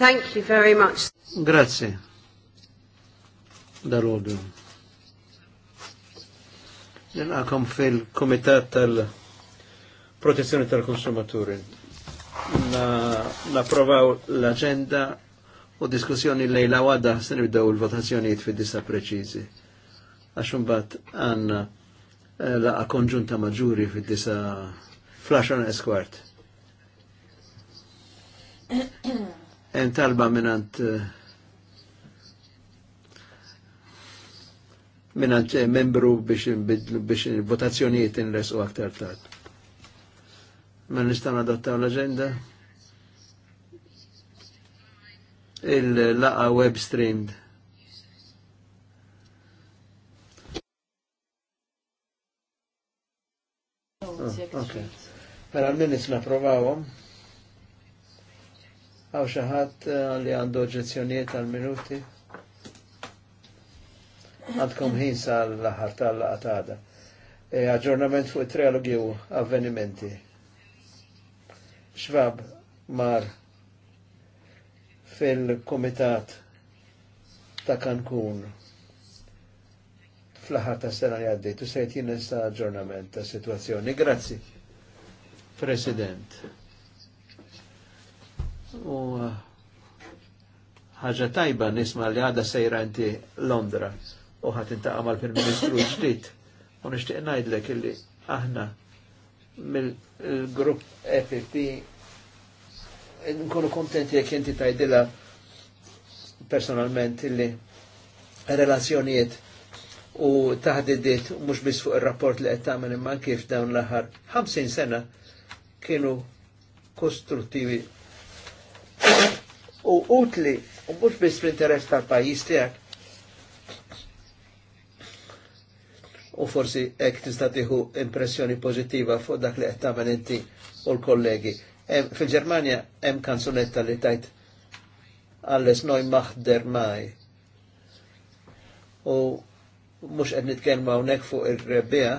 Thank you very much. Grazie. Dal-ħodu. Nilqakom fil-Komitat tal-Protezzjoni tal-Konsumaturi. Naprovaw na l-agenda u diskussjoni lejla għada se nibdew il-votazzjonijiet fid-disa preċiżi. Għax imbagħad la a congiunta maggiori fi disa flash on esquart en talba minant eh, minant eh, membru biex biex votazzjonijiet inresu aktar tard. Ma nistan adottaw l-agenda? Il-laqa web streamed. Oh, okay. almeno se la provavo. Għaw xaħat eh, li għandu oġezzjoniet għal-minuti? Għandkom ħin sal-laħar tal laqtada E eh, aġġornament fuq trialogi u avvenimenti. Xvab mar fil-komitat ta' Cancun fl-ħar ta' sena li tu sejt jien aġġornament ta' situazzjoni. Grazzi, President. U uh, ħaġa tajba nisma li għada sejra inti Londra u ħat intaqa mal prim ministru ġdid. U nixtieq ngħidlek illi aħna mill-grupp EPP nkunu kontenti jekk inti tajdilha personalment illi relazzjonijiet u taħdidiet mhux biss fuq ir-rapport li qed tagħmel imma kif dawn l-aħħar 50 sena kienu kostruttivi u utli u mhux biss fl-interess tal-pajjiż tiegħek. U forsi hekk tista' tieħu impressjoni pożittiva fuq dak li qed tagħmel inti u l-kollegi. fil ġermania hemm kanzunetta li tajt għalles noj maħder maj. U mux għed nitkelma unek fuq il-rebbija,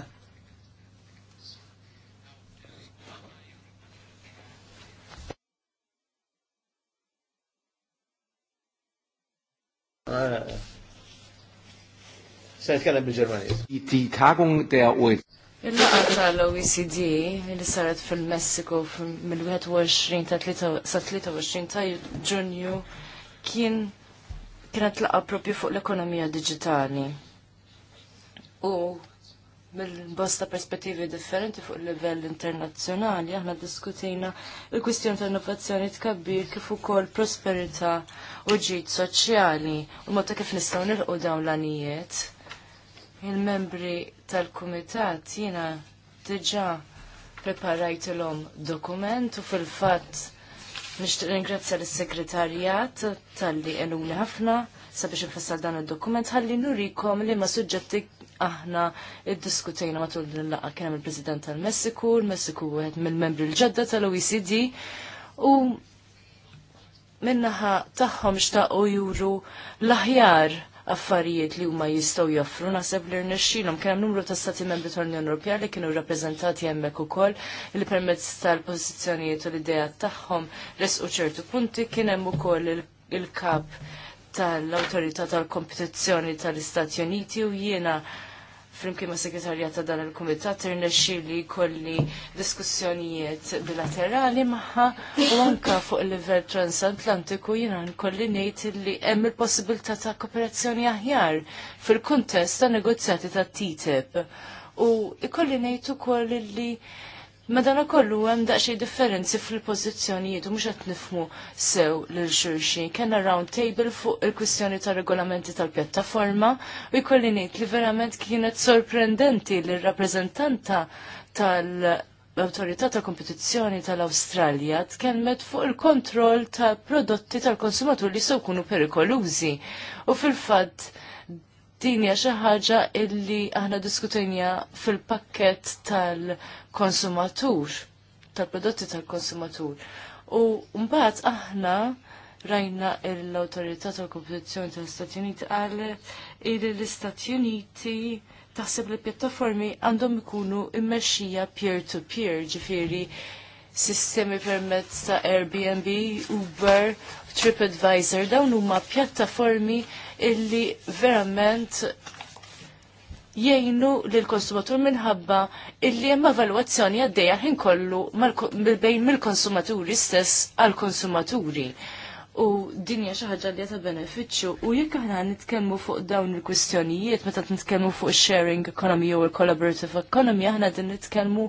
Se jitkellem bil-Ġermaniż. Tagung der OECD. Il-laqgħa tal-OECD li saret fil-Messiku mill-21 ta' 23 ta' Ġunju kien kienet laqa propju fuq l-ekonomija digitali. U mill-bosta perspettivi differenti fuq livell internazzjonali, aħna diskutina il-kwistjoni ta' innovazzjoni tkabbir kif ukoll prosperità u ġid soċjali u mod kif nistgħu nilqu dawn l-anijiet il-membri tal-kumitat jiena diġà preparajt l-om dokument u fil-fatt nixtieq ringrazzja l-segretarjat tal-li għenuni ħafna sabiex nfassal dan il-dokument ħalli nurikom li ma suġġetti aħna id-diskutejna matul l-laqa kien hemm il-President tal-Messiku, il-Messiku wieħed mill-membri l-ġodda tal-OECD u minnaħa tagħhom xtaqgħu juru l-aħjar affarijiet li huma jistgħu joffru naħseb li rnexxilhom kien hemm numru ta' stati membri tal-Unjoni Ewropea li kienu rappreżentati hemmhekk ukoll li permezz tal-pożizzjonijiet u l-idea tagħhom resqu ċertu punti kien hemm ukoll il-kap tal-Awtorità tal-Kompetizzjoni tal-Istati Uniti u jiena flimkien ma' segretarja ta' dan il-Kumitat irnexxieli kolli diskussjonijiet bilaterali magħha u anke fuq il-livell transatlantiku jiena nkolli ngħid li hemm il-possibilità ta' kooperazzjoni aħjar fil-kuntest ta' negozjati ta' TTIP. U ikolli ngħid ukoll li Madana kollu hemm daqsxejn differenzi fil-pożizzjonijiet u mhux qed nifhmu sew lil xulxin. Kenna round table fuq il-kwistjoni tar-regolamenti tal-pjattaforma u jkolli ngħid li verament kienet sorprendenti li r-rappreżentanta tal-Autorità tal kompetizzjoni tal-Awstralja tkellmet fuq il-kontroll tal-prodotti tal-konsumatur li sew kunu perikolużi. U fil-fatt din hija xi ħaġa illi aħna diskutejna fil-pakkett tal-konsumatur, tal-prodotti tal-konsumatur. U mbagħad aħna rajna l-Awtorità tal-Kompetizzjoni tal-Istati Uniti qalet illi l-Istati Uniti taħseb li pjattaformi għandhom ikunu immexxija peer-to-peer, ġifieri sistemi permezz ta' Airbnb, Uber, TripAdvisor, dawn huma pjattaformi illi verament jgħinu l-konsumatur minħabba illi hemm evalwazzjoni għaddeja ħin kollu bejn mill-konsumaturi stess għal-konsumaturi. U dinja xi ħaġa li ta' benefiċċju u jekk aħna nitkellmu fuq dawn il-kwistjonijiet meta nitkellmu fuq sharing economy u l-collaborative economy aħna din nitkellmu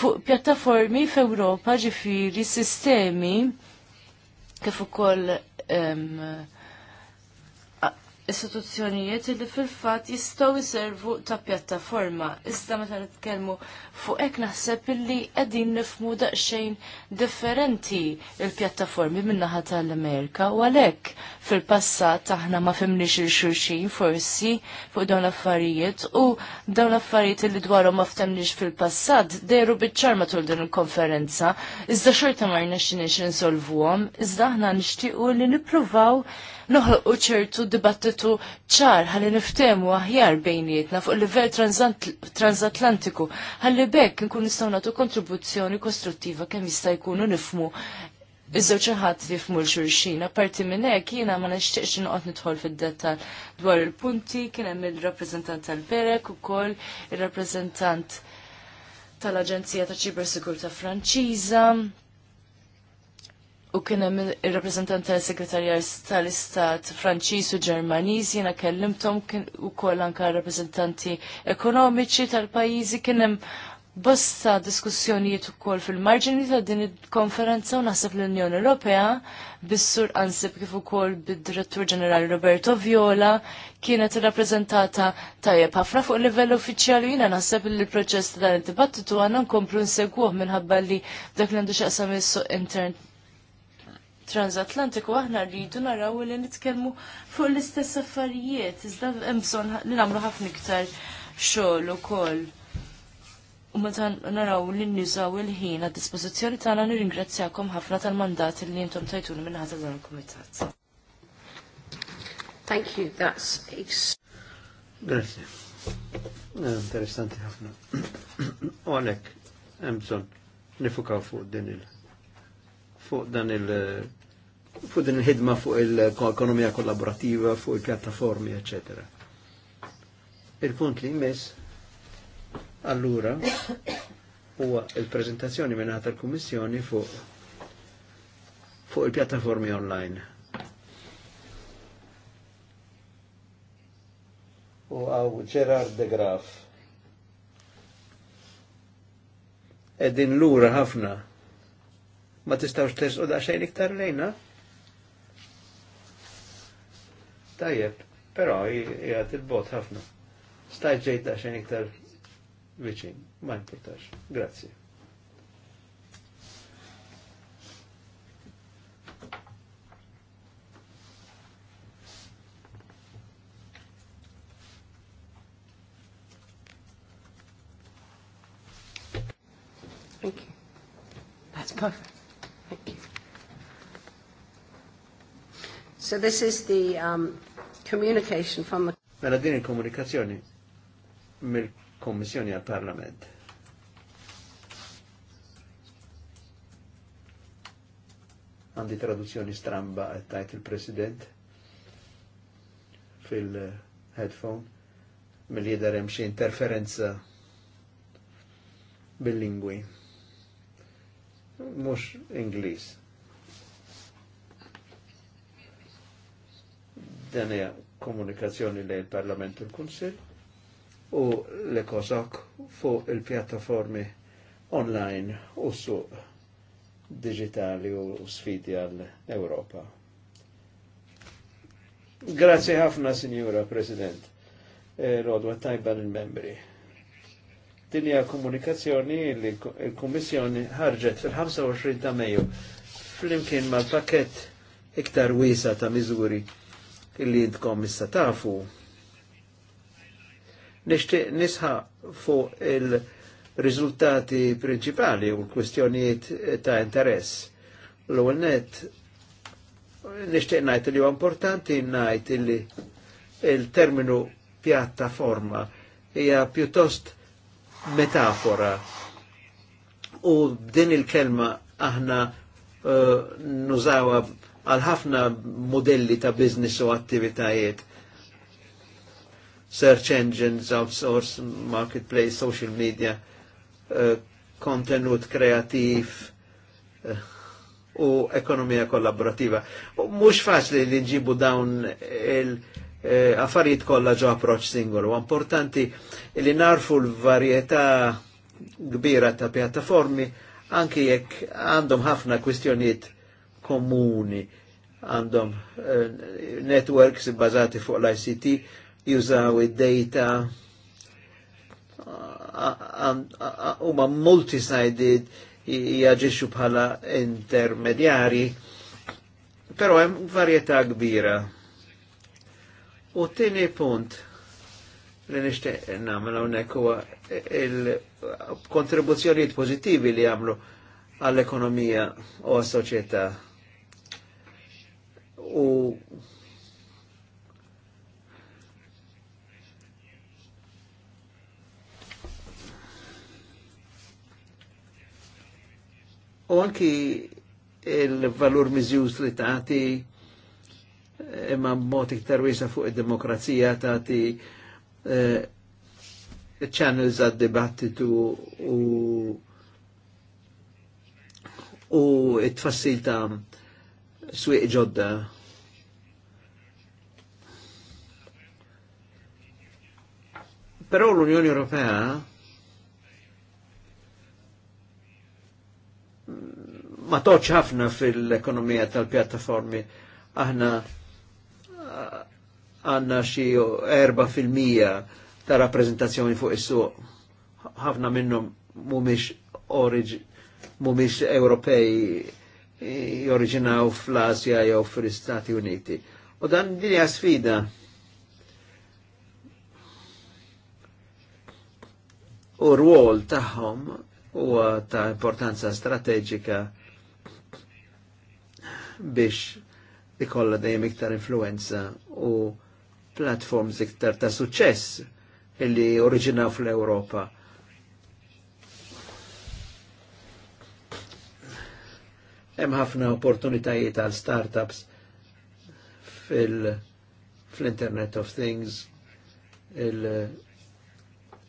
fuq pjattaformi f'Ewropa ġifieri sistemi kif ukoll um, istituzzjonijiet li fil-fatt jistgħu jiservu ta' pjattaforma. Iżda meta nitkellmu fuq hekk naħseb illi qegħdin nifmu daqsxejn differenti il-pjattaformi min-naħa tal-Amerika u għalhekk fil-passat aħna ma fimniex il-xulxin forsi fuq dawn l-affarijiet u dawn l-affarijiet li dwarhom ma ftemniex fil-passat dejru biċ-ċar matul din il-konferenza. Iżda xorta ma rnexxinix insolvuhom, iżda aħna nixtiequ li nippruvaw noħolqu ċertu dibattitu ċar ħalli niftemu aħjar bejnietna fuq livell transatlantiku ħalli bekk nkun nistgħu nagħtu kontribuzzjoni kostruttiva kemm jista' jkunu nifmu Iż-żewġ ħadd li l xulxin, apparti minn hekk jiena ma nixtieqx noqgħod nidħol fid dettall dwar il-punti, kien hemm il-rappreżentant tal-Berek ukoll ir-rappreżentant tal-Aġenzija ta' Ċibersikurta Franċiża, u kien hemm ir-rappreżentant tal-Segretarjar tal-Istat Franċiż u Ġermaniż jiena kellimtom u ukoll anke rappreżentanti ekonomiċi tal-pajjiżi kien hemm bosta diskussjonijiet ukoll fil-marġini ta' din il-konferenza u naħseb l-Unjoni Ewropea bis-sur ansib kif ukoll bid-Direttur Ġenerali Roberto Viola kienet rappresentata tajjeb ħafna fuq livell uffiċjali jiena naħseb li l-proċess ta' dan id-dibattitu għandna nkomplu nsegwuh minħabba li dak li għandu x'aqsam is-suq intern transatlantiku aħna rridu naraw li nitkellmu fuq l-istess affarijiet, iżda hemm bżonn li nagħmlu ħafna iktar xogħol ukoll. U meta naraw li nniżaw il-ħin għad dispożizzjoni tagħna nirringrazzjakom ħafna tal-mandat li intom tajtuni minn ħadd dan il-kumitat. Thank you, that's Grazie. Eh, interessanti ħafna. Onek, hemm bżonn nifukaw fuq din il- fuq dan il- fuq din il-ħidma fuq il-ekonomija kollaborativa, fuq il-pjattaformi, ecc. Il-punt li jmiss, allura, huwa il-prezentazzjoni minn l kummissjoni fuq fuq il-pjattaformi online. U għaw Gerard de Graaf. Edin lura ħafna ma tistawx terzqu daqsxejn iktar lejna. Tajjeb, però jgħat il-bot ħafna. Stajt ġejt daqsxejn iktar viċin, ma importax. Grazzi. Thank you. That's perfect. So this is the um, communication from the... Mela din il-komunikazzjoni mill-Kommissjoni għal-Parlament. Għandi traduzzjoni stramba tajt il-President fil-headphone mill-jider hemm interferenza bil-lingwi. Mux Inglis. Dan hija komunikazzjoni lejn il-Parlament u l u l-Ekosak fuq il-pjattaformi online u su digitali u sfidi għall-Europa. Grazie ħafna, Signora President, l-għodwa e, tajba l-membri. Dinja komunikazzjoni li l-Kommissjoni ħarġet fil-25 ta' Mejju fl-imkien mal-pakket iktar wisa ta' miżuri illi jidkom issa tafu. Nishtiq nisħa fuq il-riżultati principali u l-kwistjonijiet ta' interess. l net nishtiq najt li huwa importanti najt illi il-terminu pjattaforma hija pjuttost metafora u din il-kelma aħna uh, eh, nużawa għal ħafna modelli ta' business u attivitajiet. Search engines, outsource, marketplace, social media, kontenut eh, uh, kreativ uh, u ekonomija kollaborativa. Mux faċli li nġibu dawn il-affarijiet eh, kollha ġo approċ singolu. Importanti li narfu l-varjetà kbira ta' pjattaformi anki jekk għandhom ħafna kwistjonijiet komuni għandhom eh, networks bazati fuq l-ICT, jużaw id-data, huma multi multisided jaġixxu bħala intermedjari, pero hemm varjetà kbira. U tini punt li nixtieq nagħmel hawnhekk huwa il-kontribuzzjonijiet pożittivi li jagħmlu għall-ekonomija u għas-soċjetà u u anki il-valur mizjus li taħti imma mod iktar wisa fuq id-demokrazija tagħti eh, channels għad dibattitu u u it fassil ta' swieq ġodda Però l'Unione Europea mm, ma toċ ħafna fil-ekonomija tal-pjattaformi. Aħna eh, għanna xi 4% ta' rappresentazzjoni fuq is-suq. Ħafna minnhom mumiex oriġ mhumiex Ewropej eh, fl-Asja jew fl-Istati Uniti. U dan dinja sfida u rwol tagħhom u ta' importanza strategika biex ikolla dejjem iktar influenza u platforms iktar ta' suċċess illi oriġinaw fl europa Hemm ħafna opportunitajiet għal startups fil fl-Internet of Things, il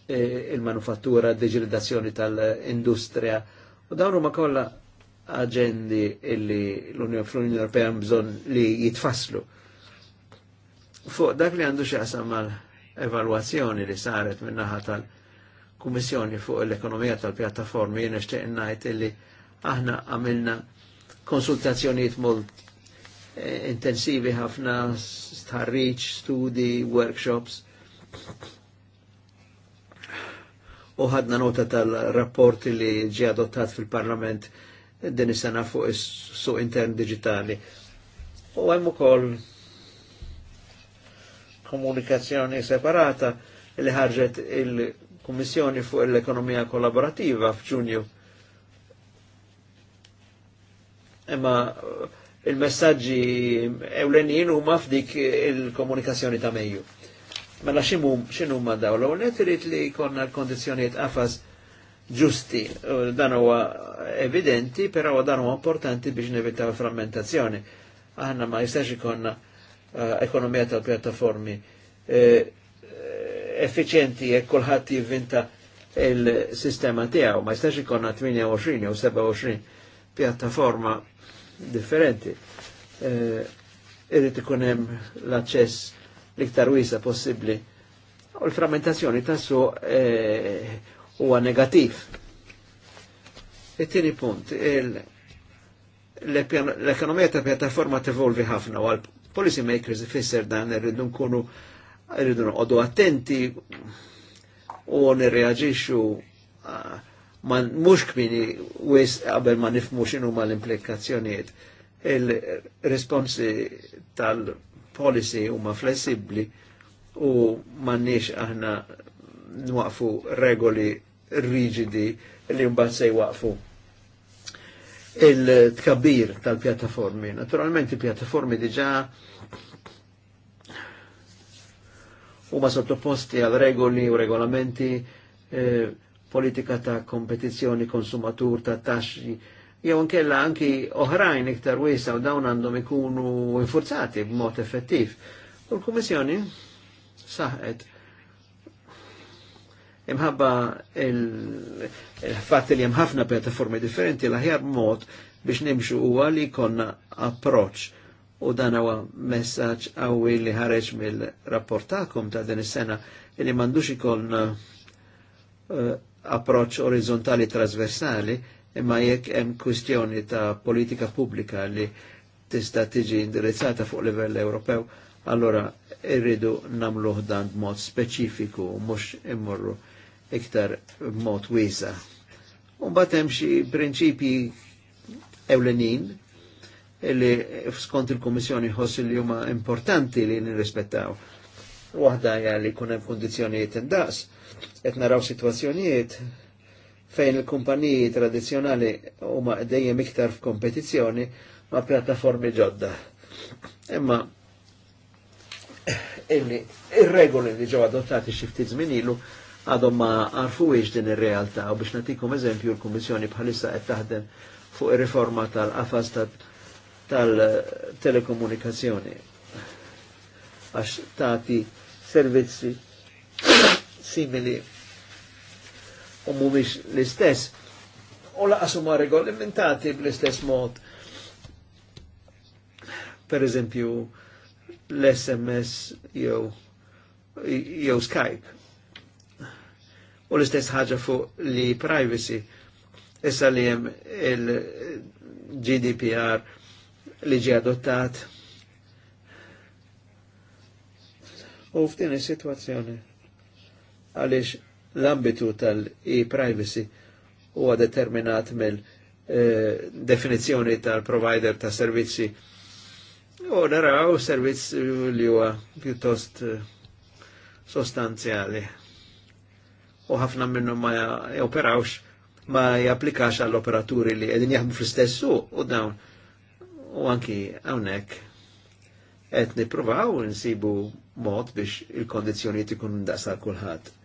E, il-manufattura, d-deġilidazzjoni tal-industrija. U dawn huma kollha aġendi illi l-Unjoni Ewropea bżonn li jitfasslu. Fuq dak li għandu x'jaqsam mal-evalwazzjoni li saret min-naħa tal-Kummissjoni fuq l-ekonomija tal-pjattaformi jiena nixtieq ngħid illi aħna għamilna konsultazzjonijiet molt e, intensivi ħafna, starriċ, studi, workshops u ħadna nota tal-rapport li ġi adottat fil-Parlament din is-sena fuq is-suq intern digitali. U hemm ukoll komunikazzjoni separata li ħarġet il-Kummissjoni fuq l-Ekonomija Kollaborativa f'Ġunju. Imma il-messaġġi ewlenin huma f'dik il-komunikazzjoni ta' Mejju. Mela ximum, xinu ma daw l-għonet irrit li konna l-kondizjoniet għafas ġusti, dan huwa evidenti, però dan huwa importanti biex nevitaw frammentazzjoni. Aħna ma jistax ikonna uh, ekonomija tal-pjattaformi uh, eh, e kulħadd jivvinta il-sistema tijaw, ma jistax ikonna 28 u 27 pjattaforma differenti. Uh, eh, Irrid ikun hemm l acċess l-iktar wisa possibli. U l-frammentazzjoni tassu eh, huwa negativ. It-tieni punt, l-ekonomija ta' pjattaforma tevolvi ħafna għal-policy makers ifisser dan irridu nkunu irridu noqogħdu attenti u nirreagġiċu man mux kmini wis qabel ma nifmu ma l-implikazzjonijiet. Il-responsi tal- policy huma flessibbli u nix aħna nwaqfu regoli rigidi li mbagħad se jwaqfu il-tkabbir tal-pjattaformi. Naturalment il-pjattaformi diġà huma sottoposti għal regoli u regolamenti eh, politika ta' kompetizzjoni, konsumatur, ta' taxxi, jew nkella anki oħrajn iktar wiesa u dawn għandhom ikunu infurzati b'mod effettiv. U l-Kummissjoni saħet imħabba il-fatt il li ħafna pjataformi differenti l-aħjar mod biex nimxu u għalli konna approċ u dan huwa messaġġ qawwi li ħareċ mill rapportakum ta' din is-sena li mandux ikon uh, eh, approċ orizontali trasversali imma jekk hemm kwistjoni ta' politika pubblika li tista' tiġi indirizzata fuq livell Ewropew, allora irridu nagħmluh dan b'mod speċifiku mhux immorru iktar b'mod wiesa. U mbagħad hemm xi prinċipji ewlenin li skont il-Kummissjoni ħossi li huma importanti li nirrispettaw. Waħda hija li jkun hemm kundizzjonijiet indaqs, qed naraw sitwazzjonijiet fejn il-kumpaniji tradizjonali huma dejjem iktar f'kompetizzjoni ma' pjattaformi ġodda. Imma il ir-regoli li ġew adottati xi ftit żmien ilu għadhom ma għarfuwiex din ir-realtà u biex nagħtikom eżempju l-Kummissjoni bħalissa qed taħdem fuq ir-riforma tal-qafas tal-telekomunikazzjoni għax tagħti servizzi simili u mumiex l-istess u laqas regolimentati bl-istess mod. Per eżempju, l-SMS jew jew Skype. U l-istess ħaġa fuq li privacy. Issa li jem il-GDPR li ġi adottat. U f'din is-sitwazzjoni għaliex l-ambitu tal-e-privacy huwa determinat mill eh, definizzjoni tal-provider ta' servizzi u naraw servizz li huwa pjuttost eh, sostanzjali u ħafna minnhom ma joperawx ma japplikax għall-operaturi li edin jahmu fl istessu u dawn u anki hawnhekk qed nippruvaw insibu mod biex il kondizjoni tikun daqsa kulħadd.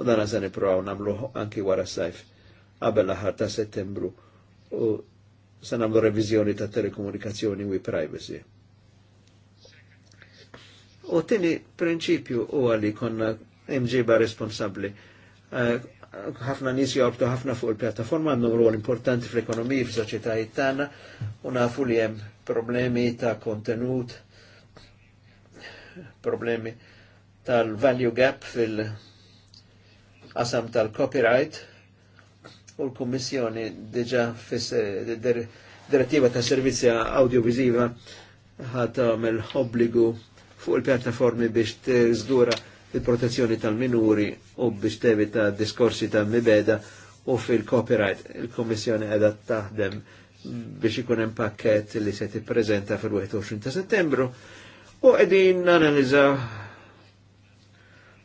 U dan għazan niprofaw namluħ anki wara sajf, għabel l ta' settembru, u se namlu revizjoni ta' telekomunikazzjoni u privacy. U tini prinċipju u għalli konna imġiba responsabli. Eh, ħafna nis jorbtu ħafna fuq il-pjattaforma għandhom rol importanti fl-ekonomija, fil soċieta jittana, u nafu li jem problemi ta' kontenut, problemi tal-value gap fil- qasam tal-copyright u l-Kommissjoni diġa direttiva ta' servizja audiovisiva ħat għamil obbligu fuq il-pjattaformi biex tiżdura il-protezzjoni tal-minuri u biex tevita diskorsi ta' mibeda u fil-copyright. Il-Kommissjoni għedha taħdem biex ikun hemm li se tippreżenta fil-21 ta' Settembru u qegħdin analiżaw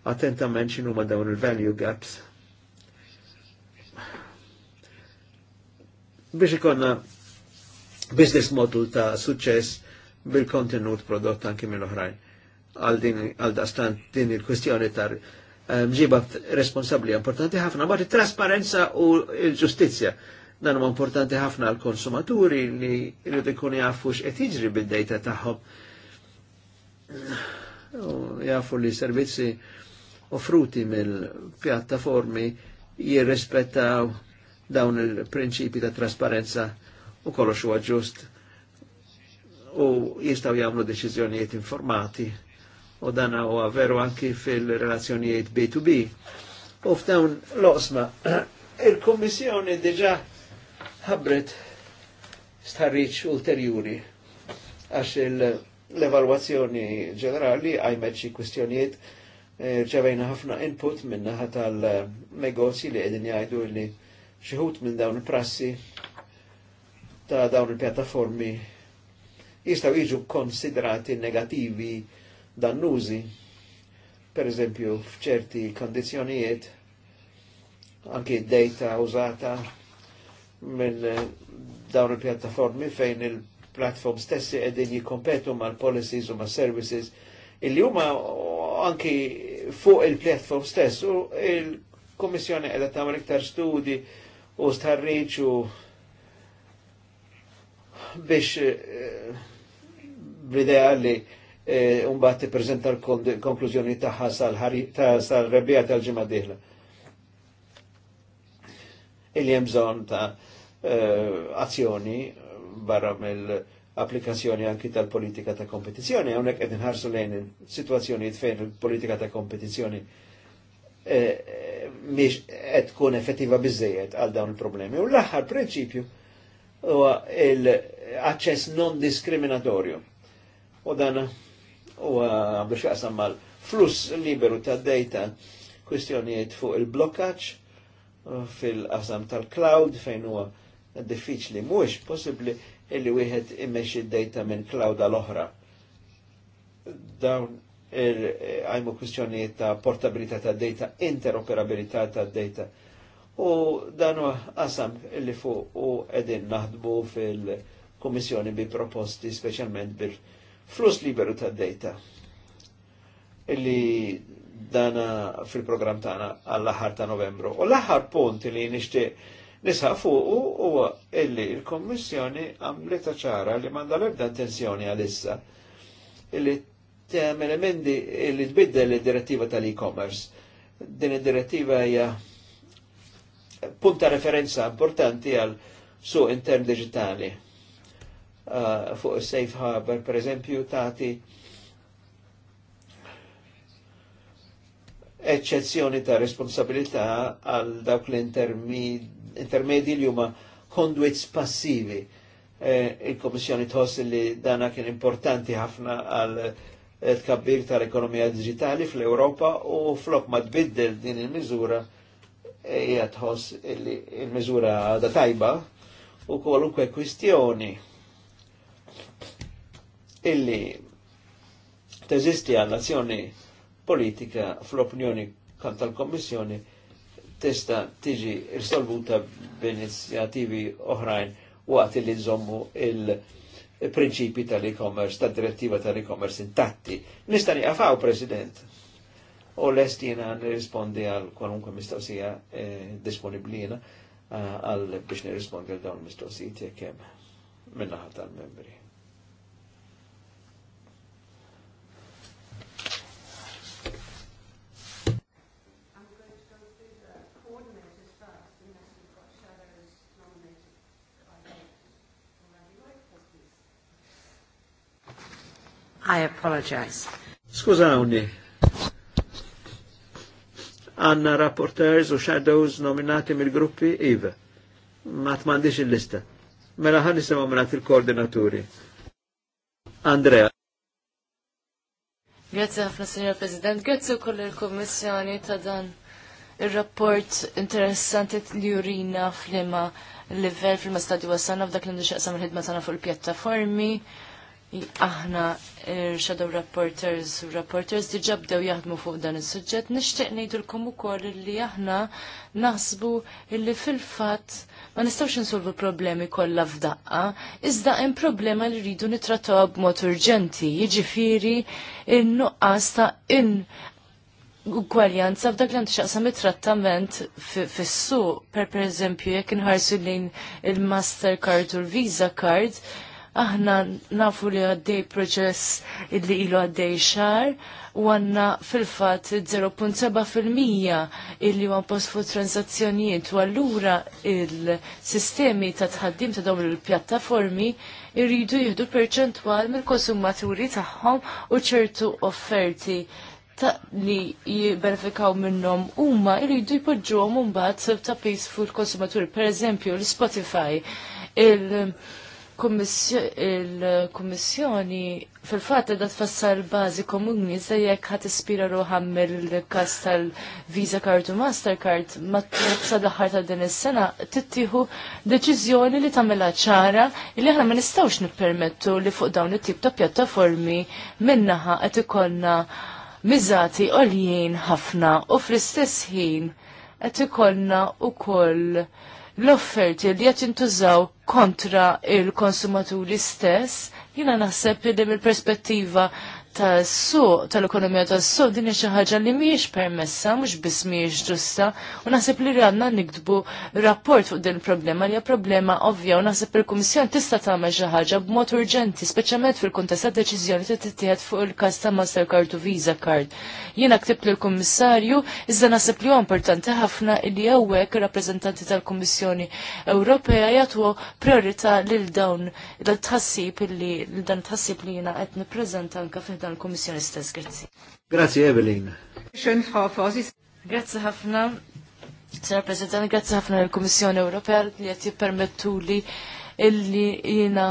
attentament xinu ma dawn il-value gaps. Biex ikonna business model ta' suċess bil-kontenut prodott anki mill-oħrajn. Għal din dastan din il-kwestjoni ta' eh, mġiba responsabli importanti ħafna, ma' trasparenza u il-ġustizja dan huwa importanti ħafna għal konsumaturi li jridu jkun jafu x'qed jiġri bid-dejta tagħhom. Jafu li servizzi offruti mill-pjattaformi jirrispettaw dawn il-prinċipi ta' trasparenza u kollox huwa ġust u jistaw jagħmlu deċiżjonijiet informati u dan huwa veru anki fil-relazzjonijiet B2B. U f'dawn l-osma il-Kommissjoni diġà ħabret starriċ ulterjuri għax l-evalwazzjoni ġenerali għajmeċi xi kwistjonijiet Eh, ċevejna ħafna input minnaħa tal-negozji li għedin jgħidu li xieħut minn dawn il-prassi ta' dawn il-pjattaformi jistaw jiġu konsiderati negativi dannużi. Per eżempju, f'ċerti kondizjonijiet anki data użata minn dawn il-pjattaformi fejn il-platform stessi għedin jikompetu mal-policies u mal-services il huma anki fuq il-platform stess u il-Komissjoni qiegħda tagħmel iktar studi u starriċu biex eh, b'idea idea li e, eh, unbat tippreżenta l-konklużjoni tagħha sal-rebija tal-ġimgħa dieħla. Il-hemm bżonn ta' eh, azzjoni barra mill- applikazzjoni anki tal-politika ta' kompetizzjoni, hawnhekk qed inħarsu lejn situazzjoni fejn il-politika ta' kompetizzjoni eh, eh, miex qed tkun effettiva biżejjed għal dawn il-problemi. U l-aħħar prinċipju huwa l-aċċess non diskriminatorju. U dan huwa biex jaqsam mal-fluss liberu ta' data kwistjonijiet fuq il-blokkaċ fil-qasam tal-cloud fejn huwa diffiċli mhuwiex possibbli illi wieħed immex id-data minn klawda l-oħra. Dawn għajmu kwistjonijiet ta' portabilità ta' data, interoperabilità ta' data. U dan qasam illi fuq u edin naħdmu fil-Komissjoni bi proposti specialment bil-flus liberu ta' data. Illi dana fil-program tagħna għall-aħħar ta' Novembru. U l-aħħar punt li nixtieq fuq u huwa illi l-Kommissjoni għamlita ċara li m'għandha l-ebda intenzjoni għalissa illi tagħmel emendi illi tbiddel id-direttiva tal-e-commerce. Din id-direttiva hija punta referenza importanti għal su intern digitali. Uh, fuq safe harbor, per eżempju, tati eccezzjoni ta' responsabilità għal dawk l intermedi intermedi li huma conduits passivi. Eh, Il-Komissjoni tħoss li dana kien importanti ħafna għal e, tkabbir tal-ekonomija digitali fl-Europa u flok ma tbiddel din il-miżura e, hija eh, tħoss il-miżura da tajba u kwalunkwe kwistjoni illi teżisti għal azzjoni politika fl-opinjoni kont tal komissjoni testa tiġi risolvuta b'inizjativi oħrajn waqt li nżommu il-prinċipi tal-e-commerce, tad-direttiva tal-e-commerce intatti. Nista' niqafaw, President. U lest jena nirrispondi għal kwalunkwe mistoqsija eh, disponibli jena eh, għal biex nirrispondi għal dawn mistoqsijiet jekk hemm minnaħa tal-membri. I apologize. Skużawni. Għanna rapporteurs u shadows nominati mill-gruppi Iva. Ma tmandiċ il-lista. Mela ħan nisimaw minnat il-koordinaturi. Andrea. Grazie ħafna, Signor President. Grazie u koll il-Kommissjoni ta' dan il-rapport interessanti li jurina flima level fil-ma stadju għasana f'dak li nixaqsam il-ħidma tagħna fuq il-pjattaformi aħna eh, shadow rapporters u rapporters diġa bdew jaħdmu fuq dan is-suġġett, nixtieq ngħidulkom ukoll li aħna naħsbu illi fil-fatt ma nistgħux insolvu problemi kollha f'daqqa, iżda hemm problema li rridu nittrattaw b'mod urġenti, jiġifieri in-nuqqas ta' in ugwaljanza f'dak li xaqsam it-trattament fis-suq, per pereżempju jekk inħarsu lejn il-Mastercard u l-Visa card, il Aħna nafu li għaddej proċess illi ilu għaddej xar u għanna fil-fat 0.7% illi għan post fuq transazzjonijiet u għallura il-sistemi ta' tħaddim ta' dawn il-pjattaformi irridu jihdu perċentwal mill-konsumaturi tagħhom u ċertu offerti ta' li jibbenefikaw minnom umma irridu jpoġġuhom mbagħad ta' peaceful konsumaturi. Per eżempju, l-Spotify, il- il-Kummissjoni fil-fatt da tfassar bażi komuni iżda jekk ħad ispira ruħam il każ tal-Visa Card u Mastercard ma t l-aħħar ta' din is-sena tittieħu deċiżjoni li tagħmilha ċara li aħna ma nistgħux nippermettu li fuq dawn it-tip ta' pjattaformi minnaħa qed ikollna miżati għoljien ħafna u fl-istess ħin qed ikollna wkoll l-offerti li qed jintużaw kontra il-konsumaturi stess, jiena naħseb il mill-perspettiva ta' su, tal-ekonomija tas su, din hija xi ħaġa li mhijiex permessa mhux biss mhijiex ġusta u naħseb li għandna nikdbu rapport fuq din problema li hija problema ovvja u naħseb il-Kummissjoni tista' tagħmel xi ħaġa b'mod urġenti, speċjalment fil-kuntest ta' deċiżjoni li fuq il-każ ta' Mastercard u Visa Card. Jiena ktib lill-Kummissarju iżda naħseb li huwa importanti ħafna li għawek ir-rappreżentanti tal-Kummissjoni Ewropea jagħtu priorità lil dawn l-tħassib li dan tħassib li jiena qed nippreżenta anke dan il-Kummissjoni stess, grazzi. Grazzi, Evelyn. Grazzi ħafna, Sena President, grazzi ħafna il kummissjoni Ewropea li qed jippermettu li illi jina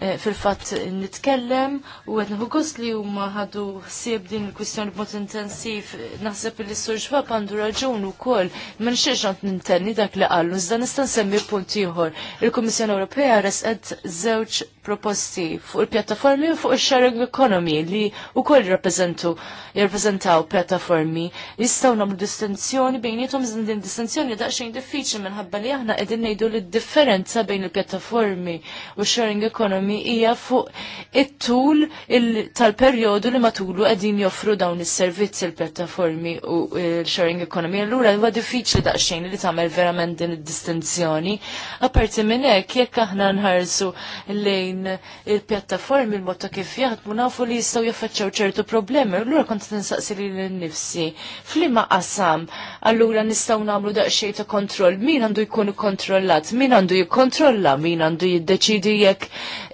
Eh, fil-fatt nitkellem u għed fukus gost li huma ħadu ħsieb din il-kwistjoni b'mod intensiv naħseb li s-sur għandu raġun ukoll ma nixtiex għand nintenni dak li għallu iżda nista' nsemmi l-punti ieħor. Il-Kummissjoni Ewropea resqed żewġ proposti fuq il-pjattaformi u fuq il-sharing economy li wkoll jirrappreżentu jirrepresentaw pjattaformi jistgħu nagħmlu distinzjoni bejnietom iżda din distinzjoni daqsxejn diffiċli minħabba li aħna qegħdin ngħidu li differenza bejn il-pjattaformi u sharing economy problemi hija fuq it-tul tal-perjodu li matulu qegħdin joffru dawn is-servizz il-pjattaformi u l-sharing economy. Allura huwa diffiċli daqsxejn li tagħmel verament din id-distinzjoni. Apparti minn hekk jekk aħna nħarsu lejn il-pjattaformi l motta kif jaħdmu nafu li jistgħu jaffaċċaw ċertu problemi. Allura kont ninsaqsi lil nnifsi. f'liema qasam, allura nistgħu nagħmlu daqsxejn ta' kontroll. Min għandu jkun ikkontrollat? Min għandu jikkontrolla? Min għandu jiddeċidi jekk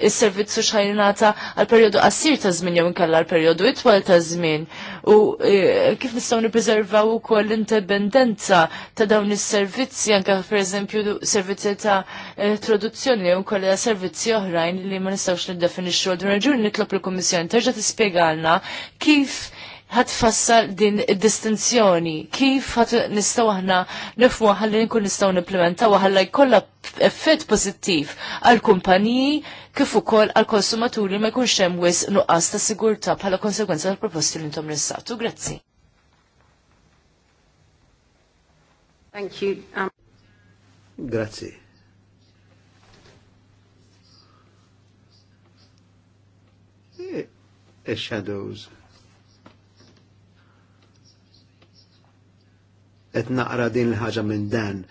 is-servizzu xajrinata għal perjodu qasir ta' żmien jew inkella għal perjodu itwal ta' żmien. U e, kif nistgħu nippreservaw ukoll l-indipendenza ta' dawn is-servizzi anke pereżempju servizzi ta' e, traduzzjoni jew inkella servizzi oħrajn li ma nistgħux niddefinixxu għal raġuni nitlob il-Kummissjoni terġa' tispjegalna kif ħat fassal din distinzjoni. Kif ħat nistaw aħna nifmu ħalli nkun nistaw nimplementaw ħalla jkollha effett pozittiv għal kumpaniji kif ukoll għal konsumaturi ma jkunx hemm wis nuqqas ta' sigurtà bħala konsegwenza tal-proposti li intom nistatu. Grazzi. Thank you. Um... Grazzi. E, e shadows. et naqra din l ħaġa minn dan.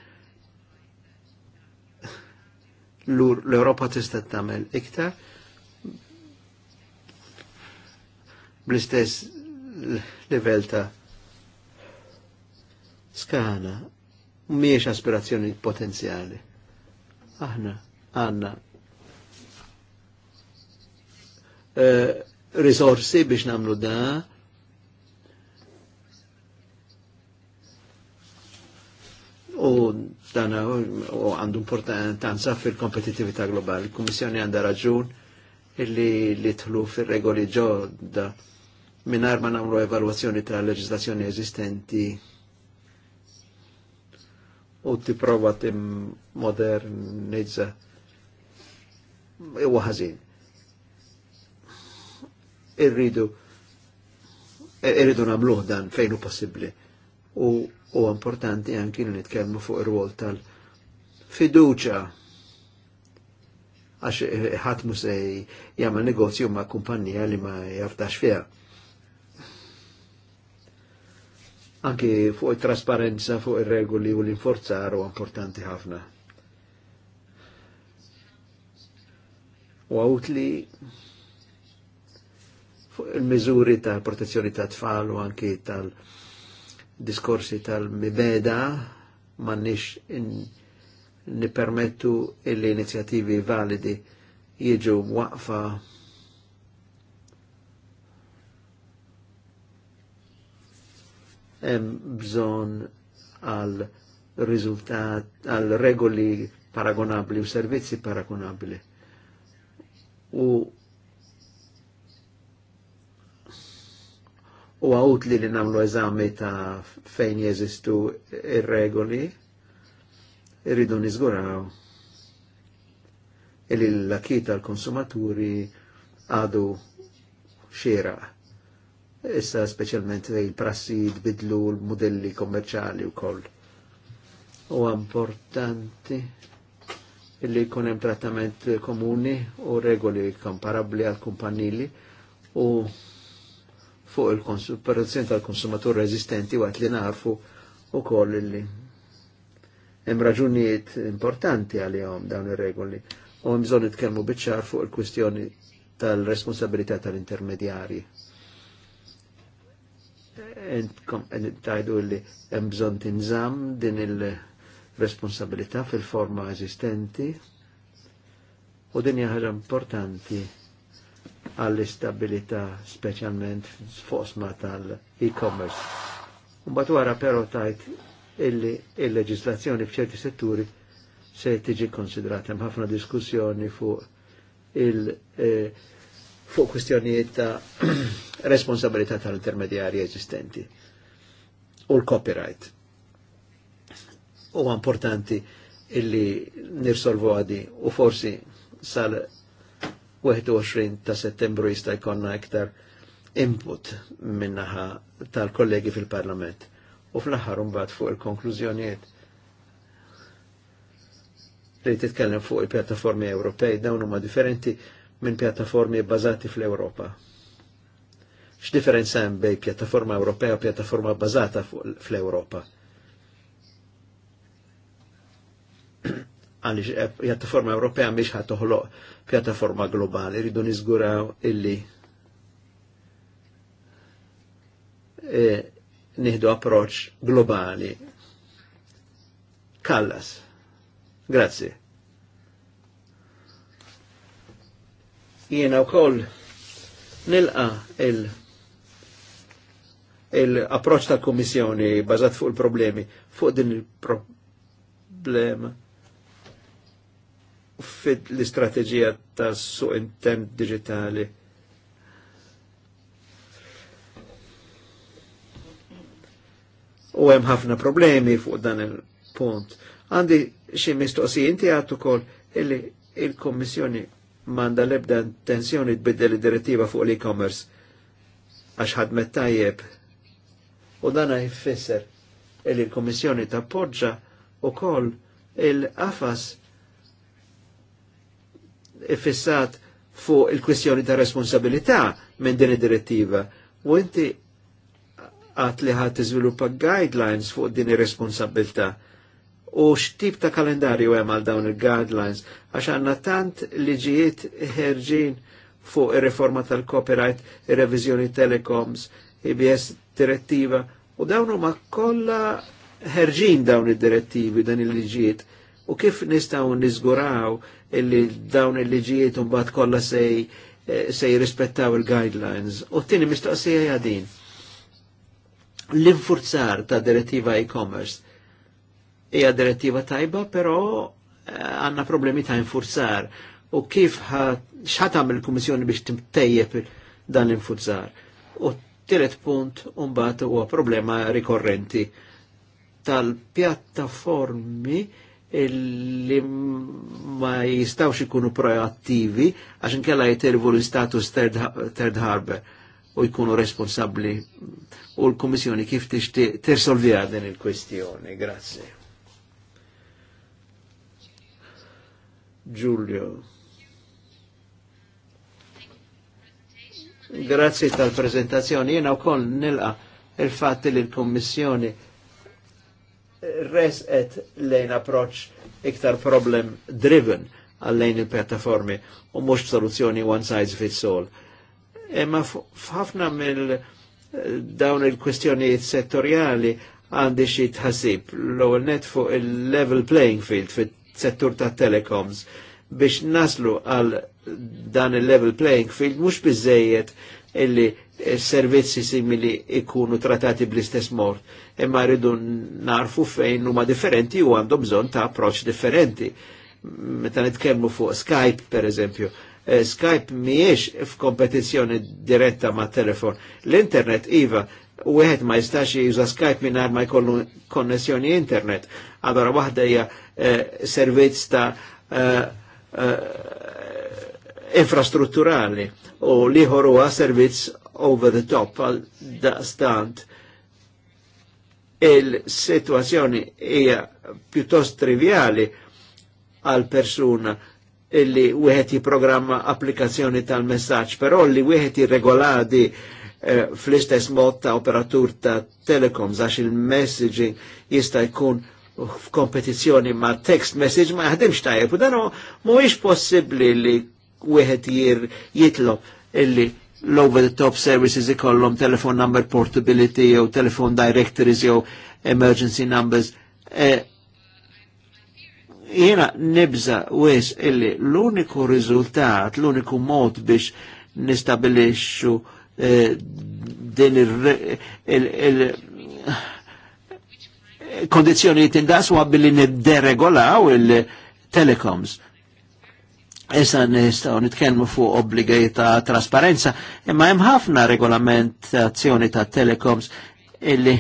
L-Europa tista' tagħmel iktar bl-istess livell ta' skana miex aspirazzjoni potenzjali. Aħna għanna eh, risorsi biex namlu da' u dan għandu importanza fil-kompetitività globali. Il-Kummissjoni għandha raġun illi li tħlu fil-regoli ġodda minar ma namlu evalwazzjoni ta' leġislazzjoni eżistenti u prova tim modernizza u ħażin. Irridu irridu namluħ dan fejn hu possibbli u u importanti anki li nitkellmu fuq ir-rwol tal-fiduċa għax eh, ħadd mhux se jagħmel negozju ma' kumpanija li ma jaftax fiha. Anki fuq it-trasparenza, fuq ir-regoli u l-inforzar u importanti ħafna. U għawt li fuq il mizuri tal-protezzjoni tat-tfal u anki tal-, -protezzjoni tal diskorsi tal-mibeda mannix nipermettu l-inizjativi validi jieġu waqfa hemm bżonn għal riżultat għal regoli paragonabli u servizzi paragonabli. U u għawt li li namlu eżami ta' fejn jeżistu ir-regoli, irridu nizguraw illi l lakita l konsumaturi għadu xera. Issa specialment il-prassi bidlu l-modelli kommerċali u koll. U importanti illi kunem trattament komuni u regoli komparabli għal kumpanili u fuq il-protezjoni tal-konsumatur rezistenti għat li nafu u koll li hemm raġunijiet importanti għalihom dawn ir-regoli u hemm bżonn nitkellmu biċ-ċar fuq il-kwistjoni tal-responsabilità tal-intermedjarji. Tajdu li hemm bżonn tinżamm din il-responsabilità fil-forma eżistenti u din hija ħaġa importanti għall-istabilità specialment fosma tal-e-commerce. Mbagħad wara però tajt illi il-leġislazzjoni f'ċerti setturi se tiġi konsidrata hemm ħafna diskussjoni fuq il e, fuq kwistjonijiet ta' responsabilità tal-intermedjarji eżistenti u l-copyright. U importanti illi nirsolvu għadi u forsi sal 21 ta' settembru jista' jkollna iktar input minnaħa tal-kollegi fil-parlament. U fl-aħħar mbagħad fuq il-konklużjonijiet li titkellem fuq il-pjattaformi Ewropej dawn huma differenti minn pjattaformi bbażati fl-Ewropa. X'differenza hemm bejn pjattaforma Ewropea u pjattaforma bbażata fl-Ewropa? Għaliex eh, pjattaforma Ewropea mhix ħad toħloq pjataforma globali, rridu nizguraw illi e, nihdu approċ globali. Kallas. Grazie. Jiena u koll nilqa il- il-approċ tal-Kommissjoni bazat fuq il-problemi, fuq din il-problema fid l-istrateġija tas suq intent digitali. U hemm ħafna problemi fuq dan il-punt. Għandi xi mistoqsijin inti ukoll illi il-Kommissjoni manda lebda intenzjoni tbiddel id-direttiva fuq l-e-commerce għax ħadmet tajjeb. U dan jfisser illi l-Kommissjoni tappoġġa ukoll il-qafas fissat fuq il-kwistjoni ta' responsabilità minn din id-direttiva. U inti għat li ħat izviluppa guidelines fuq din ir-responsabilità. U x'tip ta' kalendarju hemm għal dawn il-guidelines għax għandna tant liġijiet ħerġin fuq ir reforma tal-copyright, ir revizjoni telecoms, IBS direttiva u dawn huma kollha ħerġin dawn id-direttivi dan il-liġijiet u kif nistgħu niżguraw illi dawn il-liġijiet bat kollha sej eh, se jirrispettaw il-guidelines. U t-tieni mistoqsija jadin. din. L-infurzar ta' direttiva e-commerce hija direttiva tajba, però eh, għandna problemi ta' infurzar. U kif x'ħat għamil il-Kummissjoni biex timtejjeb dan l-infurzar. U t-tielet punt bat huwa problema rikorrenti tal-pjattaformi li ma jistawx ikunu proattivi għax inkella jitervu l-status third harbor u jkunu responsabli u l-Komissjoni kif tixtieq tirsolvija din il-kwestjoni. Grazie. Giulio. Grazie tal-prezentazzjoni. Jena u koll nilqa il-fat li l-Kommissjoni res et lejn approċ iktar problem driven għallejn il-pjattaformi u mux soluzzjoni one size fits all. Imma f'ħafna mill eh, dawn il-kwestjonijiet settorjali għandi xi tħassib l-ewwel net fuq il-level playing field fit-settur ta' telecoms biex naslu għal dan il-level playing field mhux biżejjed illi servizzi simili ikunu trattati bl-istess mort, imma rridu narfu fejn huma differenti u għandhom bżonn ta' approċċ differenti. Meta nitkellmu fuq Skype, per eżempju, eh, Skype miex f'kompetizzjoni diretta ma' telefon. L-internet iva, u għed ma jistax jiża Skype minn ma jkollu konnessjoni internet. Allora waħda hija eh, servizz ta' eh, eh, infrastrutturali u liħor huwa servizz over the top għal daqstant il-situazzjoni hija piuttost triviali għal persuna illi wieħed jipprogramma applikazzjoni tal-messaġġ, però li wieħed jirregoladi eh, fl-istess mod ta' operatur ta' telekom għax il-messaging jista' jkun f'kompetizzjoni ma' text message ma' jaħdimx tajjeb u dan mhuwiex possibbli li wieħed jitlob illi l-over-the-top services ikollom telephone number portability jew telephone directories jew emergency numbers. E, nibza wis illi l-uniku riżultat, l-uniku mod biex nistabilixxu eh, din il- kondizjoni tindaswa billi deregolaw il-telecoms. Issa nistgħu nitkellmu fuq obbligi ta' trasparenza, imma hemm ħafna regolamentazzjoni ta' telecoms illi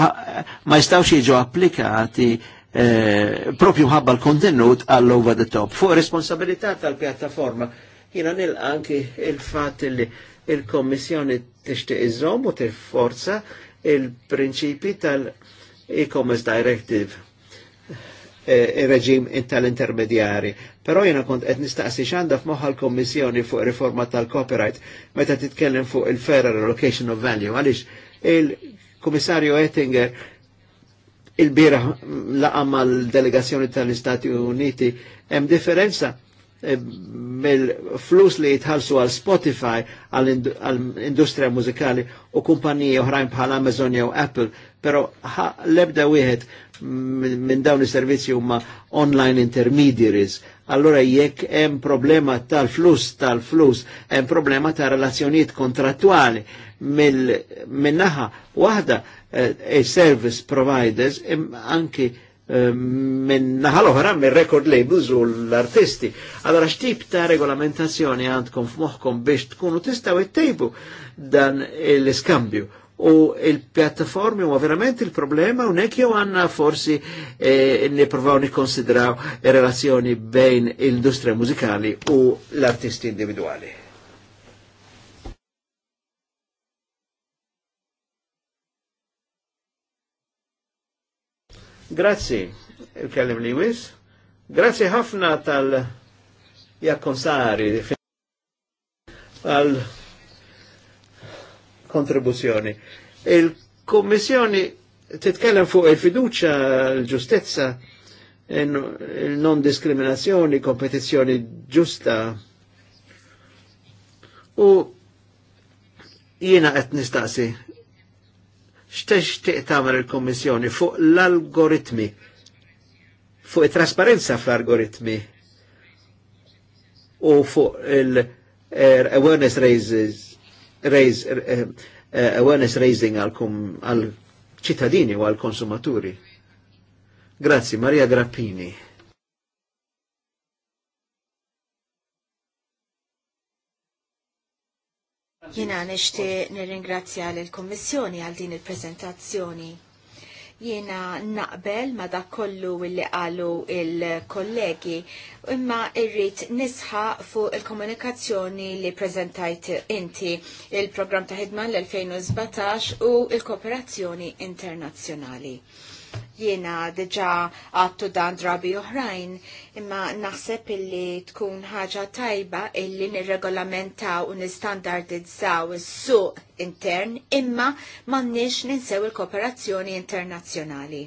ma jistawx jiġu applikati eh, propju ħabba l-kontenut għall-over the top. Fuq responsabilità tal-pjattaforma, jina nil anki il-fat li il-Kommissjoni tixtieq iżomm u tirforza il-prinċipi tal-e-commerce directive il-reġim eh, tal-intermedjari. Pero jena kont qed nistaqsi x'għandha f'moħħa l-Kommissjoni fuq riforma tal-copyright meta titkellem fuq il-fairer allocation of value. Għaliex il kommissario Ettinger il-bira laqa mal-delegazzjoni tal-Istati Uniti hemm differenza eh, mill-flus li jitħalsu għal Spotify, għal industrija mużikali u kumpaniji oħrajn bħal Amazon jew Apple, pero lebda wieħed minn dawn is-servizzi huma online intermediaries. Allora jekk hemm problema tal-flus tal-flus, hemm problema ta' relazzjonijiet kontrattwali mill-naħa waħda eh, service providers anki eh, minn naħal oħra minn record labels u l-artisti. Allora x'tip ta' regolamentazzjoni għandkom f'moħħkom biex tkunu tistgħu ittejbu dan l-iskambju u il-pjattaformi huwa verament il-problema u nek jew għanna forsi eh, niprovaw nikkonsidraw relazzjoni bejn l-industrija mużikali u l-artisti individuali. Grazzi, il kellim Lewis. wis. Grazzi ħafna tal-jakkonsari tal kontribuzzjoni. Il-Kommissjoni titkellem fuq il-fiduċa, l-ġustezza, il-non-diskriminazzjoni, kompetizzjoni ġusta. U jiena qed nistaqsi x'textieq tagħmel il-Kommissjoni fuq l-algoritmi, fuq it-trasparenza fl-algoritmi u fuq il-awareness raises raise, uh, uh, awareness raising għal ċittadini u għal konsumaturi. Grazie, Maria Grappini. Jina nishti nir nirringrazzja l-Kommissjoni għal din il-prezentazzjoni. Jiena naqbel ma dak kollu illi qalu il-kollegi imma irrit nisħa fuq il-komunikazzjoni li prezentajt inti il-programm ta' ħidma l-2017 u il-kooperazzjoni internazzjonali. Jiena diġa għattu dan drabi oħrajn, imma naħseb illi tkun ħaġa tajba illi nirregolamentaw u nistandardizzaw is-suq intern imma m'għandniex ninsew il-kooperazzjoni internazzjonali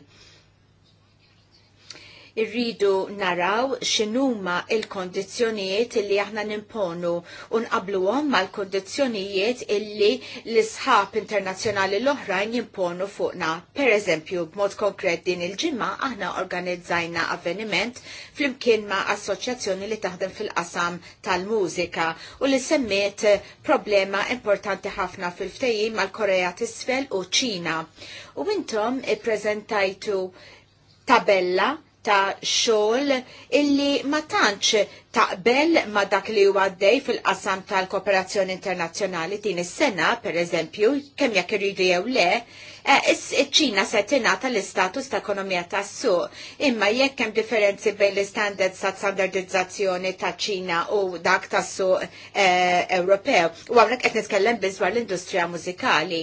irridu naraw x'inhuma il-kondizzjonijiet illi aħna nimponu u nqabluhom mal-kondizzjonijiet illi l-isħab internazzjonali l-oħrajn jimponu fuqna. Per eżempju, b'mod konkret din il-ġimma aħna organizzajna avveniment flimkien ma' assoċjazzjoni li taħdem fil-qasam tal-mużika u li semmiet problema importanti ħafna fil-ftejjim mal-Korea tisfel u ċina. U intom ippreżentajtu tabella ta' xogħol illi ma tantx taqbel ma dak li huwa għaddej fil-qasam tal-kooperazzjoni internazzjonali din is-sena, per eżempju, kemm jekk irridu jew le, Eh, Iċ-Ċina se tingħata l-istatus ta' ekonomija tas-suq imma jekk hemm differenzi bejn l-istandards ta' standardizzazzjoni ta' Ċina u dak tas-suq eh, Ewropew. U hawnhekk qed nitkellem biss dwar l-industrija mużikali.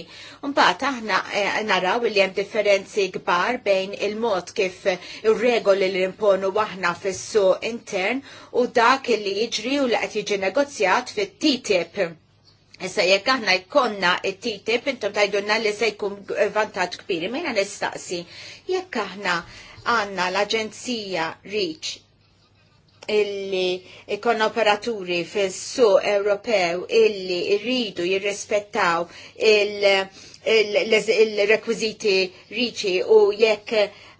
Mbagħad aħna eh, naraw li hemm differenzi kbar bejn il-mod kif ir-regoli li imponu waħna fis-suq intern u dak li jiġri u li qed jiġi negozjat fit-TTIP Issa jekk aħna jkonna it-TTIP intom tajdunna li se jkun vantaġġ kbir. Mejna nistaqsi, jekk aħna għandna l-Aġenzija Reach illi ikon operaturi fis su Ewropew illi irridu jirrispettaw il-rekwiziti il il il riċi u jekk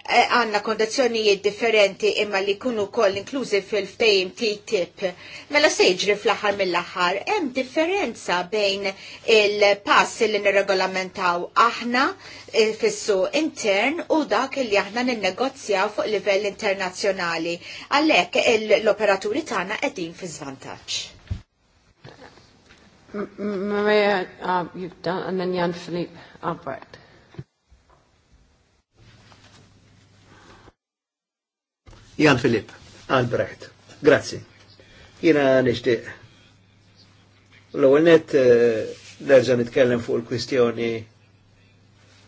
Eh, għanna kondizjonijiet differenti imma li kunu koll inklużi fil T TTIP. Mela sejġri fl-axar mill-axar, hemm differenza bejn il-pass li nirregolamentaw aħna eh, fissu intern u dak li aħna ninnegozjaw fuq livell internazzjonali. Għalhekk l-operaturi tagħna qegħdin fi żvantaġġ. Maria, uh, you've done, and then Jan Philippe Albert. Jan Filip, Albrecht. Grazzi. Jina nishtiq. L-ewwel net eh, nerġa' nitkellem fuq il-kwistjoni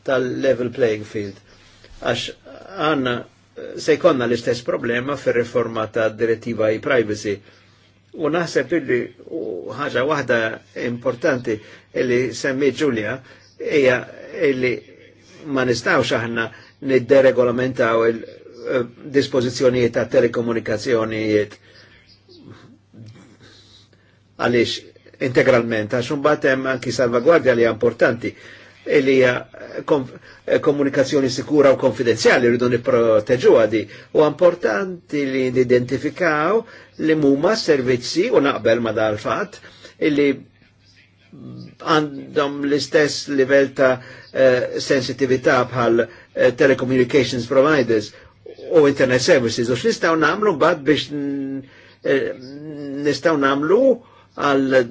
tal-level playing field. Għax għanna eh, sejkonna l-istess problema fir-riforma ta' direttiva i privacy. U naħseb illi ħaġa wahda importanti illi semmi Ġulja hija illi ma nistgħux aħna nidderegolamentaw il- Eh, dispożizzjonijiet ta' telekomunikazzjonijiet għalix integralment, għax mbagħad hemm anki salvaguardja li importanti li hija eh, eh, komunikazzjoni sikura u konfidenzjali rridu nipproteġu għadi U importanti li nidentifikaw li muma servizzi u naqbel ma dal fatt illi għandhom l-istess livell ta' uh, sensitività bħal uh, telecommunications providers u internet services u x'nistgħu namlu bad biex eh, nistaw namlu għal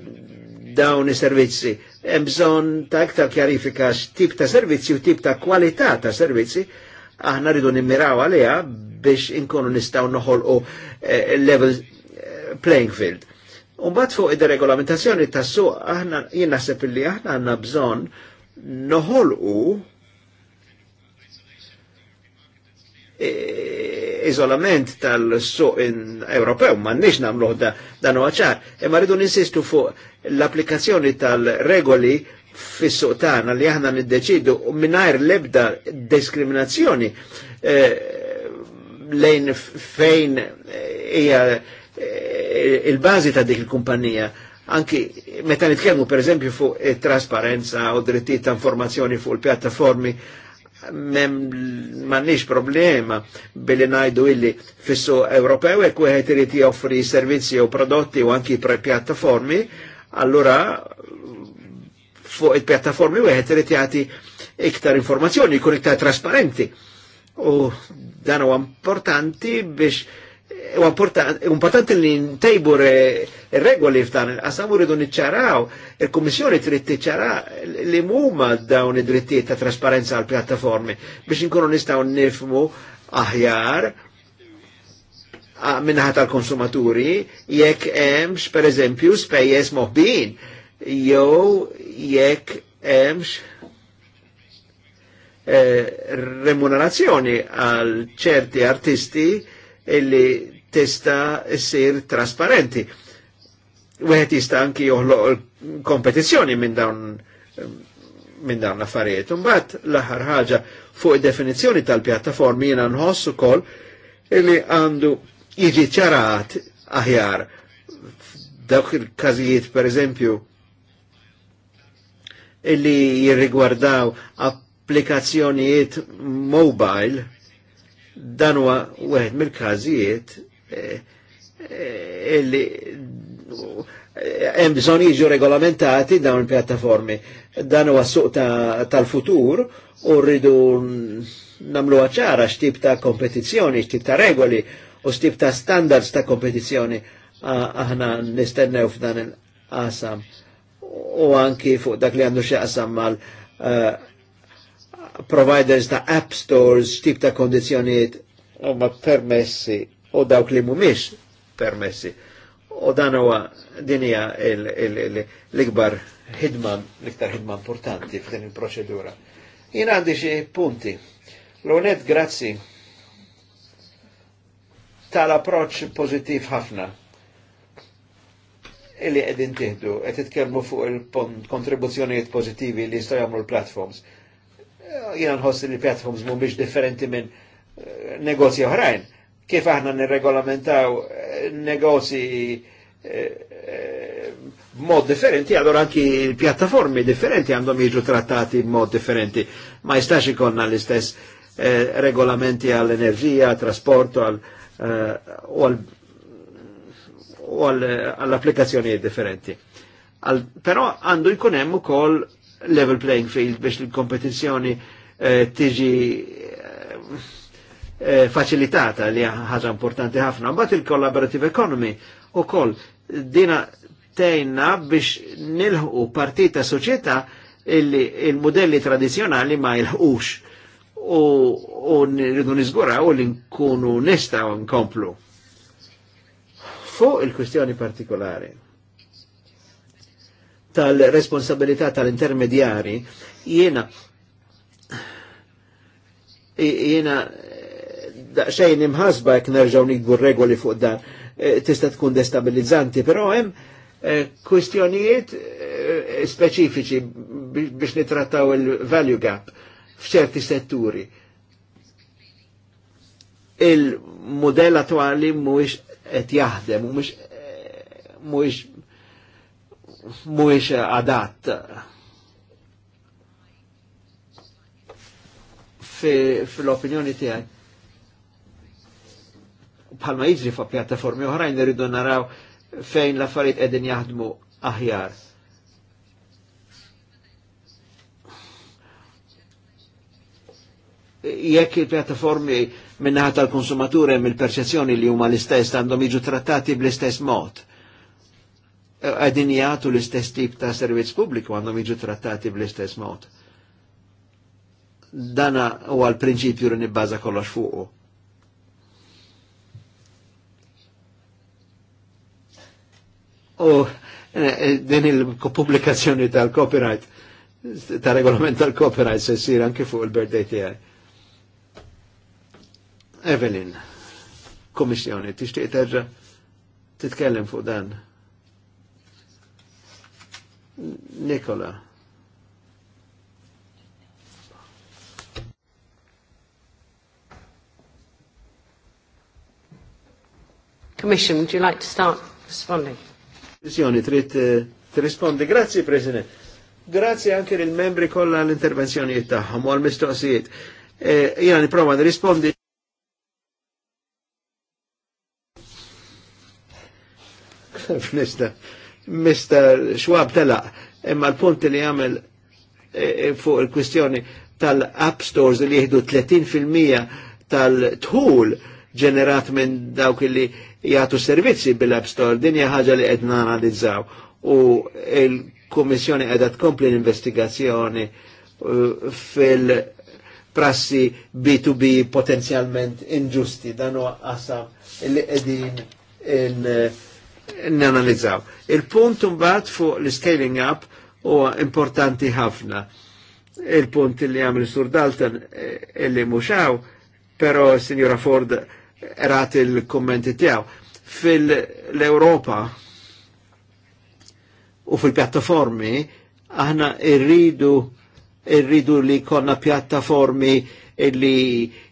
dawn i servizzi Hemm ta' iktar kjarifika tip ta' servizzi u tip ta' kwalità ta' servizzi aħna rridu nimmiraw għalija biex inkunu nistgħu noħolqu eh, level eh, playing field. Umbat fuq id-regolamentazzjoni ta' su, aħna jina naħseb li aħna bżon noħol u eh, izolament tal-suq Ewropew, ma nix namluħ da dan ċar, imma rridu ninsistu fuq l-applikazzjoni tal-regoli fis-suq tagħna li aħna niddeċidu mingħajr lebda diskriminazzjoni eh, lejn fejn eh, hija eh, il-bażi ta' dik il-kumpanija anki meta nitkellmu per eżempju fuq trasparenza u drittijiet ta' informazzjoni fuq il-pjattaformi, m'għandniex problema billi najdu illi fissu Ewropew hekk wieħed irid offri servizzi u prodotti u anki pre pjattaformi, allora fuq il-pjattaformi wieħed irid jagħti iktar informazzjoni, jkun iktar trasparenti. U dan huwa importanti biex u importanti li ntejbu regoli f'dan il-qasam u rridu nċaraw, il komissjoni trid tiċċara li huma dawn id-drittijiet ta' trasparenza għal pjattaformi biex inkunu nistgħu nifmu aħjar minnaħat tal-konsumaturi jekk hemmx eżempju spejjeż moħbin jew jekk hemmx eh, remunerazzjoni għal ċerti artisti illi testa sir trasparenti. Wieħed jista anki joħloq kompetizzjoni minn dawn minn dawn l-affarijiet. Mbagħad l-aħħar ħaġa fuq id-definizzjoni tal-pjattaformi jiena nħoss ukoll illi għandu jiġi ċarat aħjar. Dawk il-każijiet pereżempju illi jirrigwardaw applikazzjonijiet mobile dan huwa wieħed mill-każijiet eh, eh, illi eh, hemm bżonn jiġu regolamentati dawn il-pjattaformi. Dan huwa suq tal-futur u rridu namlu ċara x'tip ta' kompetizzjoni, x'tip ta' regoli u x'tip ta' standards ta' kompetizzjoni aħna nistennew f'dan il-qasam u anki fuq dak li għandu xi mal uh, providers ta' app stores, tip ta' kondizjoniet huma permessi u dawk li mhumiex permessi. U dan huwa din hija l-ikbar ħidma, l-iktar ħidma importanti f'din il-proċedura. Jien għandi xi punti. L-unet grazzi tal-approċ pozittiv ħafna illi qegħdin tieħdu qed titkellmu fuq il-kontribuzzjonijiet pożittivi li jistgħu jagħmlu l-platforms jena nħossi li platforms mu biex differenti minn eh, negozji oħrajn. Kif aħna nirregolamentaw eh, negozji eh, b'mod differenti, għador anki pjattaformi differenti għandhom jiġu trattati b'mod differenti. Ma jistax ikonna l-istess regolamenti għall-enerġija, trasport, għall applikazzjoni differenti. però għandu jkun hemm ukoll level playing field biex il-kompetizjoni eh, tiġi eh, eh, facilitata li ħaġa importanti ħafna. Mbagħad il-collaborative economy ukoll dina tejna biex nilħu partita soċjetà illi il-modelli tradizjonali ma jilħux u nridu u li nkunu nistaw nkomplu. Fuq il-kwestjoni partikolari tal-responsabilità tal-intermedjari, jiena jiena daqxejn imħasba jek nerġaw nikbu regoli fuq dan e, tista' tkun destabilizzanti, però hemm e, kwistjonijiet e, speċifiċi biex nitrattaw il-value gap f'ċerti setturi. Il-modell attuali mhuwiex qed jaħdem, mhuwiex mhuwiex mhuwiex adatt fil-opinjoni tiegħi. Bħalma jiġri fa' pjattaformi oħrajn irridu naraw fejn l-affarijiet qegħdin jaħdmu aħjar. Jekk il-pjattaformi minnaħat tal-konsumatur hemm il-perċezzjoni li huma l-istess għandhom jiġu trattati bl-istess mod għadin jgħatu l-istess tip ta' servizz publiku għandhom jiġu trattati bl-istess mod. Dana u għal prinċipju li baza kollox fuqu. U eh, eh, din il-pubblikazzjoni tal-copyright, tal regolament tal-copyright se sir anke fuq il-birthday tiegħi. Evelyn, Komissjoni, tixtieq terġa' titkellem fuq dan. Nikola. Commission, would you like to start responding? Commissione, trid eh, tirrispondi. Grazie, President. Grazie anche lil membri con l'intervenzione eh, di Taham, al tagħhom u Io ne provo a nirrispondi. Mr. Mr. Schwab telaq, imma l-punt li għamel e, e, fuq il-kwistjoni tal-app stores li jihdu 30% tal-tħul ġenerat minn dawk li jgħatu servizzi bil-app store, din hija ħaġa li qed analizzaw. u il-Kummissjoni qiegħda tkompli l-investigazzjoni fil-prassi B2B potenzjalment inġusti dan huwa qasam li qegħdin in, in n-analizzaw. Il-punt mbagħad fuq l-scaling up huwa importanti ħafna. Il-punt li għamil Sur Dalton eh, li muxaw, pero Signora Ford rati il-kommenti tijaw. Fil-Europa u fil-pjattaformi aħna irridu irridu li konna pjattaformi li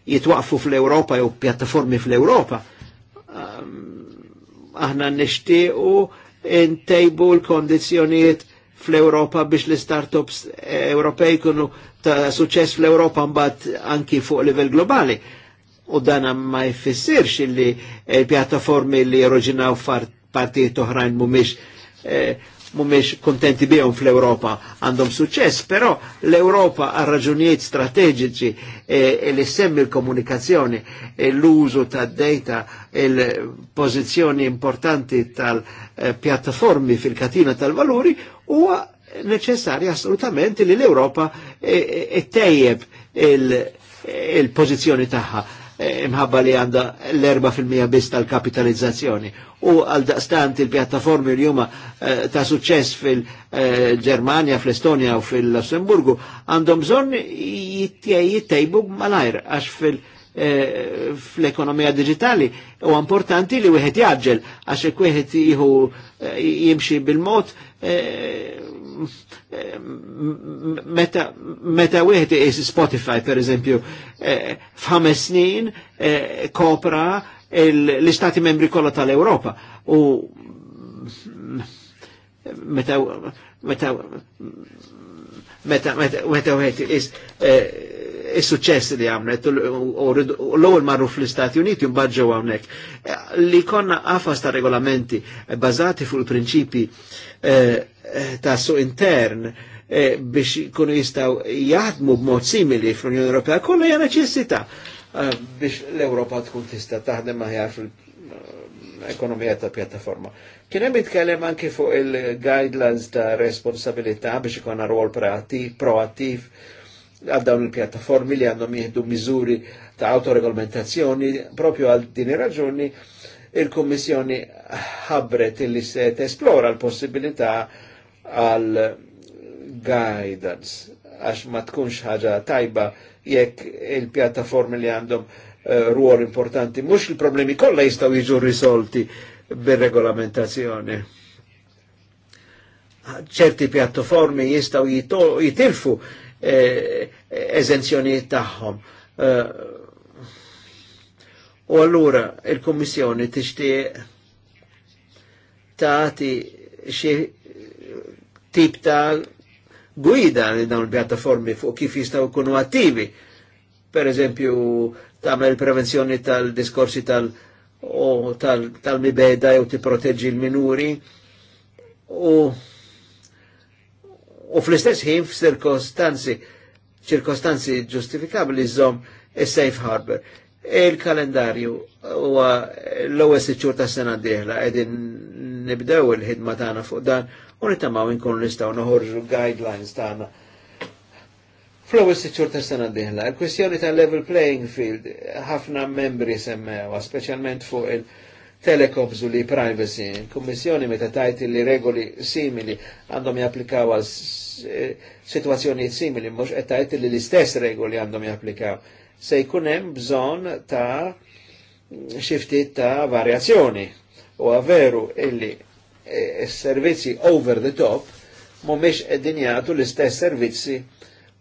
jitwaqfu fl-Europa u pjattaformi fl-Europa Aħna nishtiqu intejbu l-kondizjoniet fl-Europa biex l-startups eh, Ewropej kunu ta' suċess fl-Europa mbagħad anki fuq livell globali. U dan ma jfissirx li l-pjattaformi li jorġinaw partijiet oħrajn mhumiex eh, mumiex kontenti bihom fl-Europa għandhom suċess, però l-Europa għal raġunijiet strateġiċi e, e, li semmi l-komunikazzjoni, e l-użu ta' data, e l pozizjoni importanti tal-pjattaformi e, fil-katina tal-valuri huwa neċessarja assolutamente li l-Europa e, e, e tejjeb e, il-pozizjoni il taħħa. Eh, imħabba li għanda l-4% bis tal-kapitalizzazzjoni. U għal daqstant il-pjattaformi li huma eh, ta' suċess fil-Germania, eh, fl-Estonia u fil-Lussemburgu għandhom bżonn jittajbu malajr għax fil- fl-ekonomija digitali u importanti li wieħed jaġġel għax wieħed jieħu jimxi bil-mod meta, meta wieħed is Spotify per eżempju eh, f'ħames snin eh, kopra l-istati membri kollha tal-Ewropa u meta meta meta meta wieħed is eh, is suċċess li għamlet u l-ewwel marru fl-Istati Uniti mbagħad ġew hawnhekk. Li konna qafas ta' regolamenti bbażati fuq il-prinċipi ta' su intern eh, biex kunu jistaw jaħdmu b'mod simili fl-Unjoni Ewropea kollu hija neċessità eh, biex l-Ewropa tkun tista' taħdem maħjar fil-ekonomija ta' pjattaforma. Kien hemm jitkellem anke fuq il-guidelines ta' responsabilità biex ikonna rwol proattiv għal dawn il-pjattaformi li għandhom jieħdu miżuri ta' autoregolamentazzjoni propju għal din ir-raġuni il-Kommissjoni ħabbret illi se tesplora l-possibilità għal guidance għax ma tkunx ħaġa tajba jekk il-pjattaformi li għandhom uh, ruol importanti, mux il-problemi kollha jistaw jiġu risolti bil-regolamentazzjoni. ċerti pjattaformi jistaw jitilfu eh, eżenzjonijiet tagħhom. Uh, u allura il-Kommissjoni tixtieq tagħti xi tip ta' guida li dawn il-pjattaformi fuq kif jistaw kunu attivi. Per eżempju, tagħmel prevenzjoni tal-diskorsi tal- o tal-mibeda jew tipproteġġi l-minuri u u fl-istess ħin f'ċirkostanzi ċirkostanzi ġustifikabli żomm is-safe harbor. Il-kalendarju huwa l-ewwel siċċur tas-sena d-dieħla qegħdin nibdew il-ħidma tagħna fuq dan u nitamaw inkun nistaw noħorġu guidelines tagħna. Flow is-sitxur ta' sena diħla, il-kwestjoni ta' level playing field, ħafna membri semmewa, specialment fuq il-telecoms u li privacy, kommissjoni meta tajt li regoli simili għandhom japplikaw għal eh, situazzjoni simili, mux qed tajt li l-istess regoli għandhom japplikaw. Se jkun hemm bżonn ta' xiftit ta' variazzjoni U għaveru illi Eh, servizzi over the top mumiex qegħdin jagħtu l-istess servizzi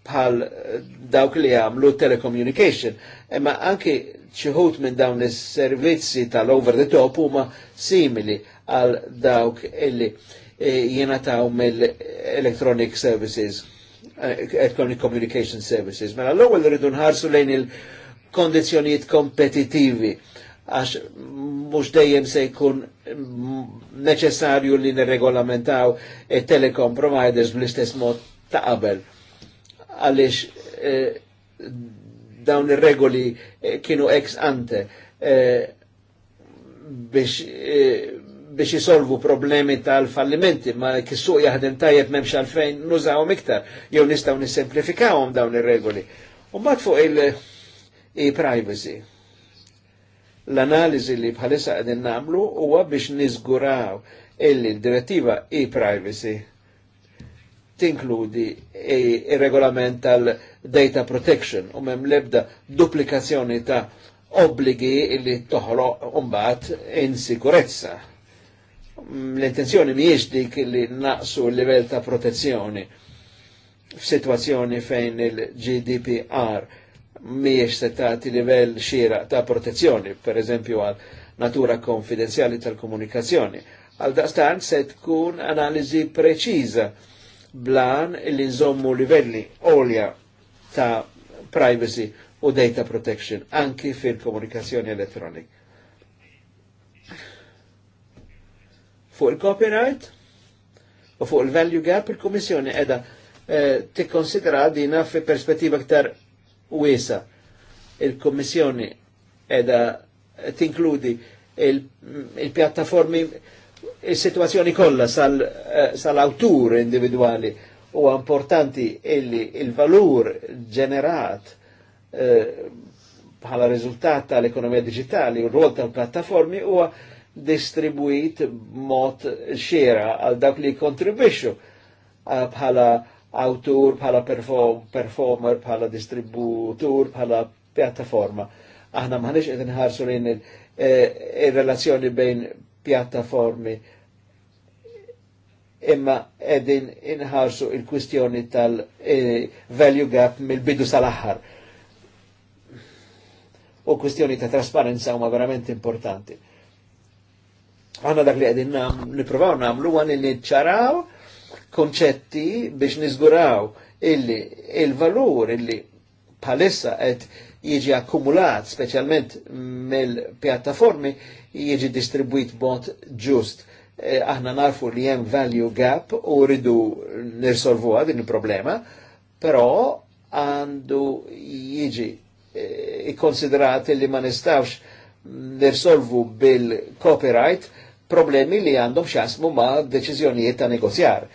bħal eh, dawk li għamlu telecommunication. Imma anki ċiħut minn dawn is-servizzi tal-over the top huma simili għal dawk illi eh, taw mill-electronic services, electronic communication services. Mela l-ewwel rridu nħarsu lejn il-kondizzjonijiet kompetitivi għax mux dejjem se jkun neċessarju li nirregolamentaw il-telecom providers bl-istess mod ta' qabel. Għalix eh, dawn ir-regoli eh, kienu ex ante eh, biex biex jisolvu problemi tal-fallimenti, ma kissu jaħdem tajjeb memx għalfejn nużawom iktar, jew nistaw nisemplifikawom dawn ir-regoli. U mbagħad fuq il-privacy. il privacy L-analiżi li bħalissa għedin nagħmlu huwa biex nizguraw illi direttiva e-privacy tinkludi il-regolament tal-data protection u mem lebda duplikazzjoni ta' obbligi li toħlo umbat in sikurezza. L-intenzjoni miex dik li naqsu l-livell ta' protezzjoni f'sitwazzjoni fejn il-GDPR miex se tagħti livell xira ta' protezzjoni, per eżempju għal natura konfidenzjali tal-komunikazzjoni. Għal daqstan se tkun analizi preċiża blan li nżommu livelli olja ta' privacy u data protection anki fil-komunikazzjoni elettronik. Fuq il-copyright u fuq il-value gap il-Komissjoni edha eh, tikkonsidera dina fi perspettiva ktar wiesa. Il-Kommissjoni edha tinkludi il-pjattaformi il il-situazzjoni kollha eh, sal-awtur sal individuali u importanti il-valur ġenerat eh, bħala eh, riżultat tal-ekonomija digitali, il-rol tal pjattaformi u distribuit mod xera għal dak li kontribwixxu eh, bħala autur, bħala perform, performer, bħala distributur, bħala pjattaforma. Aħna maħniex qed nħarsu lejn il-relazzjoni eh, bejn pjattaformi imma edin inħarsu il-kwistjoni tal-value eh, e gap mill-bidu sal-aħħar. U kwistjoni ta' trasparenza huma verament importanti. Għanna dak li għedin nam, niprofaw namlu għan li ċaraw konċetti biex nizguraw illi il-valur illi palissa qed jiġi akkumulat specialment mill-pjattaformi jiġi distribuit bot ġust. E, aħna narfu li hemm value gap u rridu nirsolvuha din il-problema, però għandu jiġi e, ikkonsiderat illi li ma nistawx nirsolvu bil-copyright problemi li għandhom xasmu ma' deċiżjonijiet ta' negozjar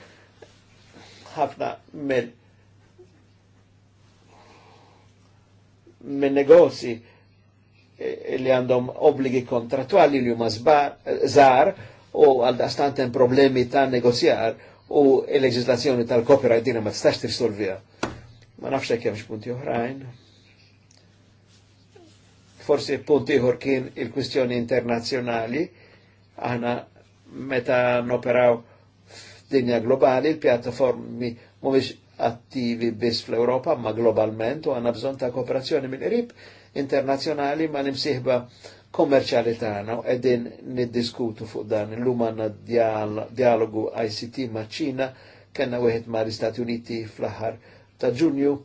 ħafna minn min negozi eh, li għandhom obbligi kontratwali li huma żgħar u għal hemm problemi ta' negozjar u l-leġislazzjoni tal-copyright dina ma tistax tirsolvija. Ma nafx hekk hemmx punti oħrajn. Forsi punt ieħor kien il-kwistjoni internazzjonali aħna meta noperaw Dinja globali, il-pjattaformi mhumiex attivi biss fl-Europa, ma globalment, u għanna bżon ta' kooperazzjoni mill-qrib internazjonali ma' nimsiħba kommerċali tagħna u qegħdin niddiskutu fuq dan. Illum għandna dialogu ICT ma' Ċina, kellna wieħed mal istati Uniti fl-aħħar ta' Ġunju,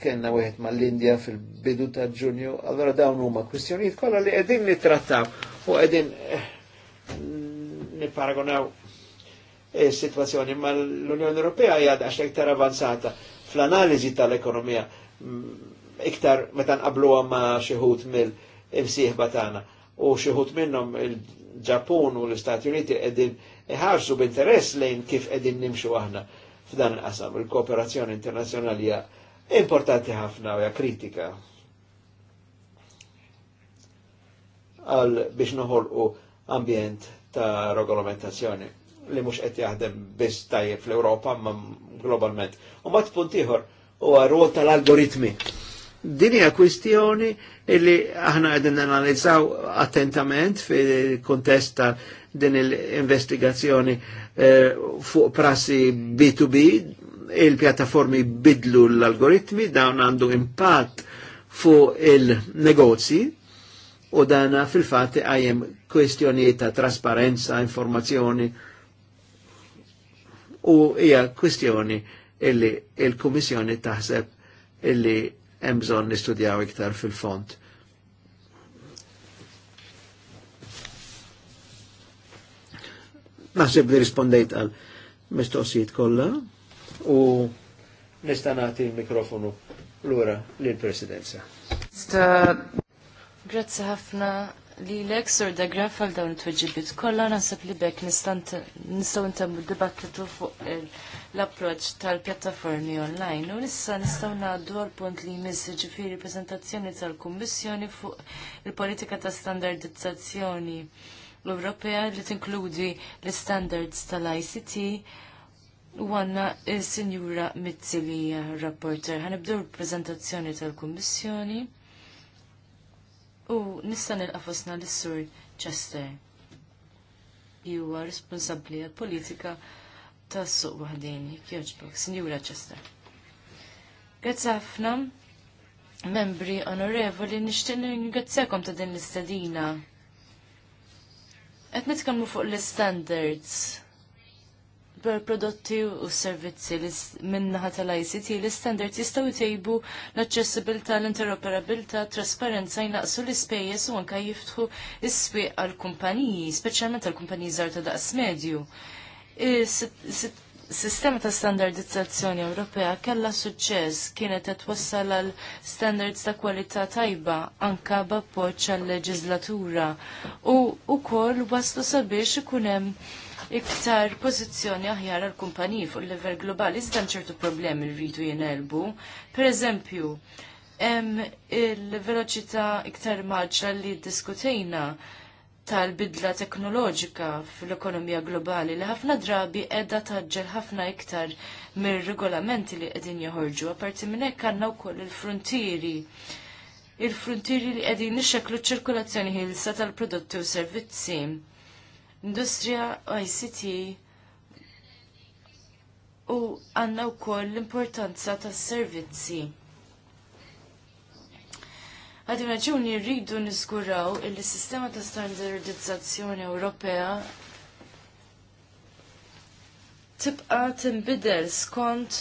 kellna wieħed mal indja fil-bidu ta' Ġunju, allora dawn huma kwistjonijiet kollha li qegħdin nittrattaw u qegħdin eh, niparagonaw situazzjoni, ma l-Unjoni Ewropea hija għax iktar avanzata fl-analiżi tal-ekonomija mm, iktar meta nqabluha ma' xi ħut mill-imsieħba tagħna u xi ħut minnhom il-Ġapun u l-Istati Uniti qegħdin iħarsu b'interess lejn kif qegħdin nimxu aħna f'dan il-qasam. Il-kooperazzjoni internazzjonali hija importanti ħafna u hija kritika. Għal biex noħolqu ambjent ta' regolamentazzjoni li mux għet jahdem biss tajjeb fl europa ma globalment. U ma t-puntiħor, u rwol tal-algoritmi. Din hija kwistjoni illi aħna għedin analizzaw attentament fi kontest ta' din l-investigazzjoni eh, fuq prassi B2B, il-pjattaformi bidlu l-algoritmi, dawn għandu impatt fuq il-negozji u dana fil fatti għajem kwestjoni ta' trasparenza, informazzjoni, u hija kwistjoni illi il-Kummissjoni taħseb illi hemm bżonn nistudjaw iktar fil-font. Naħseb li rispondejt għal mistoqsijiet kollha u nista' nagħti l-mikrofonu lura lill-Presidenza. Grazzi ħafna li l-ek sur da graffal għal dawn it-tweġibit kollha naħseb li bekk nistgħu ntemmu dibattitu fuq l-approċ tal-pjattaformi online u issa nistgħu ngħaddu għal punt li jmiss ġifiri preżentazzjoni tal-Kummissjoni fuq il-politika ta' standardizzazzjoni l-Ewropea li tinkludi l-standards tal-ICT U għanna il-Sinjura Mizzili rapporter. Għanibdu l-prezentazzjoni tal-Kommissjoni u nista' qafosna l-Sur Chester Iwa huwa responsabbli għall-politika ta' suq wahdin, jekk Sinjura Chester. Grazzi ħafna membri onorevoli nixtieq ningrazzjakom ta' din l-istadina. Qed nitkellmu fuq l-standards prodotti u servizzi minnaħa tal-ICT l standard jistaw jtejbu l accessibilta l-interoperabilità, trasparenza jnaqsu l-ispejjeż u anka jiftħu is-swieq għal-kumpaniji, speċjalment għal-kumpaniji żgħar ta' daqs medju. Sistema ta' standardizzazzjoni Ewropea kellha suċċess kienet qed wassal għal standards ta' kwalità tajba anka b'appoġġ għal leġislatura u wkoll waslu sabiex ikun hemm iktar pożizzjoni aħjar għal kumpaniji fuq il-level globali iżda ċertu problemi rridu jenelbu. Per eżempju, il-veloċità iktar maġra li diskutejna tal-bidla teknoloġika fl-ekonomija globali li ħafna drabi edha taġġel ħafna iktar mir regolamenti li qegħdin joħorġu. Apparti minn hekk għandna wkoll il-frontieri. Il-frontieri li qegħdin nixxeklu ċirkulazzjoni ħilsa tal-prodotti u servizzi industrija ICT u għanna u koll l-importanza ta' servizzi. Għadim raġuni rridu niskuraw il-sistema ta' standardizzazzjoni Ewropea tibqa timbidel skont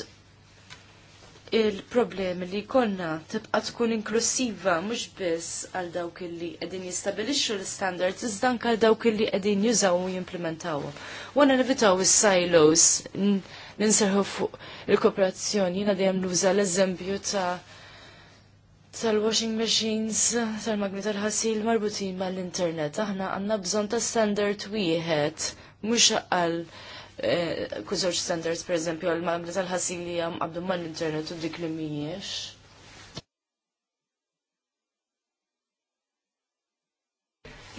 il-problemi li konna tibqa tkun inklusiva mhux biss għal dawk illi qegħdin jistabilixxu l-standards iżda anke għal dawk illi qegħdin jużaw u jimplementawhom. Wana nevitaw is-silos ninserħu fuq il-kooperazzjoni jiena dejjem nuża l-eżempju ta' tal-washing machines, tal-magni tal-ħasil marbutin mal-internet. Aħna għandna bżonn ta' standard wieħed mhux għal kuzorċ eh, standards, per eżempju, għal-magna tal-ħasili għam għabdu mal internet u dik li miex.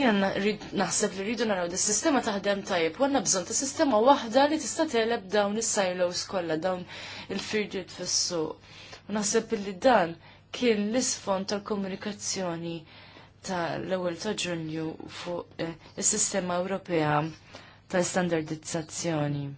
Jena naħseb li rridu naraw dis sistema taħdem tajjeb, u għanna bżon ta' sistema wahda li tista' teleb dawn is-silos kollha dawn il-firdiet fis-suq. U naħseb li dan kien l-isfond tal-komunikazzjoni tal-ewwel ta' Ġunju fuq eh, is-sistema Ewropea ta' standardizzazzjoni.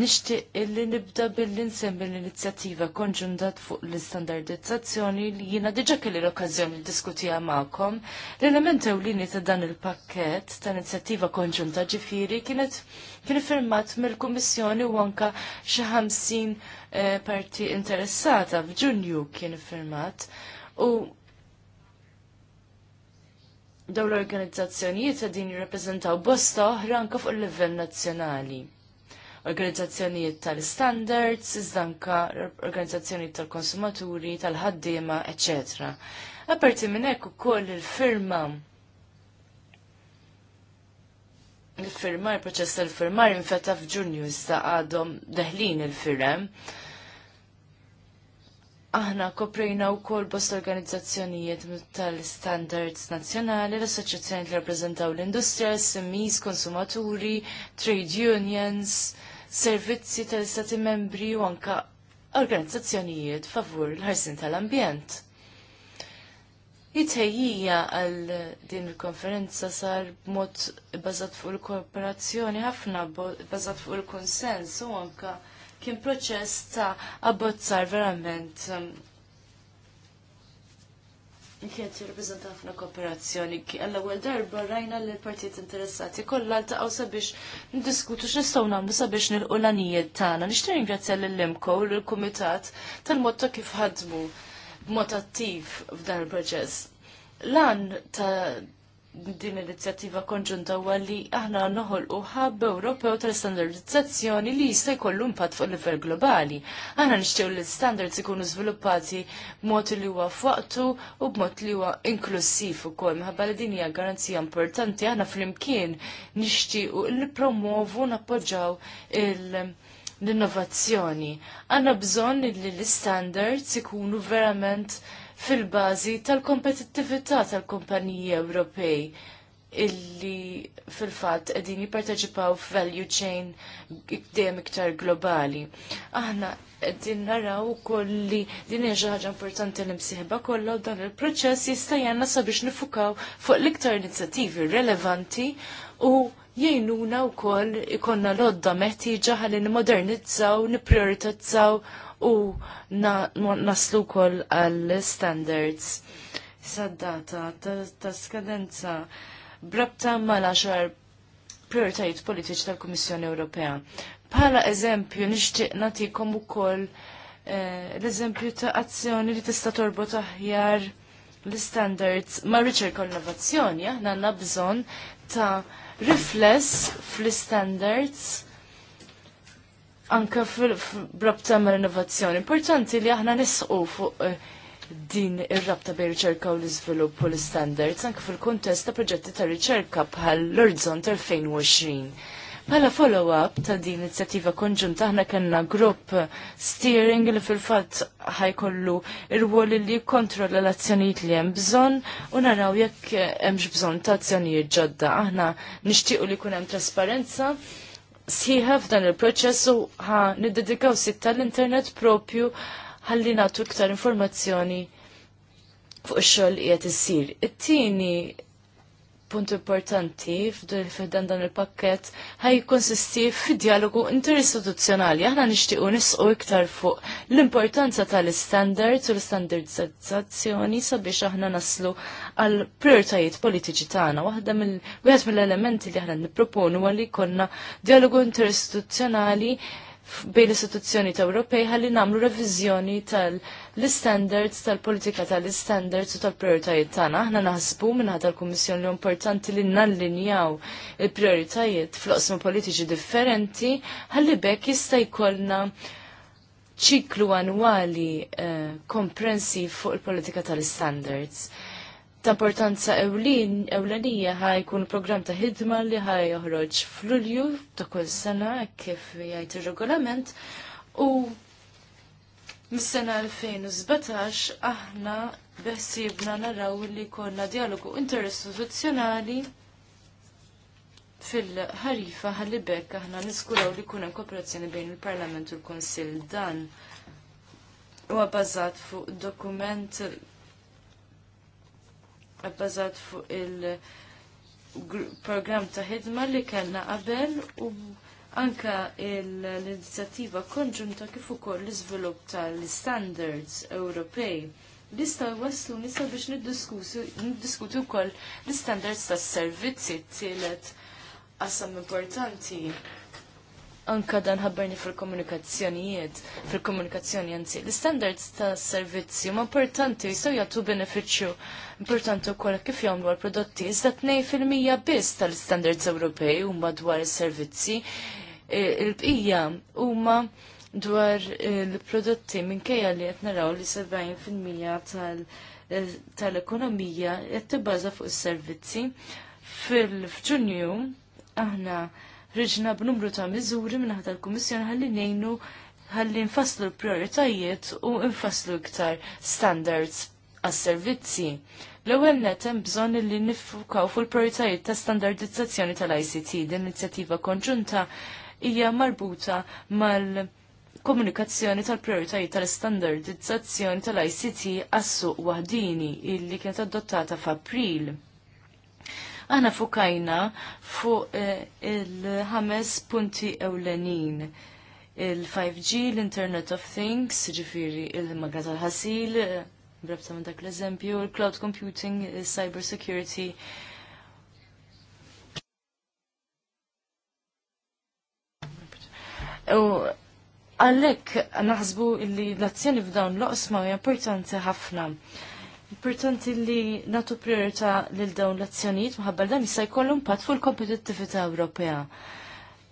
Nixtieq illi nibda billi nsemmi l-inizjattiva konġunta fuq l-istandardizzazzjoni li jiena diġa kelli l-okkażjoni diskutija magħkom. L-element ewlieni ta' dan il-pakkett ta' inizjattiva konġunta ġifieri kienet kien firmat mill-Kummissjoni u anka xi ħamsin eh, parti interessata f'Ġunju kien firmat. U dawn l-organizzazzjonijiet qegħdin jirrappreżentaw bosta oħra anke fuq il-livell nazzjonali. Organizzazzjonijiet tal-standards, iżda anke organizzazzjonijiet tal-konsumaturi, tal-ħaddiema, eċetera. Aperti minn hekk ukoll il-firma il-firmar, proċess tal-firmar infetta f'ġunju iżda għadhom deħlin il-firem. il il firem Aħna koprejna u kol bost organizzazzjonijiet tal-standards nazjonali, l-assoċjazzjoni li rappresentaw l-industrija, SMEs, konsumaturi, trade unions, servizzi tal-istati membri u anka organizzazzjonijiet favur l-ħarsin tal-ambjent. Itħejjija għal din il-konferenza sar mod bazat fuq il-kooperazzjoni ħafna, bazat fuq il-konsens u anka kien proċess ta' abbozzar verament um, kien jirripreżenta ħafna kooperazzjoni. L-ewwel darba rajna li l-partijiet interessati kollha ltaqgħu sabiex ndiskutu x'nistgħu nagħmlu sabiex nilqu l-anijiet tagħna. Nixtieq ringrazzja lill-Imko u l kumitat tal-mod ta' kif ħadmu b'mod attiv f'dan il-proċess. Lan ta' din l-inizjattiva konġunta huwa li aħna noħolqu ħabb Ewropew tal-standardizzazzjoni li jista' jkollu impatt fuq livell globali. Aħna nixtiew li l-standards ikunu żviluppati b'mod li huwa f'waqtu u b'mod li huwa inklusiv ukoll minħabba li din hija garanzija importanti aħna flimkien nixtiequ nippromovu u nappoġġaw il- l-innovazzjoni. Għanna bżonn li l-standards ikunu verament fil-bażi tal-kompetittività tal-kumpaniji Ewropej illi fil-fatt qegħdin jipparteċipaw f'value chain dejjem iktar globali. Aħna qegħdin naraw ukoll li din hija xi ħaġa importanti li msieħba kollha dan il-proċess jista' jgħinna sabiex nifukaw fuq l-iktar inizjattivi rilevanti u jgħinuna wkoll ikonna lodda meħtieġa ħalli nimodernizzaw, nipprioritizzaw u naslu kol għal-standards sad-data ta' skadenza brabta mala xar prioritajiet politiċi tal komissjoni Ewropea. Bħala eżempju, nixtieq natikom ukoll eh, l-eżempju ta' azzjoni li tista' torbot aħjar l-standards ma' riċer u aħna għandna bżonn ta' rifless fl-standards anka fil-rabta ma' l-innovazzjoni. Importanti li aħna nisqu fuq eh, din ir-rabta bejn riċerka u l-iżvilupp u l-standards anke fil-kuntest ta' proġetti ta' riċerka bħal l-Orizzont 2020. Bħala follow-up ta' din inizjattiva konġunta aħna kellna grupp steering li fil-fatt ħajkollu ir-wol li kontrolla l-azzjonijiet li hemm bżonn u naraw jekk hemmx bżonn ta' azzjonijiet ġodda. Aħna nixtiequ li jkun hemm trasparenza sħiħa f'dan il-proċess u ħa niddedikaw sitta l-internet propju ħalli natu iktar informazzjoni fuq ix-xogħol qiegħed issir. It-tieni punt importanti f'dan dan il-pakket ħaj konsisti f'dialogu interistituzzjonali. Aħna nixtiequ nisqu iktar fuq l-importanza tal standard u l-standardizzazzjoni sabiex aħna naslu għal prioritajiet politiċi tagħna. Waħda mill wieħed mill-elementi li aħna nipproponu għalli konna dialogu interistituzzjonali bejn l-istituzzjoni ta' Ewropej ħalli nagħmlu reviżjoni tal- l-standards tal-politika tal-standards u tal-prioritajiet tagħna. Aħna naħsbu minħat tal-Kummissjoni li importanti li nallinjaw il-prioritajiet fl-oqsma politiċi differenti ħalli bekk jista' jkollna ċiklu annwali eh, komprensiv fuq il-politika tal-standards ta' importanza ewlin, ewlenija jkun program ta' ħidma li ħaj joħroġ f'Lulju ta' kull sena kif jgħid ir-regolament u Mis-sena 2017 aħna beħsibna naraw li konna dialogu interistituzzjonali fil-ħarifa ħalli bekk aħna niskuraw li kuna kooperazzjoni bejn il-Parlament u l-Konsil dan huwa bbażat fuq dokument bbażat fuq il-programm ta' ħidma li kellna qabel u anka l-inizjattiva konġunta kif ukoll l-iżvilupp tal-standards Ewropej jistgħu jwasslu nisa biex niddiskutu wkoll l istandards tas-servizzi tielet qasam importanti anka dan ħabbarni fil-komunikazzjonijiet, fil-komunikazzjoni anzi. L-standards ta' servizzi ma' importanti jistaw jgħatu beneficju importanti u kolla kif jgħamlu għal-prodotti, iżda 2% biss tal-standards Ewropej u madwar il-servizzi E, il-bqija huma dwar il-prodotti e, minkejja li qed naraw li 70% tal- e, tal-ekonomija qed tibbaża fuq is-servizzi. fil ġunju aħna riġna b'numru ta' miżuri minn tal-Kummissjoni ħalli ngħinu ħalli nfasslu l-prioritajiet u nfasslu iktar standards għas-servizzi. L-ewwel net hemm bżonn li niffukaw fuq il-prioritajiet ta' standardizzazzjoni tal-ICT din inizjattiva konġunta hija marbuta mal- komunikazzjoni tal-prioritajiet tal-standardizzazzjoni tal-ICT għas-suq waħdini illi kienet adottata f'April. Aħna fukajna fuq eh, il-ħames punti ewlenin il-5G, l-Internet of Things, ġifiri il-magra tal-ħasil, eh, brabta minn dak l-eżempju, il-cloud computing, il-cyber security, U għallek naħsbu illi l-azzjoni f'dawn l-oqsma hija importanti ħafna. Importanti li natu priorità lil dawn l-azzjonijiet maħabba dan jista' jkollu impatt fuq il-kompetittività Ewropea.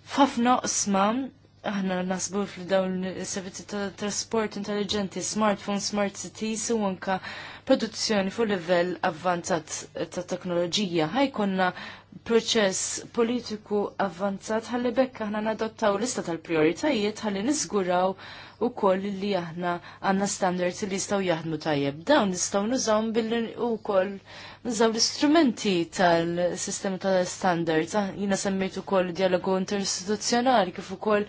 F'ħafna oqsma aħna nasbu fil dawn is-servizzi ta' trasport intelligenti, smartphone, smart cities u anka produzzjoni fuq livell avvanzat ta' teknoloġija. Ħajkonna proċess politiku avvanzat ħalli bekk aħna nadottaw lista tal-prioritajiet ħalli niżguraw u koll li aħna għanna standards li jistaw jaħdmu tajjeb. Dawn nistaw nużawm billi u koll nżaw l-istrumenti tal-sistema tal-standards. Ah, jina semmejtu kol dialogu interistituzjonali kif ukoll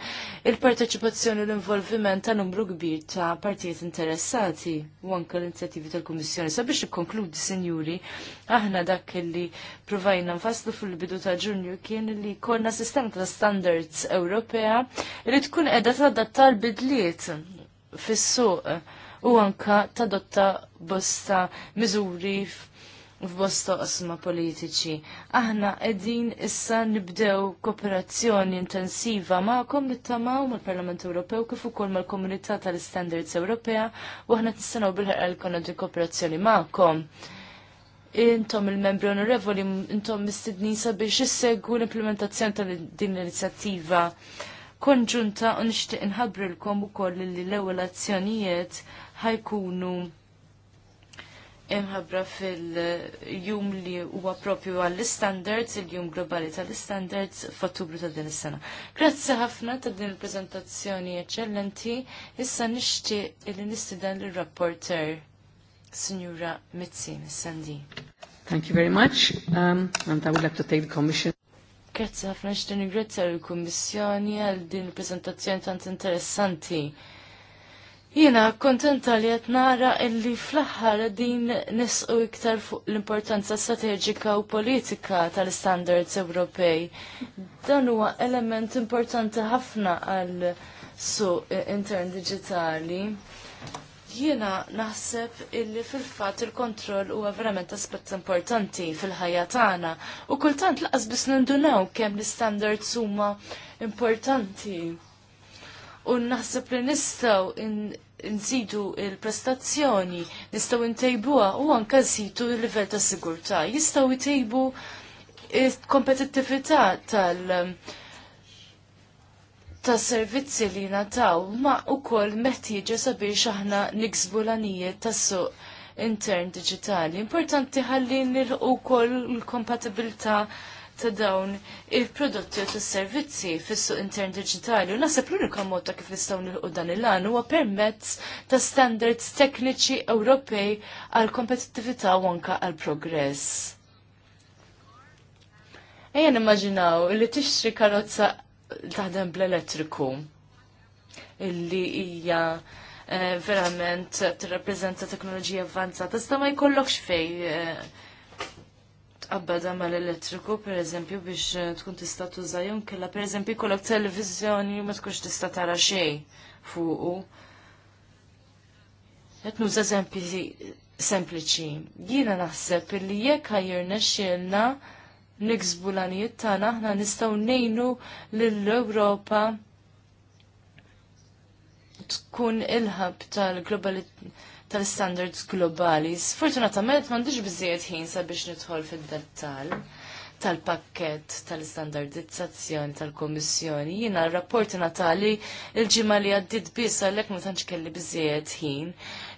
il-parteċipazzjoni u l-involviment ta' numru kbir ta' partijiet interessati u anke l-inizjattivi tal-Kummissjoni. Sabiex ikkonkludi, sinjuri, aħna dak li provajna nfasslu fil-bidu ta' ġunju kien li konna sistema tal-standards Ewropea li tkun qiegħda tadatta l-bidliet fis-suq u anka tadotta bosta miżuri f'bosta qasma politiċi. Aħna qegħdin issa nibdew kooperazzjoni intensiva magħkom nittamaw tamaw mal-Parlament Ewropew kif ukoll mal-Komunità tal-Standards Ewropea u aħna tistennew bil-ħerqa li konna di kooperazzjoni magħkom. Intom il-membri onorevoli, intom mistidnin sabiex issegwu l-implementazzjoni tal din l-inizjattiva konġunta u nixtieq inħabbrilkom ukoll li l-ewwel azzjonijiet ħajkunu imħabra fil-jum li huwa propju għall-standards, il-jum globali tal-standards f'Ottubru ta' din is-sena. Grazzi ħafna ta' din il-preżentazzjoni eċċellenti, issa nixtieq li nistidan l-rapporter Signora Mitzi Sandi. Thank you very much, um, and I would like to take the Commission. Grazzi ħafna xtin ingrazzja għal kummissjoni għal din il-preżentazzjoni tant interessanti. Jiena kontenta li għet nara illi fl-aħħar din nisqu iktar fuq l-importanza strateġika u politika tal-standards Ewropej. Dan huwa element importanti ħafna għal su intern diġitali. Jiena naħseb illi fil-fat il-kontroll huwa verament aspett importanti fil-ħajja tagħna u kultant laqas biss nindunaw kemm l-standards huma importanti. U naħseb li nistgħu nżidu il-prestazzjoni, nistgħu ntejbuha u anke nżidu l-livell ta' sigurtà. Jistgħu jtejbu il-kompetittività tal- ta' servizzi li nataw ma' u koll meħtieġa sabiex aħna niksbu l-anijiet tas-suq intern digitali. Importanti il nilħu koll l-kompatibilta' ta' dawn il-prodotti u s-servizzi fis-suq intern digitali u nasab l-unika mod ta' kif nistgħu nilħu dan il-għan huwa permezz ta' standards tekniċi Ewropej għal kompetittività u anke għal progress. Ejja nimmaġinaw li tixtri karozza taħdem bl-elettriku illi hija eh, verament tirrappreżenta teknoloġija avvanzata, sta ma jkollokx fej eh, tqabbada mal-elettriku, per eżempju, biex eh, tkun tista' tuża jew kella per eżempju jkollok televiżjoni ma tkunx tista' tara xejn fuqu. Qed nuża eżempju sempliċi. Jiena naħseb li jekk ħajjirna xielna niksbu l-għanijiet tagħna aħna nistgħu ngħinu lill-Ewropa tkun il-ħab tal-globalizzazzjoni tal-standards globali. Sfortunatament m'għandix biżejjed ħin sabiex nidħol fid-dettall tal-pakket tal-standardizzazzjoni tal-Komissjoni. Jiena r-rapporti natali il-ġimgħa li għaddit biss għalhekk ma tantx kelli biżejjed ħin.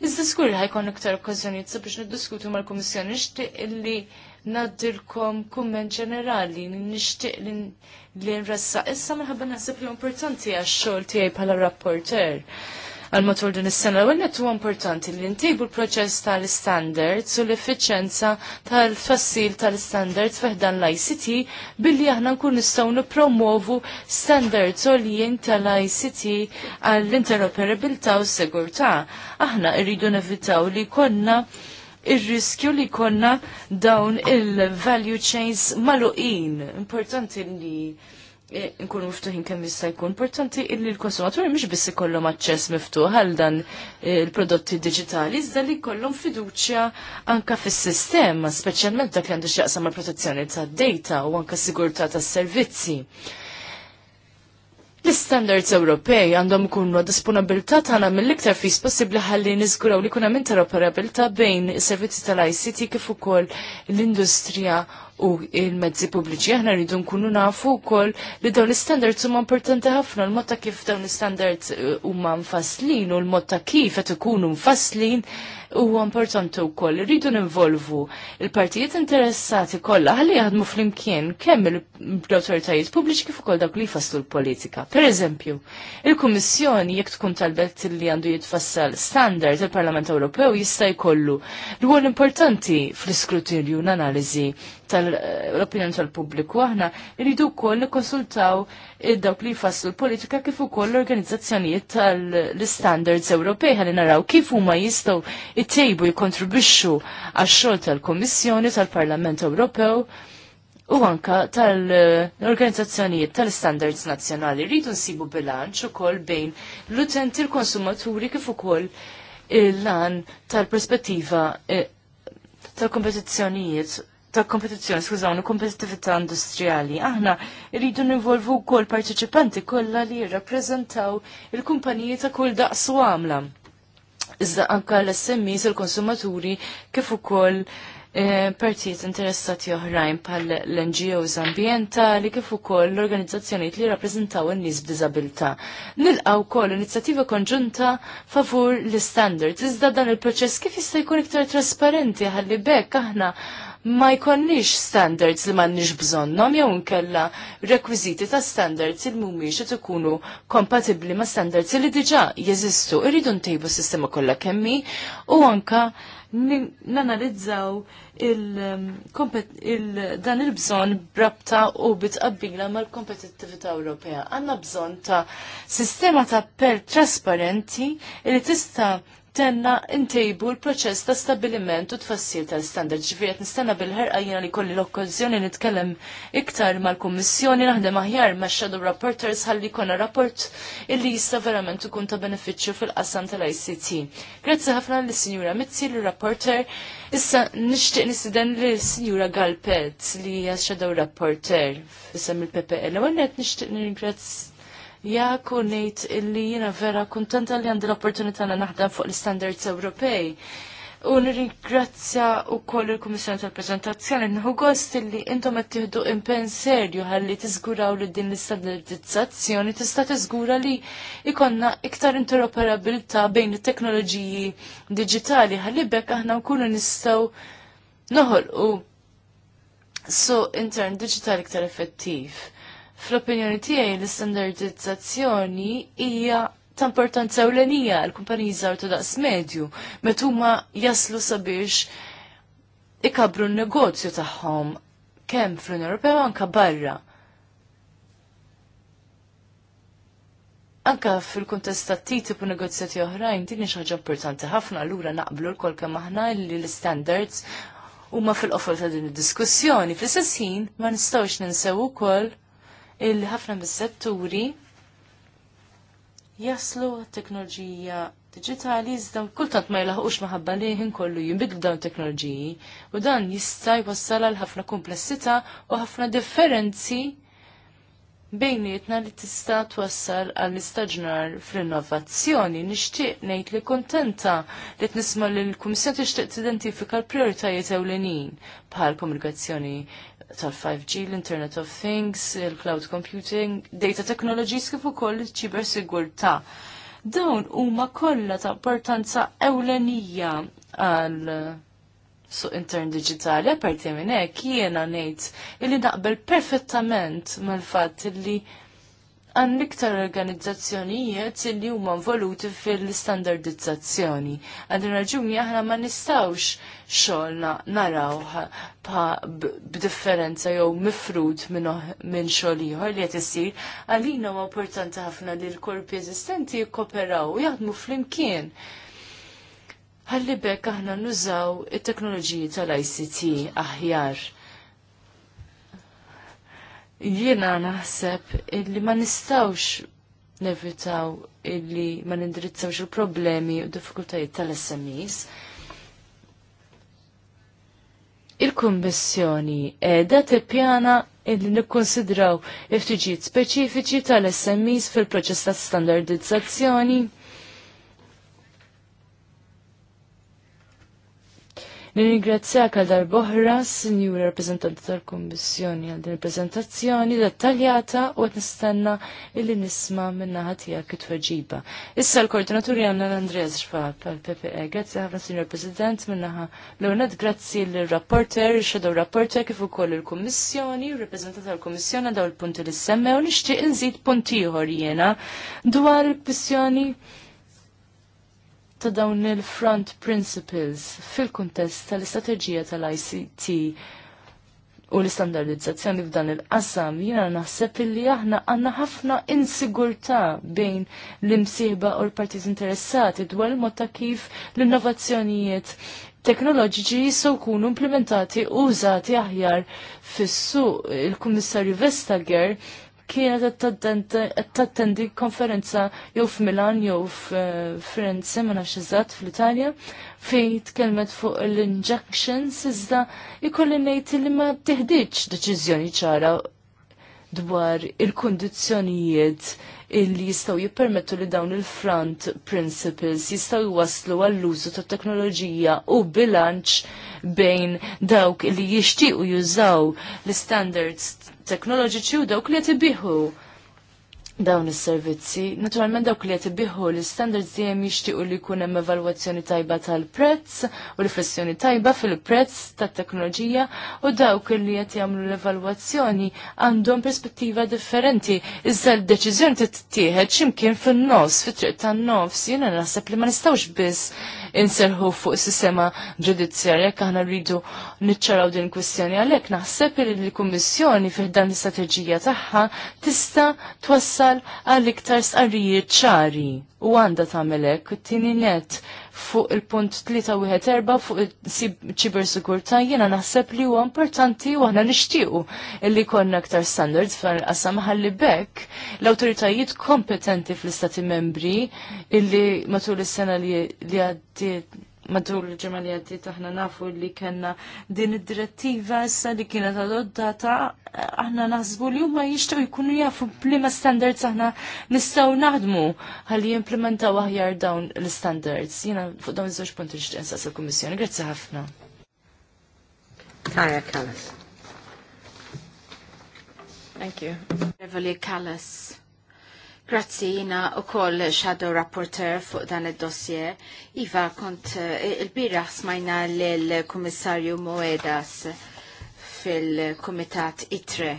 Iżda skur ħajkun iktar okkażjonijiet sabiex niddiskutu mal-Kummissjoni nixtieq illi naddilkom kumment ġenerali, nixtieq li nressa. Issa minħabba naħseb li importanti għax xogħol tiegħi bħala rapporter għal matul din is-sena. U net huwa importanti li ntejbu l-proċess tal-standards u l-effiċenza tal-fassil tal-standards fehdan l-ICT billi aħna nkun nistgħu nippromovu standards għoljien tal-ICT għall-interoperabilità u s-sigurtà. Aħna rridu nevitaw li konna il-riskju li konna dawn il-value chains maluqin. Importanti li E, nkun miftuħin kemm jista' jkun. Importanti illi l-konsumaturi mhux biss ikollhom aċċess miftuħ għal dan il-prodotti e, diġitali, iżda li jkollhom fiduċja anke fis-sistema, speċjalment dak li għandu x'jaqsam mal-protezzjoni tad-data u s sigurtà tas-servizzi. L-standards Ewropej għandhom ikunu disponibilità tagħna mill-iktar fis possibbli ħalli niżguraw li jkun hemm interoperabilità bejn is-servizzi tal-ICT kif ukoll l-industrija u il-mezzi pubbliċi. Aħna rridu nkunu nafu wkoll li dawn l istandards huma importanti ħafna l-mod ta' kif dawn l istandards eh, huma mfasslin u l-mod ta' kif qed ikunu mfasslin huwa importanti wkoll. Rridu ninvolvu il-partijiet interessati kollha ħalli jaħdmu flimkien kemm l-awtoritajiet pubbliċi kif ukoll dawk li jfasslu l-politika. Pereżempju, il-Kummissjoni jekk tkun talbet li għandu jitfassal standard il-Parlament Ewropew jista' jkollu rwol importanti fl-iskrutinju l-analiżi tal-opinjoni tal-pubbliku. Aħna rridu wkoll nikkonsultaw id-dawk li jfassu l-politika kif ukoll l-organizzazzjonijiet tal-standards Ewropej ħalli naraw kif huma jistgħu ittejbu jikkontribwixxu għax-xogħol tal-Kummissjoni tal-Parlament Ewropew u anka tal-organizzazzjonijiet tal-standards nazzjonali. Rridu nsibu bilanċ ukoll bejn l-utenti l-konsumaturi kif ukoll il-lan tal-perspettiva eh, tal-kompetizzjonijiet ta' kompetizzjoni, skużawni, kompetitività industrijali. Aħna rridu nivolvu kol parteċipanti kollha li jirrappreżentaw il-kumpaniji ta' kull daqs u għamla. Iżda anka l smis il-konsumaturi, kif ukoll eh, partijiet interessati oħrajn bħal l-NGOs ambientali kif ukoll l-organizzazzjonijiet li rappreżentaw in-nies b'diżabilità. Nilqgħu wkoll inizjattiva konġunta favur l-standards. Iżda dan il-proċess kif jista' jkun iktar trasparenti ħalli bekk aħna ma jkonniex standards li m'għandniex bżonnhom jew nkella rekwiżiti ta' standards li mhumiex qed ikunu kompatibbli ma' standards li diġà jeżistu. Irridu ntejbu s-sistema kollha kemmi u anka nanalizzaw il um, dan il-bżon brabta u bitqabbila mal-kompetittività Ewropea. Għanna bżon ta' sistema ta' per trasparenti li tista' tenna intejbu l-proċess ta' stabiliment u tfassil tal-standard ġifiret nistenna bil-ħerqajjina li kolli l-okkazjoni nitkellem iktar mal-Kummissjoni naħdem aħjar ma' Shadow Rapporters ħalli kona rapport illi jista' verament ukun ta' beneficju fil-qasam tal-ICT. Grazzi ħafna l sinjura Mizzi l-rapporter. Issa nixtieq nisiden l sinjura Galpet li hija Shadow Rapporter f'isem il-PPL. Għannet nixtieq ningrazz Ja kunnejt ngħid illi jiena vera kuntenta li għandi l-opportunità li naħdem fuq l-standards Ewropej. U nirringrazzja u koll il-Komissjoni tal-Prezentazzjoni nħu gost illi intom qed tieħdu impenn serju ħalli tiżguraw li din l-istandardizzazzjoni tista' tiżgura li ikonna iktar interoperabilità bejn it-teknoloġiji diġitali ħalli bekk aħna nkunu nistgħu noħolqu so intern diġitali iktar effettiv fl-opinjoni tiegħi l-istandardizzazzjoni hija ta' importanza ewlenija għal kumpaniji żgħar ta' daqs medju meta huma jaslu sabiex ikabru n-negozju tagħhom kemm fl-Unjoni Ewropea anke barra. Anka fil-kuntest ta' TTIP u negozjati oħrajn din xi ħaġa importanti ħafna allura naqblu l kemm aħna li l-standards huma fil-qofol ta' din id-diskussjoni. Fl-istess ħin ma nistgħux ninsew ukoll Il ħafna mis-setturi jaslu teknoloġija digitali iżda kultant ma jilaħqux maħabba liħin kollu jinbidlu dawn teknoloġiji u dan jista' jwassal għal ħafna komplessità u ħafna differenzi bejnietna li tista' twassal għall istaġnar fl-innovazzjoni. Nixtieq ngħid li kuntenta li tnisma' nisma' l-Kummissjoni tixtieq tidentifika l-prijoritajiet ewlenin bħal komunikazzjoni tal-5G, l-Internet of Things, il-Cloud Computing, Data Technologies kif ukoll ċiber sigurtà. Dawn huma kollha ta' importanza ewlenija għal suq intern digitali, apparti minn hekk jiena ngħid illi naqbel perfettament mal-fatt li għan iktar organizzazzjonijiet li huma involuti fil-standardizzazzjoni. Għad raġuni aħna ma nistawx xogħolna narawh b'differenza jew mifrud minn xogħol ieħor li qed isir għalina huwa importanti ħafna li l-korpi eżistenti jikkoperaw u jaħdmu flimkien. Ħalli bekk aħna nużaw it-teknoloġiji tal-ICT aħjar Jiena naħseb illi ma nistawx nevitaw illi ma nindirizzawx il-problemi u diffikultajiet tal-SMEs. Il-Kummissjoni edha tippjana illi nikkonsidraw iftiġijiet speċifiċi tal-SMEs fil-proċess ta' standardizzazzjoni Nirringrazzjak għal darboħra, Sinjura Rappresentanti tal-Kommissjoni għal din il prezentazzjoni dettaljata u qed nistenna illi nisma' minna tiegħek it-tweġiba. Issa l-koordinaturi għandna l-Andrea Xfab għal-PPE. Grazzi ħafna, Sinjur President, ħa l-għonet grazzi l-rapporter, shadow rapporter kif ukoll il-Kummissjoni, Rappresentanti tal-Kummissjoni għadaw il-punti li u nixtieq nżid punti ieħor jiena dwar il kwissjoni ta' dawn il-front principles fil-kuntest tal-istrateġija tal-ICT u l-istandardizzazzjoni f'dan il-qasam jiena naħseb illi aħna għandna ħafna insigurtà bejn l-imsieħba u l partiz interessati dwar il-mod ta' kif l-innovazzjonijiet teknoloġiċi jistgħu jkunu implementati u użati aħjar fis-suq. Il-Kummissarju Vestager kienet tattendi konferenza jew f'Milan jew firenze ma nafx iżgħat fl-Italja fejn tkellmet fuq l-injections iżda jikolli ngħid li ma t-tihdiċ deċiżjoni ċara dwar il-kondizzjonijiet illi jistaw jippermettu li dawn il-front principles jistaw jwaslu għall-użu ta' teknoloġija u bilanċ bejn dawk li jixtiequ jużaw l-standards teknoloġiċi u dawk li qed dawn is-servizzi. Naturalment dawk li qed ibiħu l istandards dejjem jixtiequ li jkun hemm evalwazzjoni tajba tal-prezz u riflessjoni tajba fil-prezz tat-teknoloġija u dawk li qed jagħmlu l-evalwazzjoni għandhom perspettiva differenti. Iżda l-deċiżjoni tittieħed x'imkien fin-nofs, fit-triq tan-nofs, jiena naħseb li ma nistgħux biss inserħu fuq sistema ġudizzjarja jekk aħna rridu niċċaraw din kwistjoni għalhekk naħseb li l-Kummissjoni fih dan l-istrateġija tagħha tista' twassal tal għal iktar sqarrijiet ċari u għanda tamelek it-tieni net fuq il-punt 3.4 fuq il-ċiber sigurta jena naħseb li huwa importanti u aħna nixtiequ li konna aktar standards fil-qasam ħalli bekk l-awtoritajiet kompetenti fl-istati membri illi matul is-sena li għaddiet madur il-ġemma di taħna aħna nafu li kena din id-direttiva sa li kienet adottata aħna naħsbu li huma jixtgħu jkunu jafu ma standards aħna nistgħu naħdmu ħalli jimplementaw aħjar dawn l-standards. Jiena fuq dawn zoċ punti nixtieq insaqs il-Kummissjoni. Grazzi ħafna. Tara Kallas. Thank you. Beverly Kallas. Grazzi jina u koll Shadow Rapporteur fuq dan il-dossier. Iva, kont eh, il bira smajna l-Komissarju Moedas fil-Komitat ITRE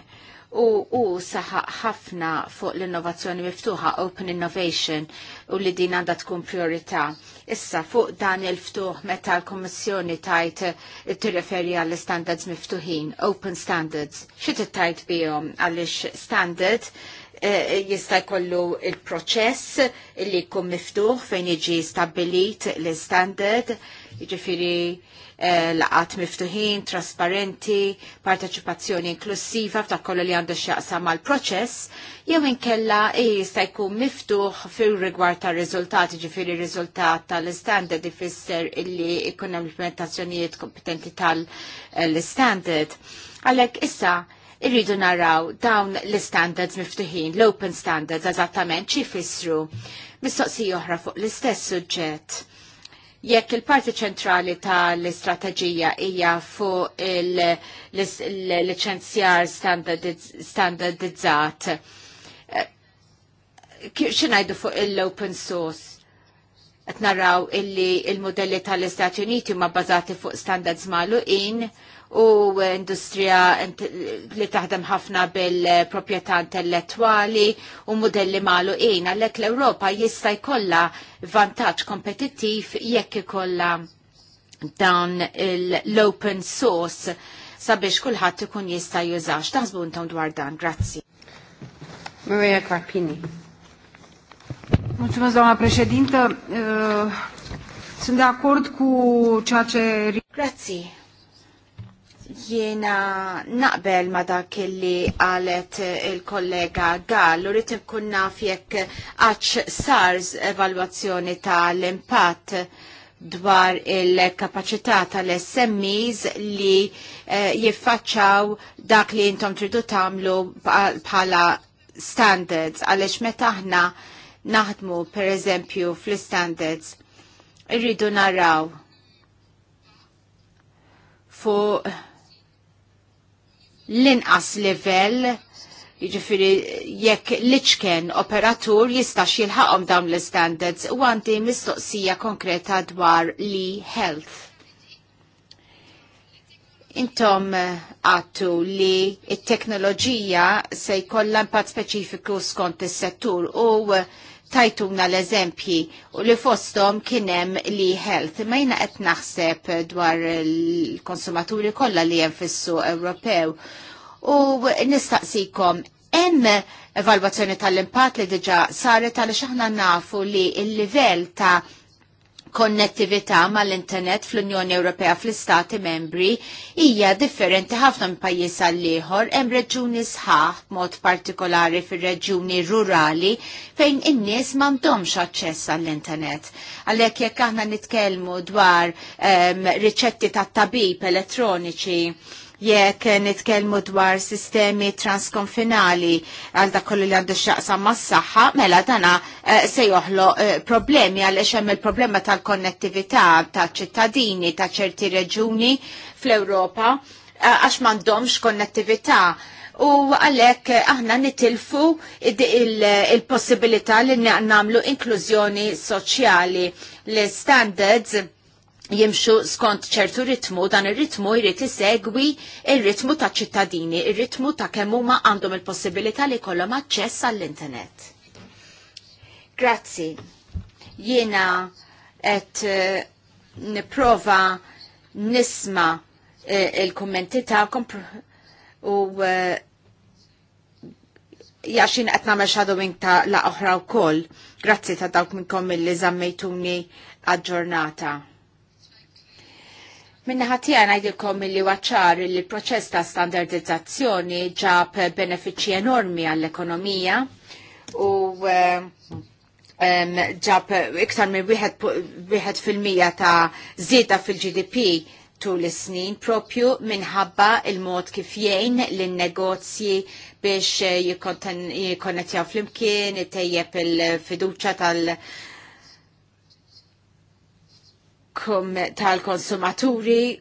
u, u saħaq ħafna fuq l-innovazzjoni miftuħa, open innovation, u li din għanda tkun priorità. Issa fuq dan il-ftuħ meta l komissjoni tajt eh, tirreferi għall standards miftuħin, open standards. Xi tajt bihom għaliex standard Eh, jista' jkollu il-proċess li jkun miftuħ fejn jiġi stabbilit l-standard, jiġifieri eh, laqat miftuħin, trasparenti, parteċipazzjoni inklusiva f'dak kollu li għandu x'jaqsam mal-proċess, jew inkella jista' jkun miftuħ fir rigward tar-riżultati, r jiġifieri riżultat tal-standard ifisser illi jkun hemm implementazzjonijiet kompetenti tal-standard. Għalhekk issa irridu naraw dawn l-standards miftuħin, l-open standards eżattament ċifissru mistoqsi oħra fuq l-istess suġġett. Jekk il-parti ċentrali tal-istrateġija hija fuq il-licenzjar standardizzat, eh, xinajdu fuq l-open source? qed naraw illi il-modelli tal-Istati Uniti huma bbażati fuq standards magħluqin u industrija li taħdem ħafna bil-propieta intellettuali u modelli malu in għallek l-Europa jista' jkollha vantaġġ kompetittiv jekk ikollha dan l-open source sabiex kulħadd ikun jista' jużax. Taħsbu intom dwar dan, grazzi. Maria Carpini. Mulțumesc, doamna președintă. Sunt de acord cu ceea ce... Grazie. Jiena naqbel ma dak li għalet il-kollega Gall u rritin kunna naf għax SARS evalwazzjoni ta' l-impatt dwar il-kapacità tal-SMEs li eh, jiffaċċaw dak li intom tridu tagħmlu bħala standards għaliex meta naħdmu per eżempju fl-standards irridu naraw fuq l-inqas livell Jiġifieri jekk liċken operatur jistax jilħaqhom dawn l-standards u għandi mistoqsija konkreta dwar li health. Intom eh, għattu li t teknoloġija se jkollha impatt speċifiku skont is-settur u eh, tajtuna l-eżempji u li fostom kienem li health. Ma jina qed naħseb dwar il konsumaturi kollha li hemm fissu Ewropew. U nistaqsikom, hemm evalwazzjoni tal-impatt li diġa saret għal xaħna nafu li il-livell ta' konnettività mal-internet fl-Unjoni Ewropea fl-Istati membri hija differenti ħafna minn pajjiż għal ieħor hemm reġuni sħaħ mod partikolari fir-reġuni rurali fejn in-nies m'għandhomx aċċess għall-internet. Għalhekk jekk aħna nitkellmu dwar um, riċetti tat-tabib elettroniċi jekk nitkellmu dwar sistemi transkonfinali għal dak kollu li għandu x'jaqsam mas-saħħa, mela dana eh, se joħloq eh, problemi għaliex hemm il-problema tal-konnettività tal-ċittadini ta' ċerti reġuni fl-Ewropa eh, għax m'għandhomx konnettività u għalek aħna nitilfu il-possibilità li il li namlu inklużjoni soċjali. L-standards jimxu skont ċertu ritmu, dan ir-ritmu jrid isegwi ir-ritmu ta' ċittadini, ir-ritmu ta' kemm huma għandhom il-possibilità li kollhom aċċess għall-internet. Grazzi. Jiena qed eh, niprova nisma eh, il-kommenti ta' u eh, jaxin qed nagħmel shadowing ta' la oħra wkoll. Grazzi ta' dawk minnkom milli żammejtuni għad-ġurnata. Minna ħatija najdilkom li waċċar li l-proċess ta' standardizzazzjoni ġab benefiċi enormi għall-ekonomija u eh, ġab iktar minn wieħed fil-mija ta' zieda fil-GDP tul is-snin propju minħabba il-mod kif jgħin l negozji biex jikonnetjaw fl-imkien, tejjeb il-fiduċa tal- tal-konsumaturi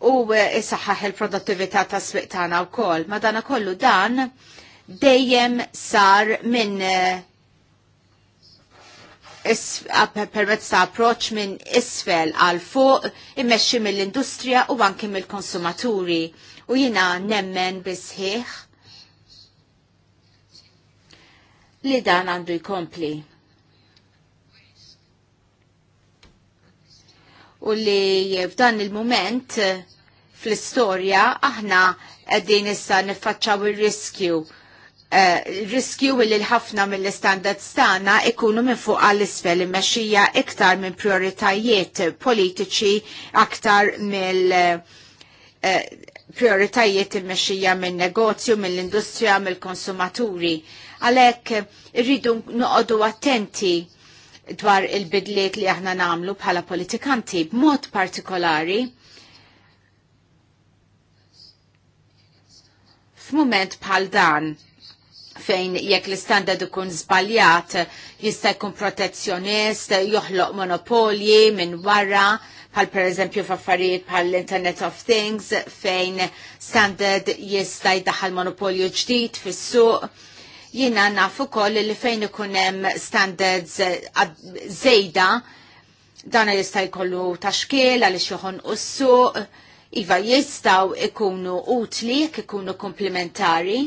u eh, isaħħaħ il-produttività ta' sbiq tagħna wkoll. Madana kollu dan dejjem sar minn eh, permezz ta' approċ minn isfel għal fuq immexxi mill-industrija u anki mill-konsumaturi u jina nemmen bisħiħ li dan għandu jkompli. u li f'dan il-moment fl-istorja aħna għeddin issa nifacċaw il-riskju. Eh, il-riskju li l-ħafna mill istandard stana ikunu minn fuq għall-isfel imexxija iktar minn prioritajiet politiċi aktar mill- eh, prioritajiet immexxija minn negozju, mill-industrija, mill-konsumaturi. Għalhekk irridu noqogħdu attenti dwar il-bidliet li aħna namlu bħala politikanti b'mod partikolari f'mument bħal dan fejn jekk l-istandard ikun żbaljat jista' jkun protezzjonist, joħloq monopolji minn wara, bħal pereżempju f'affarijiet bħal Internet of Things fejn standard jista' jdaħħal monopolju ġdid fis-suq Jiena naf koll li fejn ikun hemm standards żejda eh, dan jista' jkollu taxkiel għaliex joħon u suq iva jistaw ikunu utli, ikunu komplementari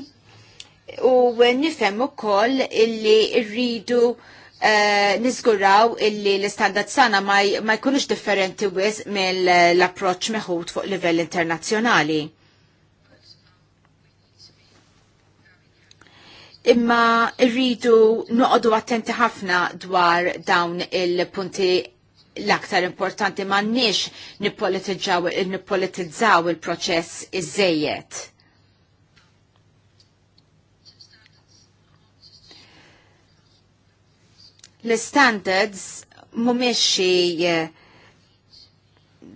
u nifhem ukoll illi rridu Uh, eh, nizguraw illi l standard sana ma, jkunux differenti wis mill-approċ meħud fuq livell internazzjonali. imma rridu noqodu attenti ħafna dwar dawn il-punti l-aktar importanti ma nix nipolitizzaw il-proċess iż-żejjed. L-standards mumiex xi eh,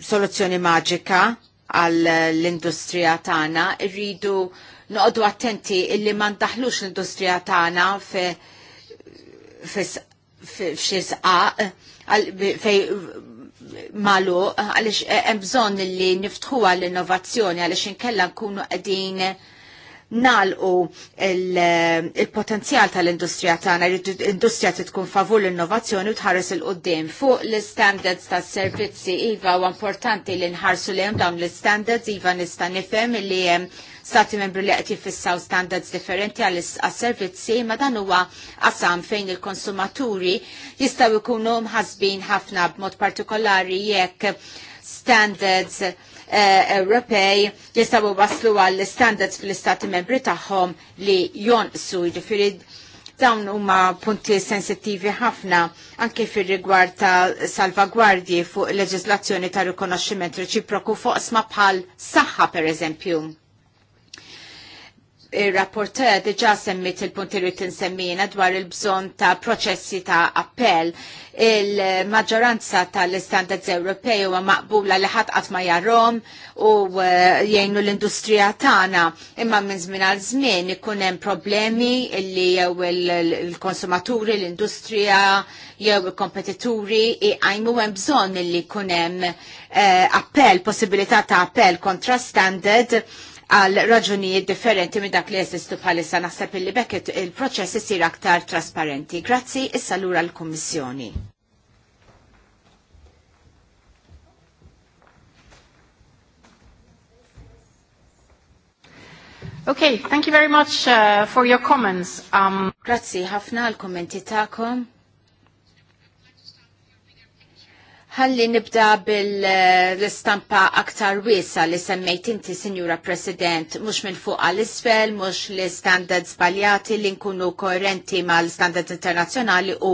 soluzzjoni maġika għall industrija tagħna, rridu noqogħdu attenti illi ma ndaħlux l-industrija tagħna f'xi sqaq fej malu għaliex e, hemm bżonn li niftħuha l-innovazzjoni għaliex inkella nkunu qegħdin nalqu il-potenzjal tal-industrija tagħna, l-industrija tkun favur l-innovazzjoni u tħares il qudiem Fuq l-standards tas servizzi iva u importanti li nħarsu lejhom dawn l-standards iva nista' nifhem li hemm stati membri li qed jifissaw standards differenti għal servizzi ma dan huwa qasam fejn il-konsumaturi jistgħu jkunu mħasbin ħafna b'mod partikolari jekk standards eh, Ewropej jistabu waslu għall standards fl-istati membri tagħhom li jonqsu ġifiri dawn huma punti sensittivi ħafna anke fir rigward ta' salvagwardji fuq leġislazzjoni ta' rikonoxximent reċiproku fuq sma bħal saħħa pereżempju il-rapporter diġa semmit il-punti li tinsemmina dwar il-bżon ta' proċessi ta' appell. Il-maġġoranza tal istandards Ewropej huwa maqbula li ħadd qatt ma jarrom u eh, jgħinu l-industrija tagħna imma minn żmien għal żmien ikun hemm problemi li jew il-konsumaturi, l-industrija jew il-kompetituri iqajmu hemm bżonn li jkun hemm eh, appell, possibilità ta' appell kontra standard għal raġunijiet differenti minn dak li jeżistu bħalissa naħseb illi bekk il-proċess isir aktar trasparenti. Grazzi issa lura l-Kummissjoni. Okay, thank you very much uh, for your comments. Um... Grazzi ħafna għal kommenti ta'kom. Ħalli nibda bil-istampa aktar wiesa li semmejt inti, Sinjura President, mhux minn fuq għal isfel, mhux l standards baljati li nkunu koerenti mal standards internazzjonali u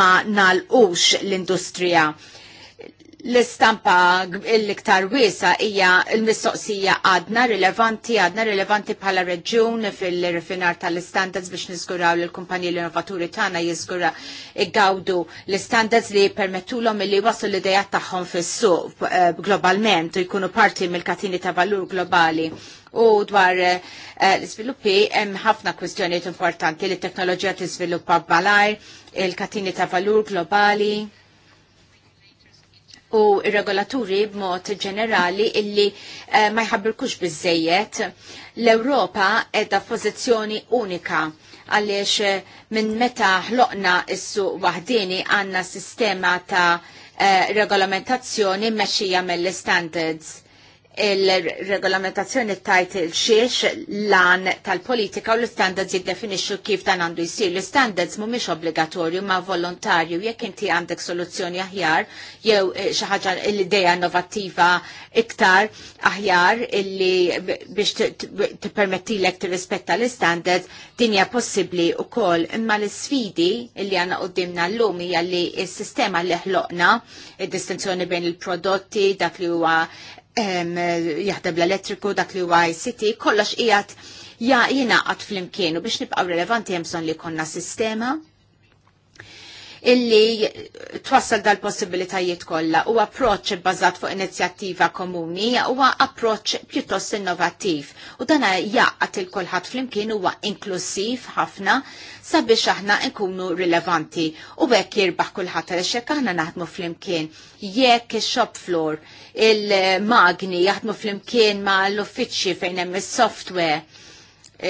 ma nal-ux l-industrija L-istampa l-iktar wiesa hija l-mistoqsija għadna rilevanti, għadna rilevanti bħala reġjun fil-rifinar tal-standards biex nizguraw l kumpanji l-innovaturi tagħna jizgura igawdu l-standards li l-om li waslu l-idejat tagħhom fis-suq eh, globalment u jkunu parti mill-katini ta' valur globali. U dwar eh, l-iżviluppi hemm ħafna kwistjonijiet importanti li t-teknoloġija tiżviluppa balaj, il-katini ta' valur globali u regolaturi b'mod ġenerali illi eh, ma jħabbirkux bizzejiet l-Europa edha f'pożizzjoni unika għaliex eh, minn meta ħloqna issu waħdini għanna sistema ta' eh, regolamentazzjoni meċċija mill-standards il-regolamentazzjoni tajt il-xiex lan tal-politika u l-standards jiddefinixxu kif dan għandu jisir. L-standards mhumiex obbligatorju ma' volontarju jekk inti għandek soluzzjoni aħjar jew eh, xi ħaġa l-idea innovattiva iktar aħjar illi biex tippermettilek tirrispetta l-standards din hija possibbli wkoll imma l-sfidi illi għandna qudiemna llum hija li s-sistema li ħloqna id-distinzjoni bejn il-prodotti dak li huwa jaħdem l-elettriku dak li huwa ICT, kollox qiegħed ja jingħaqad flimkien u biex nibqgħu relevanti hemm bżonn li jkollna sistema illi twassal dal-possibilitajiet kollha u approċċ bbażat fuq inizjattiva komuni huwa approċċ pjuttost innovattiv u dan jaqgħat il kulħadd flimkien huwa inklusiv ħafna sabiex aħna nkunu rilevanti u hekk jirbaħ kulħadd għaliex hekk aħna naħdmu flimkien jekk ix-shop floor il-magni jaħdmu flimkien ma' l-uffiċċji fejn hemm is-software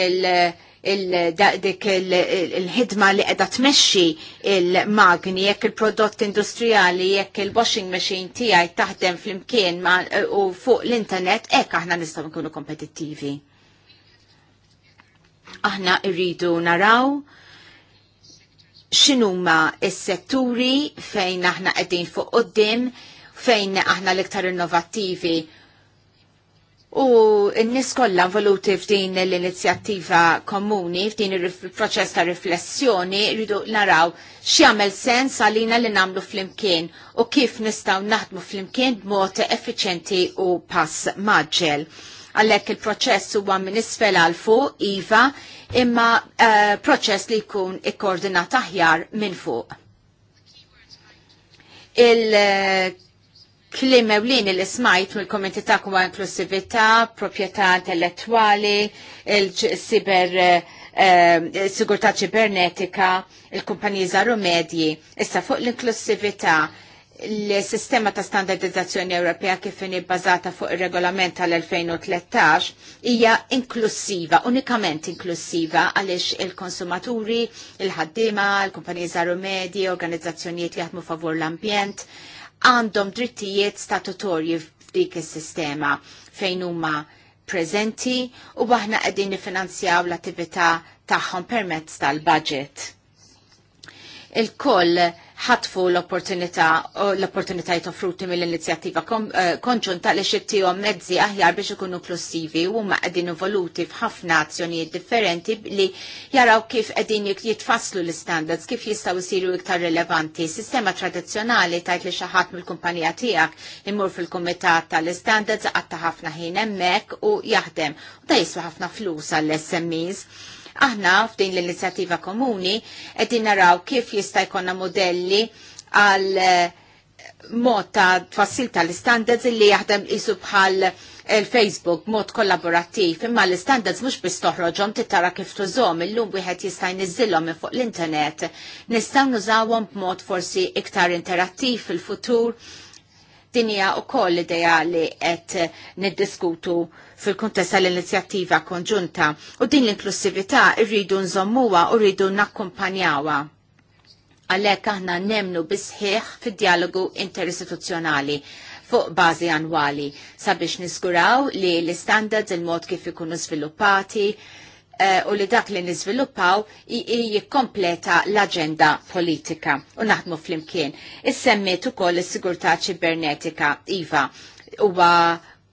il- dik il-ħidma li qiegħda tmexxi il-magni jekk il-prodott industrijali jekk il-washing machine tiegħi taħdem flimkien u fuq l-internet hekk aħna nistgħu nkunu kompetittivi. Aħna rridu naraw x'inhuma s-setturi fejn aħna qegħdin fuq qudiem fejn aħna l-iktar innovattivi U n-nis kollha voluti f'din l-inizjattiva komuni, f'din il-proċess ta' riflessjoni, rridu naraw x'jagħmel sens għalina li nagħmlu flimkien u kif nistgħu naħdmu flimkien b'mod effiċenti u pass maġġel. Għalhekk il-proċess huwa minn isfel għal fuq iva, imma eh, proċess li jkun ikkoordinat aħjar minn fuq. Il- klim ewlin li ismajt mill kommenti ta' kuma inklusivita, proprjetà intellettuali, il-siber sigurta eh, eh, sigurtà ċibernetika, il kumpanji zaru medji. Issa fuq l-inklusività, l-sistema ta' standardizzazzjoni Ewropea kif inhi bbażata fuq ir-regolament tal-2013 hija inklusiva, unikament inklusiva għaliex il-konsumaturi, il-ħaddiema, il kumpanji zaru medji, organizzazzjonijiet jaħdmu favur l-ambjent, għandhom drittijiet statutorji f'dik is-sistema fejn huma preżenti u aħna qegħdin nifinanzjaw l-attività tagħhom permezz tal-budget. Il-koll ħatfu l-opportunità l-opportunitajiet offruti mill-inizjattiva eh, konġunta li tiegħu mezzi aħjar biex ikunu klussivi u huma qegħdin evoluti f'ħafna azzjonijiet differenti li jaraw kif qegħdin jitfasslu l-standards, kif jistgħu jsiru iktar rilevanti. Sistema tradizzjonali tajt li xi ħadd mill-kumpanija tiegħek imur fil-kumitat tal-standards għatta ħafna ħin hemmhekk u jaħdem. U da jiswa ħafna flus għall-SMEs. Aħna f'din l-inizjattiva komuni qegħdin naraw kif jista' jkollna modelli għal eh, mod ta' tfassil tal-standards li jaħdem isu bħal il-Facebook eh, mod kollaborattiv imma l-standards mhux biss toħroġhom tittara kif tużhom illum wieħed jista' jniżilhom minn fuq l-internet. Nistgħu nużawhom b'mod forsi iktar interattiv fil-futur. Dinja u koll ideja li qed niddiskutu fil-kuntest tal-inizjattiva konġunta u din l-inklusività rridu nżommuha u rridu nakkumpanjawha. Għalhekk aħna nemnu bisħiħ fid-dialogu interistituzzjonali fuq bażi annwali sabiex nisguraw li l-standards il-mod kif ikunu sviluppati eh, u li dak li nizviluppaw jikkompleta l-agenda politika u naħdmu fl-imkien. Is-semmiet ukoll is-sigurtà ċibernetika iva huwa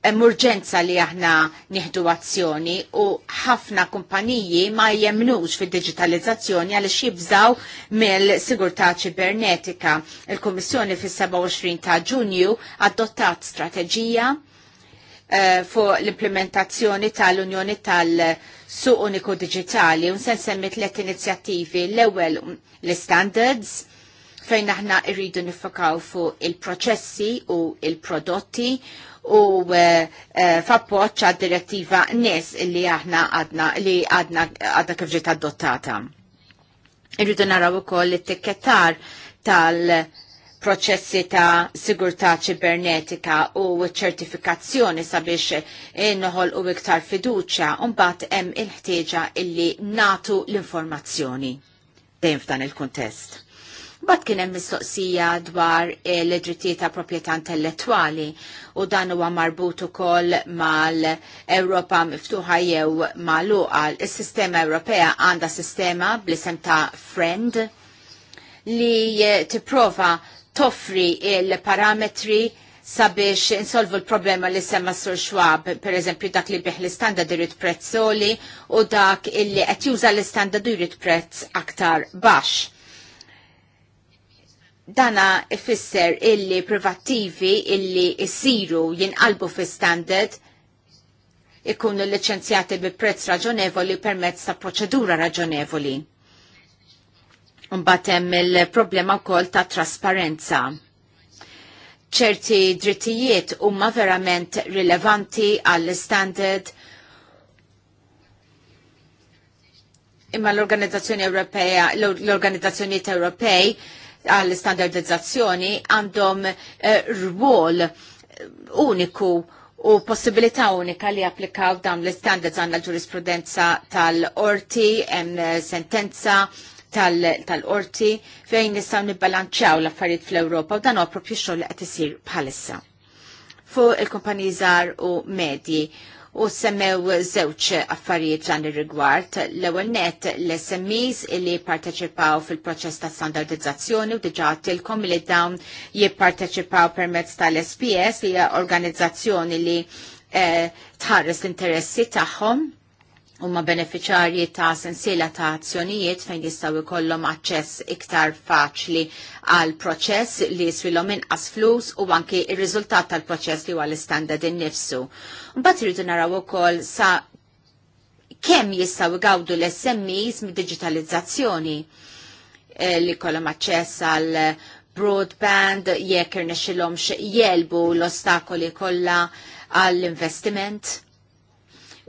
emurġenza li aħna nieħdu azzjoni u ħafna kumpaniji ma jemnux fil-digitalizzazzjoni għal jibżaw mill-sigurtà ċibernetika. Il-Kummissjoni fis-27 ta' Ġunju adottat strateġija uh, fuq l-implementazzjoni tal-Unjoni tal-Suq Uniku Digitali un sen semmi tliet inizjattivi l-ewwel l-standards fejn aħna irridu nifokaw fuq il-proċessi u il-prodotti il proċessi u il proċessi u il prodotti u eh, eh, f'appoġġ għad-direttiva NIS e li aħna għadna li għadna għadna kif ġiet adottata. Irridu naraw ukoll it-tikkettar tal- proċessi ta' sigurtà ċibernetika u ċertifikazzjoni sabiex inħol u iktar fiduċa mbagħad hemm il-ħtieġa illi natu l-informazzjoni dejjem f'dan il-kuntest. Bat kien hemm mistoqsija dwar il drittijiet ta' proprjetà intellettwali u dan huwa marbut ukoll mal-Ewropa miftuħa jew magħluqa. Is-sistema Ewropea għandha sistema bl-isem ta' friend li tipprova toffri il-parametri sabiex insolvu l-problema li semma Sur Xwab, per eżempju dak li biħ l-istandard irrit soli u dak illi qed juża l standard irrit prezz aktar baxx dana ifisser illi privattivi illi jisiru jinqalbu fi standard ikunu licenzjati bi prezz raġonevoli permezz ta' proċedura raġonevoli. Mbatem il-problema wkoll ta' trasparenza. ċerti drittijiet huma verament rilevanti għall-standard imma l-Organizzazzjoni Ewropea, l-Organizzazzjonijiet Ewropej għall-standardizzazzjoni għandhom eh, rwol uniku u possibilità unika li applikaw dawn l-standards għandha l-ġurisprudenza tal-orti, eh, sentenza tal-orti, fejn nistgħu nibbalanċaw l-affarijiet fl-Ewropa u dan huwa propju xogħol qed isir bħalissa fuq il-kumpaniji u medji u semmew żewġ affarijiet dan ir-rigward. L-ewwel net l-SMEs li parteċipaw fil-proċess ta' standardizzazzjoni u diġà tilkom li dawn jipparteċipaw permezz tal-SPS li hija organizzazzjoni li eh, tħares l-interessi tagħhom huma beneficjarji ta' sensiela ta' azzjonijiet fejn jistgħu jkollhom aċċess iktar faċli għal proċess li jiswilhom inqas flus u anke ir-riżultat tal-proċess li huwa l-istandard innifsu. Mbagħad iridu naraw ukoll sa kemm jistgħu jgawdu l-SMEs mid-diġitalizzazzjoni eh, li kollhom aċċess għal broadband jekk irnexxilhom jelbu l-ostakoli kollha għall-investiment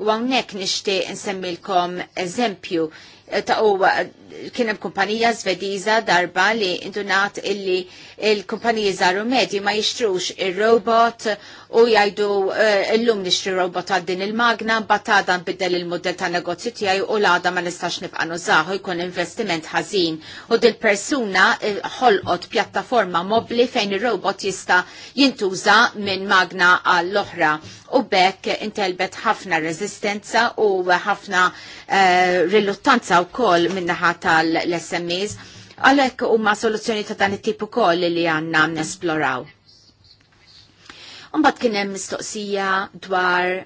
U għonek nishtiq nsemmilkom eżempju ta' u kienem kumpanija svediza darba li indunat illi il-kumpaniji Zaru medji ma jixtrux ir-robot u jgħidu eh, lum nishtri robot għad din il-magna batadan nbiddel il model ta' negozju tiegħi u l-għada ma nistax nibqa' nużaħu jkun investiment ħażin u dil-persuna eh, ħolqot pjattaforma mobli fejn ir-robot jista' jintuża minn magna għall-oħra u bekk intelbet ħafna rezistenza u ħafna uh, riluttanza u koll minnaħa tal-SMEs Għalhekk huma soluzzjoni ta' dan it-tip ukoll li għandna nesploraw. Mbagħad kien hemm mistoqsija dwar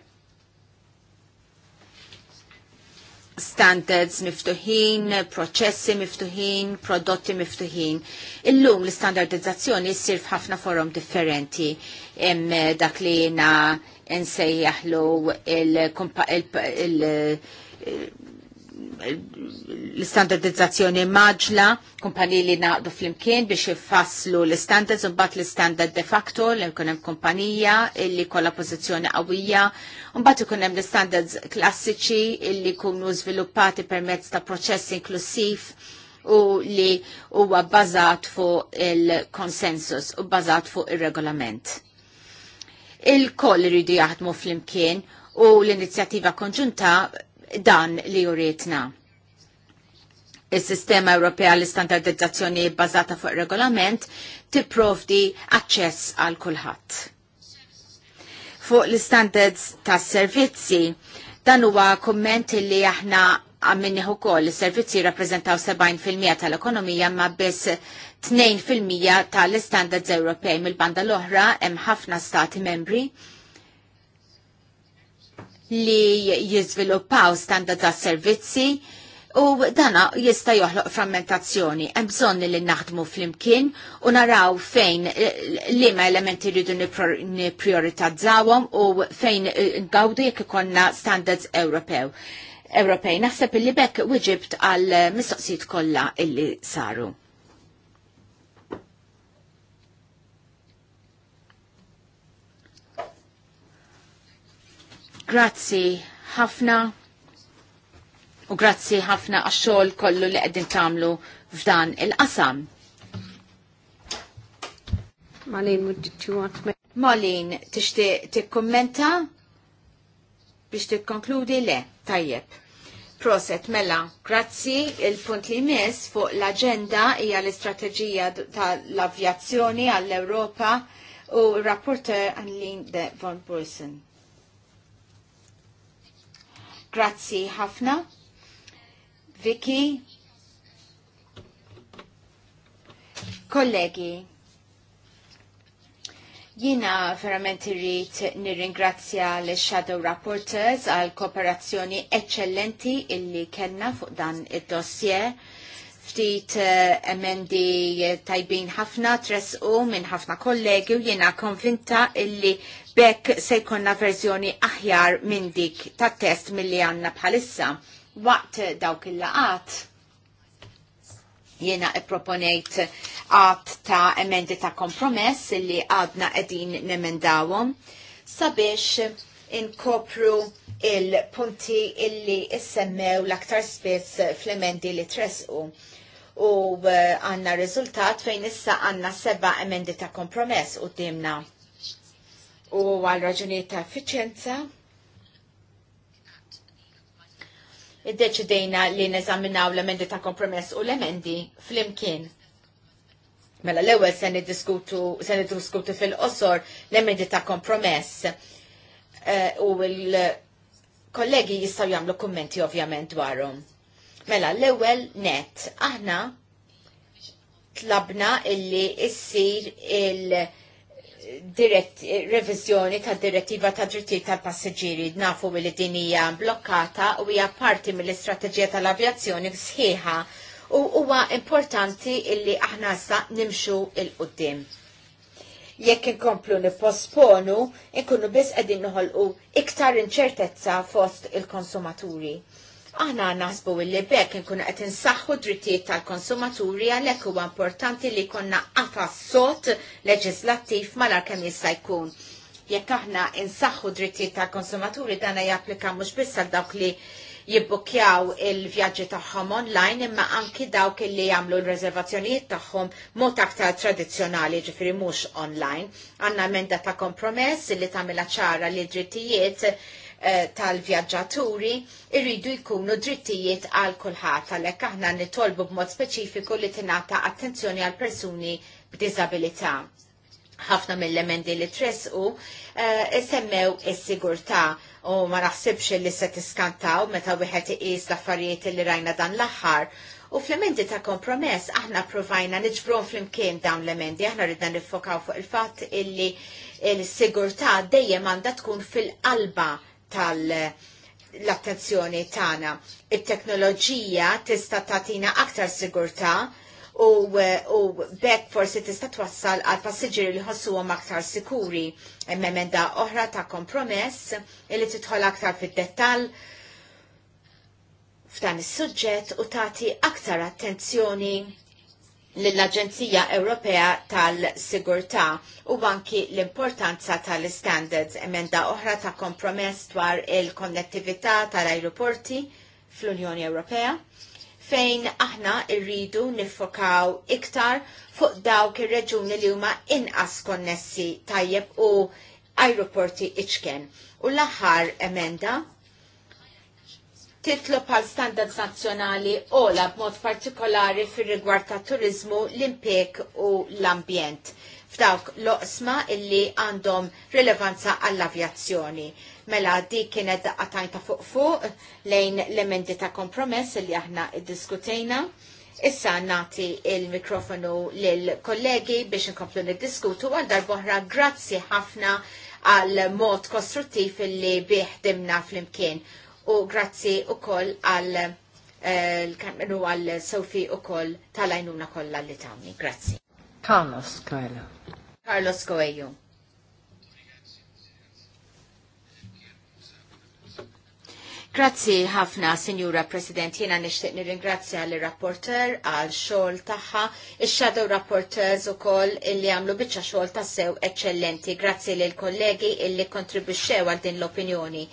standards miftuħin, proċessi miftuħin, prodotti miftuħin. Illum l-standardizzazzjoni jissir f'ħafna forum differenti. Hemm dak li na nsejjaħlu il-, il, il, il l-standardizzazzjoni maġla, kumpaniji li naqdu fl-imkien biex jifasslu l-standards, unbat l-standard de facto, li kunem kumpanija illi kolla pozizjoni għawija, unbat bat kunem l-standards klassiċi li kunu sviluppati permezz ta' proċess inklusiv u li huwa bazat fuq il-konsensus u bazat fuq il-regolament il-koll rridu jaħdmu fl-imkien u l-inizjattiva konġunta dan li juritna. Il-sistema Ewropea l-istandardizzazzjoni bbażata fuq regolament tipprovdi aċċess għal kulħadd. Fuq l-standards tas servizzi, dan huwa kumment li aħna għamminni ukoll koll servizzi rappresentaw 70% tal-ekonomija ma biss 2% tal-standards Ewropej mill-banda l-oħra hemm ħafna stati membri li jizviluppaw standard ta' servizzi u dana jista' joħloq frammentazzjoni. Hemm bżonn li naħdmu flimkien u naraw fejn eh, liema elementi rridu nipprioritizzawhom u fejn eh, ngawdu jekk ikollna standards Ewropew. Ewropej. Naħseb illi bekk wiġibt għal mistoqsijiet kollha illi saru. Grazzi ħafna u grazzi ħafna għax-xogħol kollu li qegħdin tagħmlu f'dan il-qasam. Malin, would you want me? Malin, tixtieq tikkummenta biex tikkonkludi le, tajjeb. Proset, mela, grazzi, il-punt li mis fuq l-agenda hija l-istrateġija tal-avjazzjoni għall-Europa u rapporter Anlin de von Bursen. Grazzi ħafna. Vicky. Kollegi. Jina verament irrit nirringrazzja l shadow Rapporteurs għal kooperazzjoni eccellenti illi kellna fuq dan id-dossier. Ftit uh, emendi tajbin ħafna tresqu minn ħafna kollegi u jina konvinta illi Bekk se jkonna verżjoni aħjar minn dik tat test milli għandna bħalissa waqt dawk il-laqat jena proponejt għat ta' emendi ta' kompromess li għadna edin nemendawom sabiex inkopru il-punti illi issemmew l-aktar spiss fl-emendi li tresqu u eh, għanna rizultat fejn issa għanna seba emendi ta' kompromess u dimna u għal raġunijiet ta' effiċjenza. Iddeċidejna li neżaminaw l-emendi ta' kompromess u l-emendi fl-imkien. Mela l-ewwel se niddiskutu se fil-qosor l-emendi ta' kompromess eh, u l-kollegi jistgħu jagħmlu kummenti ovvjament dwarhom. Mela l-ewwel net aħna tlabna illi issir il- dirett, revizjoni ta' direttiva ta' drittijiet tal passagġiri nafu li din hija blokkata u hija parti mill-istrateġija tal-avjazzjoni sħiħa u huwa importanti illi aħna sa nimxu il-qudiem. Jekk inkomplu nipposponu, inkunu biss qegħdin noħolqu iktar inċertezza fost il-konsumaturi. Aħna naħsbu li bekk nkunu qed insaħħu drittijiet tal-konsumaturi għalhekk huwa importanti li konna s sot leġislattiv malar kemm jista' jkun. Jekk aħna insaħħu drittijiet tal-konsumaturi dana japplika mhux biss għal dawk li jibbukjaw il-vjaġġi tagħhom online imma anki dawk li jagħmlu l-reservazzjonijiet tagħhom mod aktar tradizzjonali ġifieri mhux online. Għandna emenda ta' kompromess li tagħmilha ċara li drittijiet Eh, tal-vjaġġaturi irridu jkunu drittijiet għal kulħadd għalhekk aħna nitolbu b'mod speċifiku li tingħata attenzjoni għal persuni b'diżabilità. Ħafna mill-emendi li tresqu eh, semmew is-sigurtà u ma naħsibx li se tiskantaw meta wieħed iqis l-affarijiet li rajna dan l-aħħar U fl-emendi ta' kompromess aħna provajna niġbrom fl-imkien dawn l-emendi, aħna ridna nifokaw fuq il fatt illi il-sigurtà dejjem għandha tkun fil-qalba tal-attenzjoni l tagħna. It-teknoloġija tista' tagħtina aktar sigurtà u, u bekk forsi tista' twassal għal passiġġieri li ħossuhom aktar sikuri. Hemm emenda oħra ta' kompromess li tidħol aktar fid-dettall f'dan is-suġġett u tagħti aktar attenzjoni l-Aġenzija Ewropea tal-Sigurtà u banki l-importanza tal-standards emenda oħra ta' kompromess dwar il-konnettività tal-aeroporti fl-Unjoni Ewropea fejn aħna irridu nifokaw iktar fuq dawk ir-reġuni li huma inqas konnessi tajjeb u aeroporti iċken. U l-aħħar emenda titlob għal standards nazzjonali ola b'mod partikolari fir rigward ta' turizmu, l-impek u l-ambjent f'dawk loqsma illi għandhom rilevanza għall-avjazzjoni. Mela dik kienet daqqatajn ta' fuq fuq lejn l-emendi ta' kompromess illi aħna iddiskutejna. Issa nati il-mikrofonu l kollegi biex nkomplu niddiskutu għal darbohra grazzi ħafna għal mod kostruttiv illi biħdimna fl-imkien u grazzi u koll għal eh, l għal Sofi u koll tal-ajnuna kolla li tawni. Grazzi. Carlos Coelho. Carlos Coelho. Grazzi ħafna, Signora President, jena nishtiq nirringrazzja l rapporter għal xol taħħa, il-Shadow Rapporters u koll illi għamlu bieċa xol tassew eccellenti. Grazzi l kollegi illi kontribuxxew għal din l-opinjoni.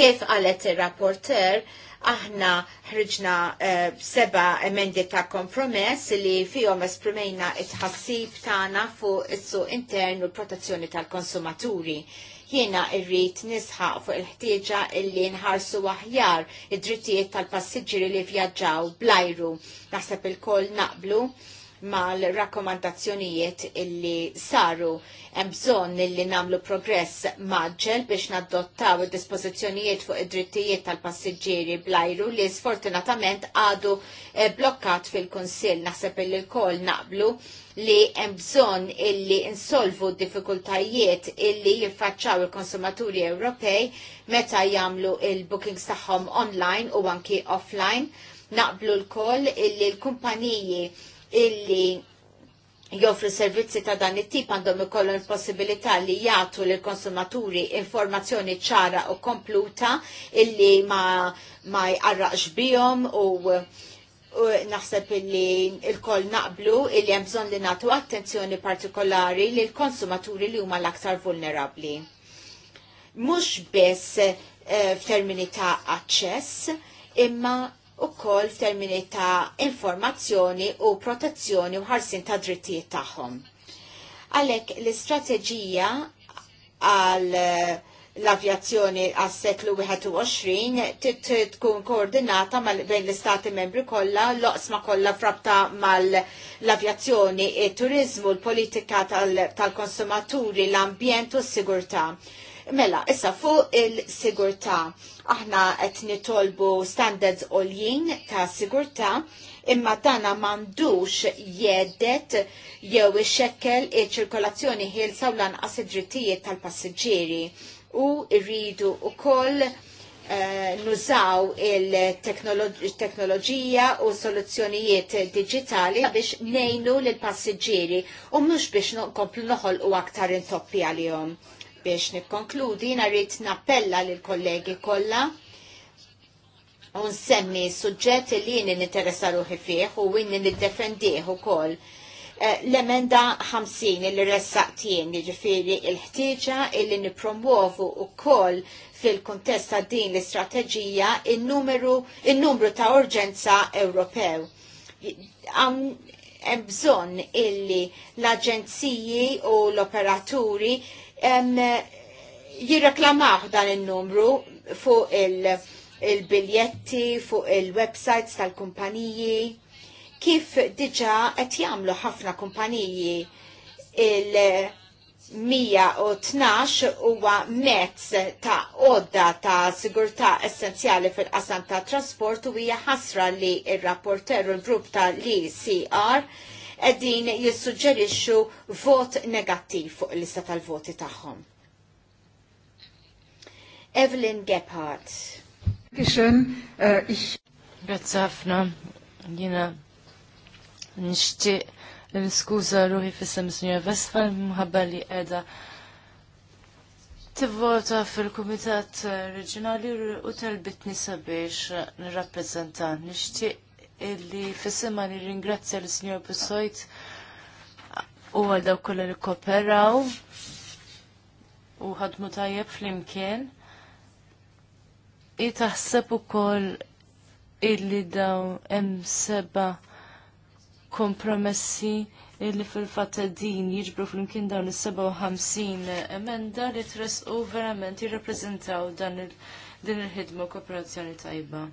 Kif qalet ir-rapporter, aħna ħriġna uh, seba emendi ta' kompromess li fihom esprimejna it-ħassib tagħna fuq is-suq intern u l-protezzjoni tal-konsumaturi. Jiena irrid nisħaq fuq il-ħtieġa illi nħarsu aħjar id-drittijiet tal-passiġġieri li vjaġġaw blajru. Naħseb il-koll naqblu mal-rakkomandazzjonijiet illi saru. Hemm bżonn illi nagħmlu progress maġġel biex naddottaw id-dispożizzjonijiet fuq id-drittijiet tal-passiġġieri blajru li sfortunatament għadu eh, blokkat fil-Kunsill naħseb illi l-kol naqblu li hemm bżonn illi insolvu d-diffikultajiet illi jiffaċċaw il-konsumaturi Ewropej meta jagħmlu il-bookings tagħhom online u anki offline naqblu l kol illi l-kumpaniji illi joffru servizzi ta' dan it-tip għandhom ikollhom il-possibilità li jagħtu lil konsumaturi informazzjoni ċara u kompluta illi ma, ma jqarraqx bihom u u naħseb illi il-koll naqblu illi hemm bżonn li nagħtu attenzjoni partikolari l konsumaturi li huma l-aktar vulnerabbli. Mhux biss eh, f'termini ta' aċċess, imma u koll f'termini ta' informazzjoni u protezzjoni u ħarsin ta' drittijiet tagħhom. Għalek l-istrateġija għal l-avjazzjoni għas seklu 21 tkun koordinata bejn l-istati membri kollha, l-oqsma kollha frabta mal-avjazzjoni, il-turizmu, l-politika tal-konsumaturi, l-ambjent u s-sigurta. Mela, issa fuq il-sigurtà aħna qed nitolbu standards għoljin ta' sigurtà imma tana mandux jedet jew ixekkel iċ-ċirkolazzjoni ħilsa u lanqas id-drittijiet tal-passiġġieri u rridu wkoll uh, nużaw il-teknoloġija u soluzzjonijiet digitali biex nejnu l-passiġġieri u mhux biex nkomplu noħolqu aktar intoppi għalihom biex nikkonkludi rrid nappella lil kollegi kollha u nsemmi suġġet li jien interessa ruħi fih u n-defendiħ niddefendih ukoll. Eh, l-emenda 50 li ressaqtien jiġifieri il-ħtieġa illi nipromuovu kol fil kontesta ta' din l-istrateġija il-numru ta' urġenza Ewropew hemm bżonn illi l-aġenziji u l-operaturi jirreklamaw dan il-numru fuq il-biljetti, il fuq il-websites tal-kumpaniji, kif diġa qed jagħmlu ħafna kumpaniji il-112 huwa mezz ta' għodda ta' sigurtà essenzjali fil-qasam ta' trasport u hija ħasra li ir-rapporter u l-grupp ta' l-CR qegħdin jissuġġerixxu vot negattiv fuq il-lista tal-voti tagħhom. Evelyn Gebhardt. Äh, Grazzi ħafna. Jiena nixtieq l-niskuza ruħi fissem sinjur Vesfal mħabba li edha tivvota fil-Kumitat Reġjonali u talbitni sabiex nirrappreżenta nixtieq illi fissima li ringrazzja l-Sinjor Bussojt u għal daw kolla li kooperaw u ħadmu tajjeb fl-imkien. I taħseb ukoll illi daw hemm seba' kompromessi illi fil fatta din jiġbru flimkien dawn is-57 emenda li tresqu verament jirrappreżentaw dan din il-ħidma kooperazzjoni tajba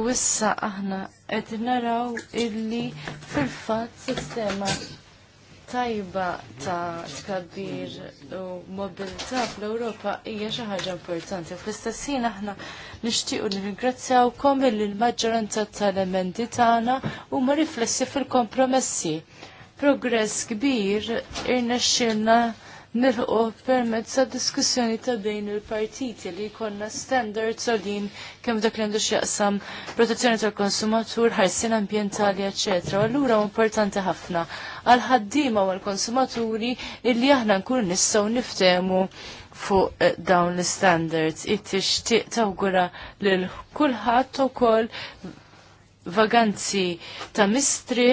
u issa aħna qed naraw illi fil-fatt sistema tajba ta' tkabbir u mobilità fl-Ewropa hija xi ħaġa importanti. Fl-istess ħin aħna nixtiequ nirringrazzjawkom illi l-maġġoranza tal-emendi tagħna huma riflessi fil-kompromessi. Progress kbir irnexxielna nilħu permezz sa diskussjoni ta' bejn il-partiti li jkollna standards din kemm dak li għandu xieqsam protezzjoni tal-konsumatur, ħarsien ambjentali, ecc. Allura importanti ħafna għal ħaddiema u għal-konsumaturi illi aħna nkun nistgħu niftehmu fuq eh, dawn l-standards. It-tixtieq tawgura lil kulħadd ukoll vaganzi ta' mistri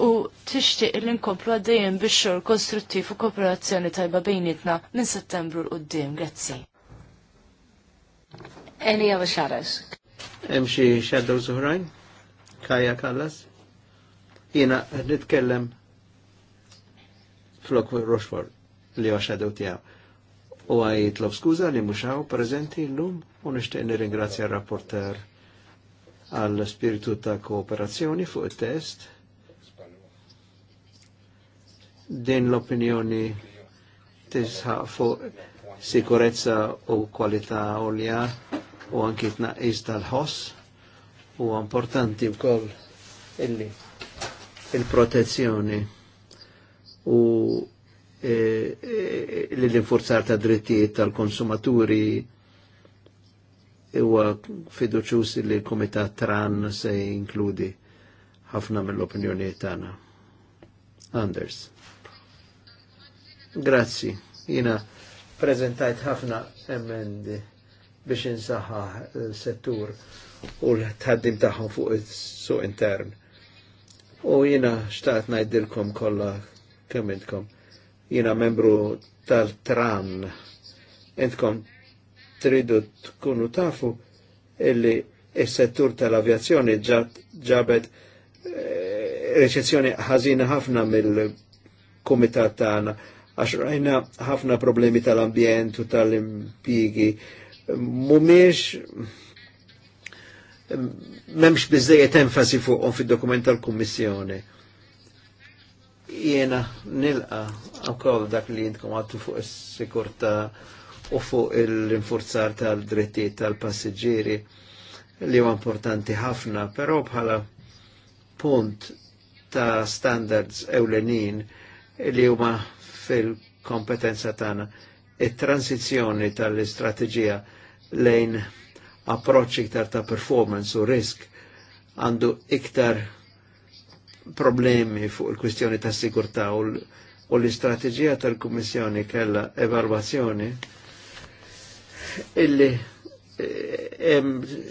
u tixtieq li nkomplu għaddejjem biex xogħol konstruttiv u kooperazzjoni tajba bejnietna minn Settembru l qudiem Grazzi. Any other Hemm xi shadows oħrajn? Kaja Kallas? Jiena nitkellem flok Roxfor li huwa shadow tiegħu. U għajitlob skuza li muxaw prezenti l-lum u nixtieq nirringrazzja r-rapporter għall spiritu ta' kooperazzjoni fuq il-test din l-opinjoni tisħaq fuq sikurezza u kwalità olja u anki tnaqqis tal-ħoss u importanti wkoll illi il-protezzjoni u e, e, l-infurzar ta' drittijiet tal-konsumaturi huwa fiduċus li l-Komitat Tran se jinkludi ħafna mill opinjoni tagħna. Anders. Grazzi, jina prezentajt ħafna emendi biex insaħħa eh, settur u l ħaddim taħħu fuq il-suq intern. U jina xtaqt najdilkom kolla kemmintkom. Jina membru tal-tran. Intkom tridu tkunu tafu illi il-settur tal-avjazzjoni ġabet eh, recezzjoni ħazina ħafna mill-komitat tagħna. Ta għax rajna ħafna problemi tal-ambjent u tal impigi mumiex memx bizzejet enfasi fuqhom fid-dokument tal-Kummissjoni. Jiena nilqa ukoll dak li jintkom għattu fuq is sikurta u fuq il infurzar tal-drittijiet tal-passiġġieri li huwa importanti ħafna, però bħala punt ta' standards ewlenin li huma fil-kompetenza tagħna it-transizjoni tal-istrateġija lejn approċċ iktar ta' performance u risk għandu iktar problemi fuq il-kwistjoni ta' sigurtà u l-istrateġija tal-Kummissjoni kella evalwazzjoni illi eh,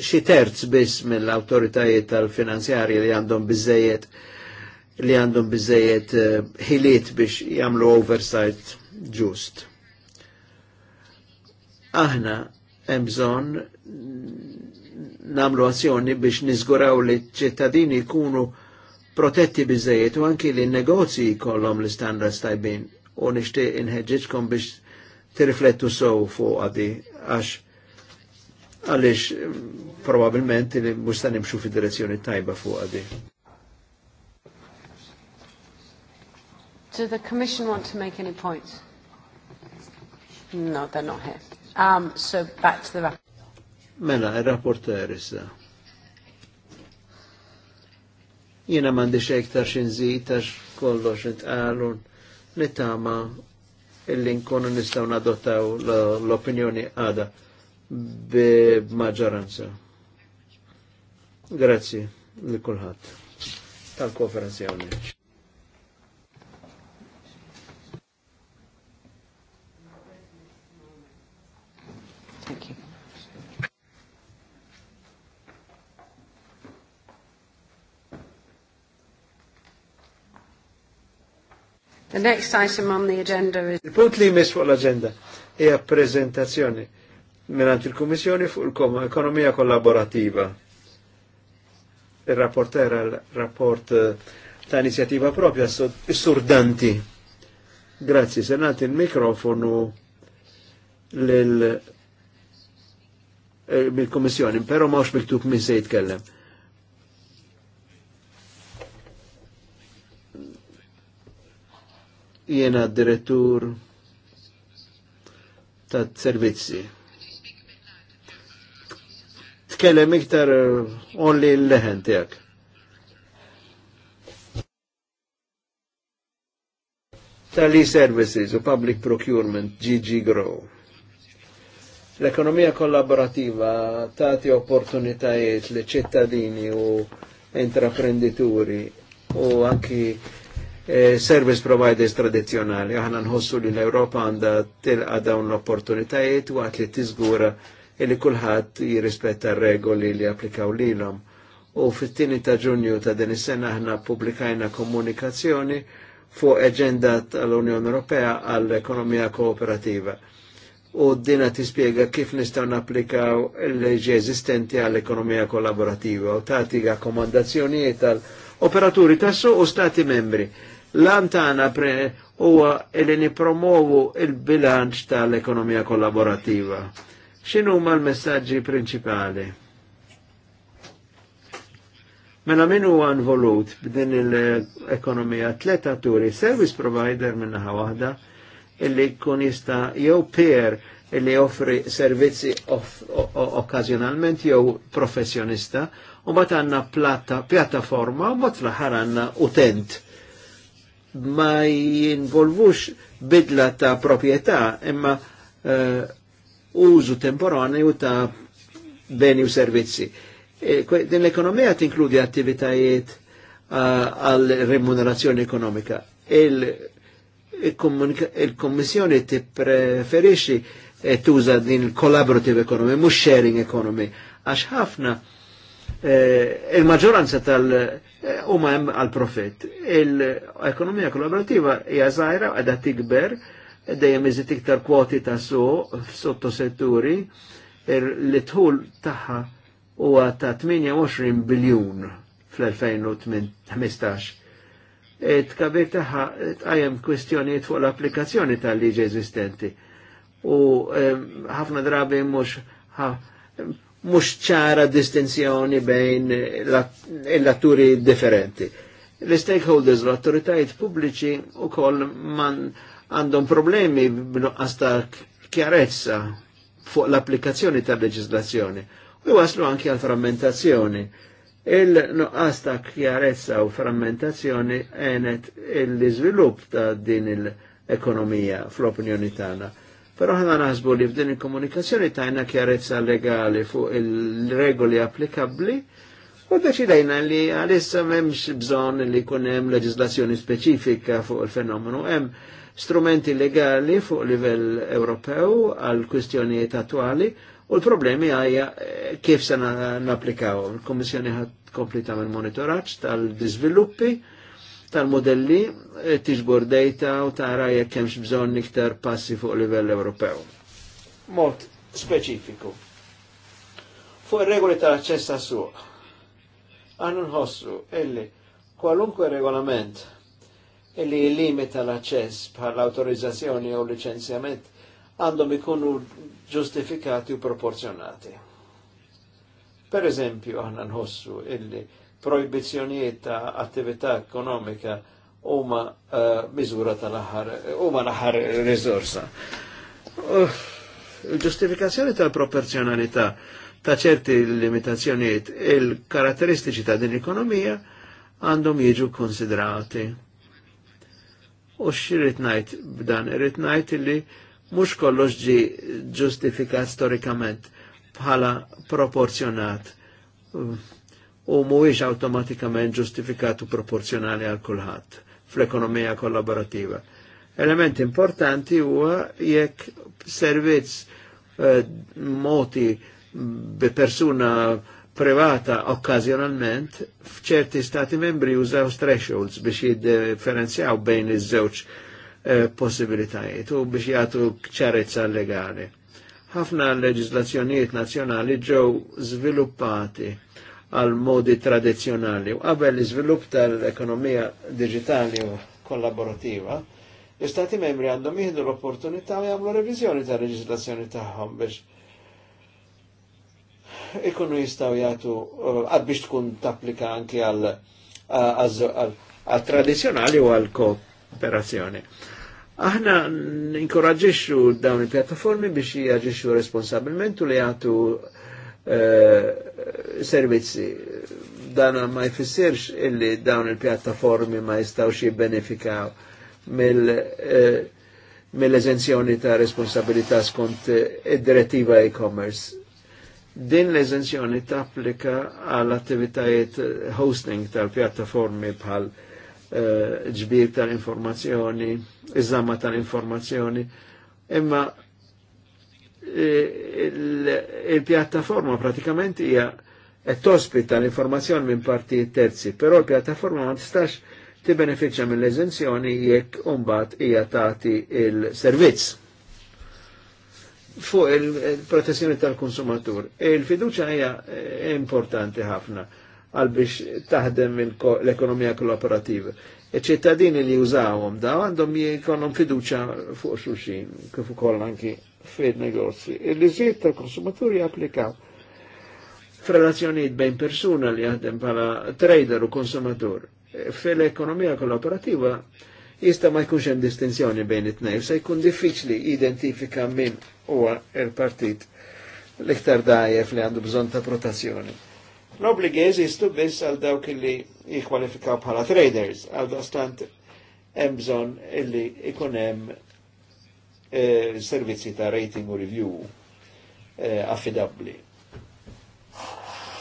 xi terz biss mill-awtoritajiet tal-finanzjarji li għandhom biżejjed li għandhom bizzejiet eh, ħiliet biex jagħmlu oversight ġust. Aħna hemm bżonn namlu azzjoni biex niżguraw li ċittadini jkunu protetti bizzejiet u anki li negozji kollom l-standards tajbin u nixtieq inħedġiġkom biex tirriflettu sow fuq għadi għax għalix mm, probabilment li mustan nimxu fi direzzjoni tajba fuq għadi. do the Commission want to make any points? No, they're not here. Um, so back to the rapporteur. Mela, il-rapporteur issa. Jena mandi xektar xinżit għax kollox nitqalu nittama illi nkunu nistaw nadottaw l-opinjoni għada b'maġġoranza. Grazie li kulħadd tal-konferenzi għonek. Thank you. The next item on the agenda is... Il-punt li jmiss fuq l-agenda e a prezentazzjoni minant il-Kummissjoni fuq l-ekonomija kollaborativa. Il-rapporter għal-rapport eh, ta' iniziativa propja s-surdanti. Grazzi, senat il-mikrofonu lil Eh, mill-Komissjoni, però mawx miktub minn se jitkellem. Jena direttur ta' servizzi. Tkellem iktar eh, onli l-leħen tijak. Tali services u public procurement GG Grow. L-ekonomija kollaborativa tati opportunitajiet li ċittadini u intraprenditori u anki eh, service providers tradizjonali. Aħna nħossu li l-Europa għanda tilqa dawn l-opportunitajiet u għat li tizgura illi kullħat jirrispetta regoli li applikaw lilhom. U fit tini ta' Ġunju ta' din is-sena aħna publikajna komunikazzjoni fuq agenda tal-Unjoni Ewropea għall-ekonomija kooperativa u dina tispiega kif nistaw napplikaw l-leġi eżistenti għall-ekonomija kollaborativa u tati rakkomandazzjonijiet tal-operaturi tassu u stati membri. L-antana huwa li nipromovu il-bilanċ tal-ekonomija kollaborativa. Xinu ma l-messaġġi principali. Mela min huwa involut b'din l-ekonomija tleta turi service provider minnaħa waħda, illi kun jista jew peer illi offri servizzi okkazjonalment jew professjonista u bat għanna pjattaforma u bat laħar għanna utent ma jinvolvux bidla ta' propieta imma uh, użu temporanju ta' beni u servizzi. E, din l-ekonomija tinkludi attivitajiet eh, għal uh, remunerazzjoni ekonomika. Il il-Kommissjoni ti preferixi eh, tuża din il-collaborative economy, mux sharing economy, għax ħafna eh, il-maġoranza tal- eh, huma hemm għal profit. Il-ekonomija kollaborativa hija żgħira qiegħda tikber dejjem iżid iktar kwoti ta' so f'sottosetturi li tħul tagħha huwa ta' 28 biljun fl-2015 tkabir taħħa tqajem kwistjonijiet fuq l-applikazzjoni tal-liġi eżistenti. U ħafna drabi mhux mhux ċara distinzjoni bejn l-atturi differenti. L-stakeholders, l-autoritajiet pubbliċi u koll man għandhom problemi b'nuqqas ta' chiarezza fuq l-applikazzjoni tal-leġislazzjoni u waslu anki għal frammentazzjoni Il-nuqqas ta' kjarezza u frammentazzjoni għenet l-iżvilupp ta' din l-ekonomija fl-opinjoni tagħna. Però ħana naħsbu li f'din il-komunikazzjoni tajna kjarezza legali fuq il-regoli applikabbli U deċidajna li għalissa memx bżon li kunem leġislazzjoni specifika fuq il-fenomenu, hemm strumenti legali fuq livell Ewropew għal kwistjonijiet attuali U l-problemi għajja eh, kif se napplikaw. Il-Kommissjoni ħat kompli tagħmel monitoraġġ tal dizviluppi tal-modelli eh, t-iġbor data u tara jekk hemmx bżonn iktar passi fuq livell Ewropew. Mod speċifiku. Fuq regoli tal-aċċess tas-suq. Għannu nħossu illi kwalunkwe regolament illi limita l-aċċess bħal autorizzazzjoni u licenzjament għandhom ikunu ġustifikati u proporzjonati. Per eżempju, għanna nħossu illi proibizjoniet ta' attività ekonomika huma uh, miżura tal-aħħar, huma l-aħħar risorsa. Il-ġustifikazzjoni uh, tal-proporzjonalità ta' ċerti limitazzjoniet il-karatteristiċi ta' din ekonomija għandhom jiġu konsiderati. U xirrit najt b'dan, irrit najt illi li mux kollox ġi ġustifikat storikament bħala proporzjonat u mhuwiex automatikament ġustifikat u proporzjonali għal kulħadd fl-ekonomija kollaborativa. Element importanti huwa jekk servizz eh, moti bi persuna privata okkazjonalment f'ċerti stati membri użaw thresholds biex jiddeferenzjaw bejn iż-żewġ Eh, possibilitajiet u biex jagħtu ċarezza legali. Ħafna leġislazzjonijiet nazzjonali ġew sviluppati għal modi tradizjonali u qabel l-iżvilupp tal-ekonomija digitali u kollaborativa, l-Istati membri għandhom jieħdu l-opportunità u jagħmlu reviżjoni tal-leġislazzjoni tagħhom biex ikunu jistgħu jagħtu eh, għad biex tkun tapplika anki għal eh, għal tradizjonali u għal kop operazzjoni Aħna ninkoraġġixxu dawn il-pjattaformi biex jaġixxu responsabilment u li jagħtu eh, servizzi. Dan ma jfissirx illi dawn il-pjattaformi ma jistgħux jibbenefikaw mill eh, mill-eżenzjoni ta' responsabilità skont eh, id-direttiva e-commerce. Din l-eżenzjoni tapplika għall attivitajiet hosting tal-pjattaformi bħal Eh, ġbir tal-informazzjoni, iż-żamma tal-informazzjoni, imma eh, il-pjattaforma pratikament hija qed tospita l-informazzjoni minn partijiet terzi, però l-pjattaforma ma tistax tibbenefiċċja mill-eżenzjoni jekk umbat hija tagħti il-servizz fuq il-protezzjoni tal-konsumatur. Il-fiduċa hija importanti ħafna għal biex taħdem l-ekonomija kollaborativa. Iċ-ċittadini li jużawhom da għandhom jkollhom fiduċa fuq xulxin kif ukoll anki fil-negozji. Il-liżiet tal-konsumaturi applikaw f'relazzjonijiet bejn persuna li jaħdem bħala trader u konsumatur. Fil-ekonomija kollaborativa jista' ma jkunx hemm distinzjoni bejn it-tnejn, se jkun diffiċli identifika min huwa il-partit l-iktar dajef li għandu bżonn ta' protazzjoni. L-obligi jeżistu biss għal dawk illi jikwalifikaw bħala traders, għal dostant emżon illi ikunem eh, servizzi ta' rating u review eh, affidabli.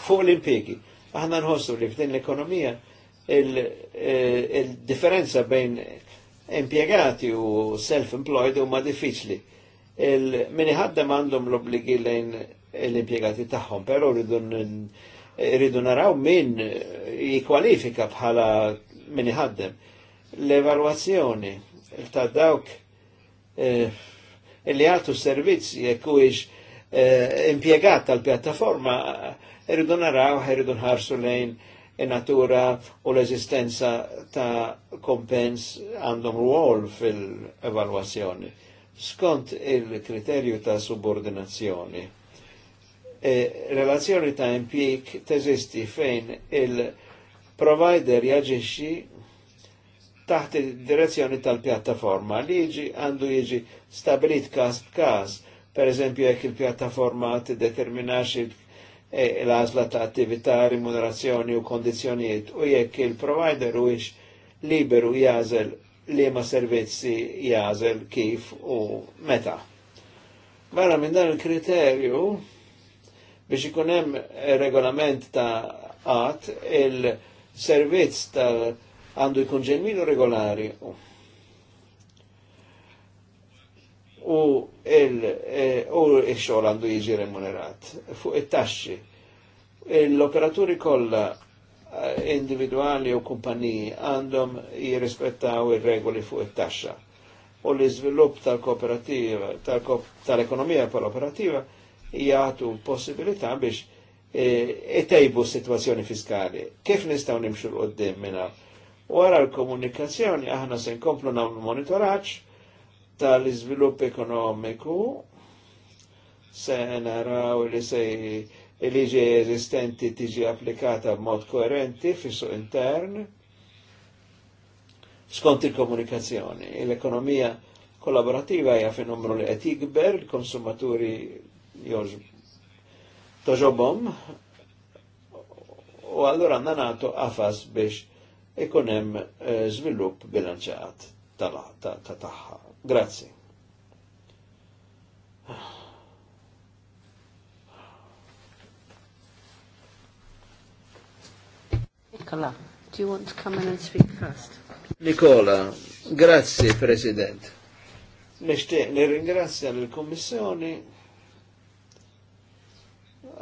Fuq l-impiegi, aħna nħossu li f'din l-ekonomija il-differenza eh, bejn impiegati u self-employed u ma' diffiċli. Il-mini ħaddem għandhom l-obligi lejn l-impiegati tagħhom, però rridu Irridu naraw min jikwalifika bħala min iħaddem. l evaluazzjoni ta' dawk eh, li għatu servizz jekk eh, impiegat tal-pjattaforma, irridu naraw, irridu nħarsu lejn natura u l-eżistenza ta' kompens għandhom ruol fil evaluazzjoni skont il-kriterju ta' subordinazzjoni e relazzjoni ta' impjik teżisti fejn il-provider jaġixxi taħt il-direzzjoni tal-pjattaforma li jiġi għandu jiġi stabilit kas b'kas, per eżempju jekk il-pjattaforma determinax l e għazla ta' attività, rimunerazzjoni u kondizjoniet u jekk il-provider u liberu jazel li ma servizzi jazel kif u meta. Barra minn dan il-kriterju, Biex ikun hemm eh, regolament ta' għat, il-servizz ta' għandu jkun ġenwinu regolari. U il eh, xol għandu jiġi remunerat fuq it-taxxi. L-operaturi kollha eh, individuali u kumpaniji għandhom jirrispettaw il regoli fuq it-taxxa u l-iżvilupp tal-kooperativa, tal-ekonomija tal-kooperativa tal jgħatu possibilità biex etejbu e, e situazzjoni fiskali. Kif nistaw nimxu l-qoddim minna? Wara l-komunikazzjoni aħna se nkomplu nagħmlu monitoraċ tal-iżvilupp ekonomiku se naraw li se liġi eżistenti tiġi applikata b'mod koerenti fis intern skont il-komunikazzjoni. L-ekonomija kollaborativa hija fenomenu li qed jikber, il-konsumaturi toġobom u allura għanna nagħtu għafas biex ikunem eh, zvillup żvilupp bilanċat ta' taħħa. Grazzi. Nicola, do you want to come in and speak first? Nicola, grazie President. Nishtiq nirringrazzja l-Kommissjoni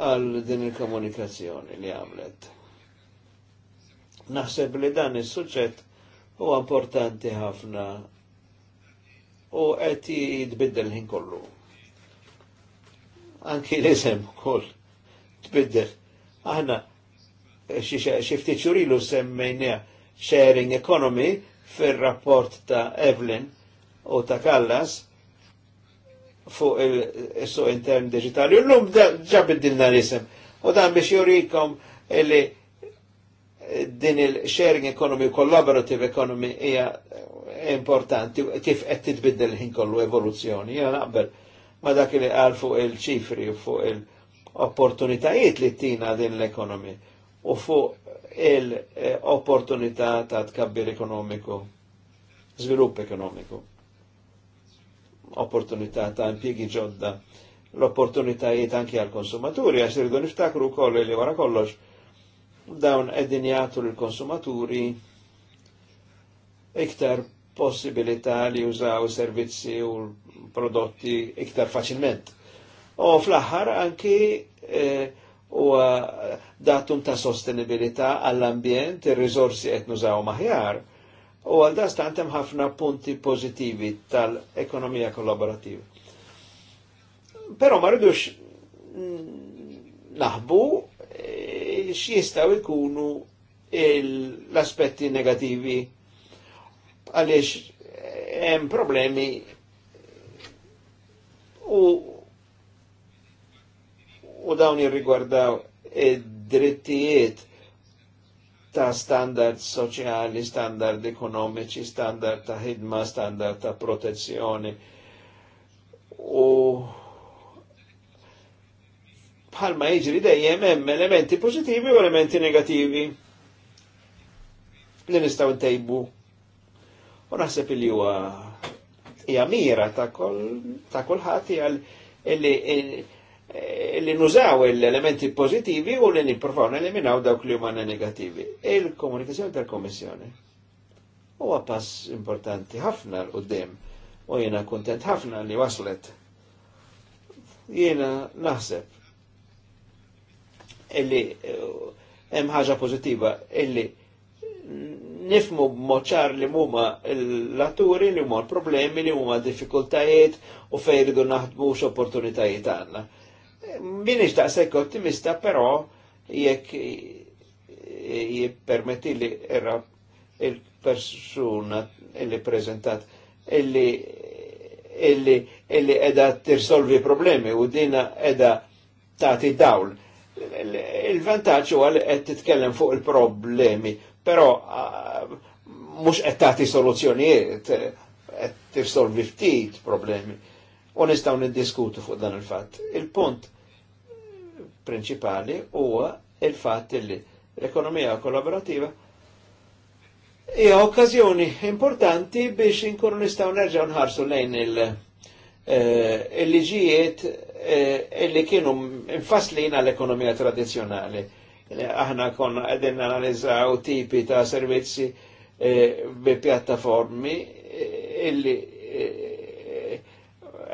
għal din il-komunikazzjoni li għamlet. Naħseb li dan is suċet huwa importanti ħafna u qed jitbiddel ħin kollu. Anki l-isem ukoll tbiddel. Aħna xi ftit semmejnija sharing economy fir-rapport ta' Evelyn u ta' Kallas fuq il-suq intern digitali. L-lum ġabid dinna l-isem. U dan biex jurikom li din il-sharing economy, collaborative economy hija importanti kif qed titbiddel ħin kollu evoluzzjoni. Jena naqbel ma dak li qal fuq il-ċifri u fuq il-opportunitajiet li tina din l-ekonomi u fuq il-opportunità ta' tkabbir ekonomiku, svilupp ekonomiku opportunità ta' impieghi ġodda l-opportunitajiet anki għal konsumaturi għax irridu niftakru wkoll li wara kollox dawn qegħdin jagħtu l konsumaturi iktar possibilità li jużaw servizzi u prodotti iktar faċilment. U fl-aħħar anki eh, u datum ta' sostenibilità għall-ambjent, ir-riżorsi qed nużaw maħjar u għal dastant hemm ħafna punti pozitivi tal-ekonomija kollaborativa. Però ma rridux naħbu x'jistaw eh, x'jistgħu jkunu l-aspetti negativi għaliex eh, hemm problemi u u dawn jirrigwardaw id-drittijiet ta' standard soċjali, standard ekonomiċi, standard ta' ħidma, standard ta' protezzjoni. U bħalma jiġri dejjem hemm elementi pożittivi u elementi negativi li nistgħu ntejbu. U naħseb li huwa hija mira ta' kol ta' kulħadd hija illi Eh, li nużaw l-elementi pozitivi u li nipprovaw neliminaw dawk li huma negativi. il-komunikazzjoni tal-Kommissjoni huwa pass importanti ħafna l qudiem u jiena kuntent ħafna li waslet. Jiena naħseb illi eh, hemm ħaġa pożittiva illi nifmu b'moċar li huma l-atturi li huma l-problemi li huma diffikultajiet u fejn iridu naħdmu opportunitajiet għandna Minix sekk ottimista, però jekk jippermetti li erra il-persuna illi prezentat illi illi illi edha tirsolvi problemi u dina edha tati dawl. Il-vantaċ huwa li qed titkellem fuq il-problemi, però mhux qed tagħti soluzzjonijiet, qed tirsolvi ftit problemi. U nistgħu niddiskutu fuq dan il-fatt. Il-punt prinċipali huwa il-fatt li l-ekonomija kollaborativa hija okkażjoni importanti biex inkunu nistgħu nerġgħu nħarsu lejn eh, il-liġijiet eh, illi kienu infaslin għall-ekonomija tradizjonali. Aħna konna għedin analizzaw tipi ta' servizzi eh, bi pjattaformi illi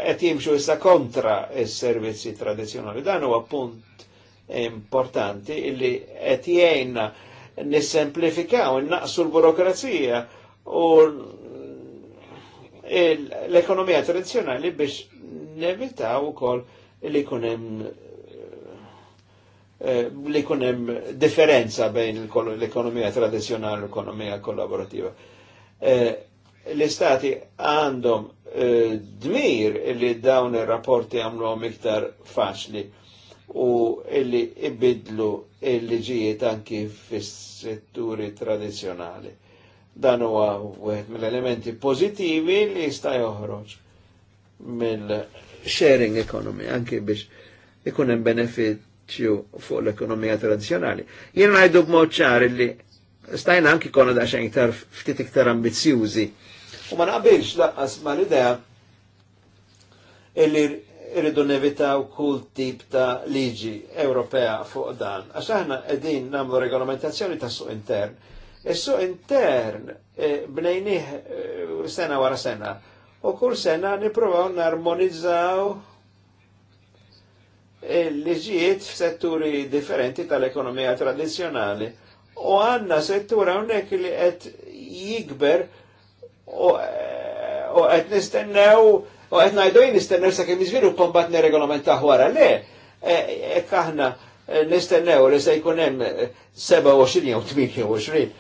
qed jimxu issa kontra s-servizzi tradizjonali. Dan huwa punt importanti illi qed jgħinna nissemplifikaw, innaqsu l-burokrazija u l-ekonomija tradizjonali biex nevitaw ukoll li kunem eh, li kunem differenza bejn l-ekonomija tradizjonali u l-ekonomija kollaborativa. Eh, l-istati għandhom E, dmir li dawn ir-rapporti għamluhom iktar faċli u illi ibidlu il-liġijiet anki fis-setturi tradizjonali. Dan huwa wieħed mill-elementi pożittivi li jista' joħroġ mill-sharing economy, anki biex ikun hemm benefiċċju fuq l-ekonomija tradizjonali. Jien ngħidu b'mod ċar li stajna anki konna da xejn iktar ftit iktar ambizzjużi U ma naqbilx laqqas ma l-idea illi rridu nevitaw kull tip ta' liġi Ewropea fuq dan. Għax aħna qegħdin nagħmlu regolamentazzjoni ta' suq intern. Is-suq intern e, bnejnih eh, sena wara sena. U kull sena nippruvaw narmonizzaw liġijiet f'setturi differenti tal-ekonomija tradizjonali. U għanna settura hawnhekk li qed jikber u għed nistennew u għed najdu jien nistennew sa' sakemm jiżviluppa mbagħad nirregolamentah għara. Le, hekk e, e, aħna e, nistennew li se jkunem 27 jew 28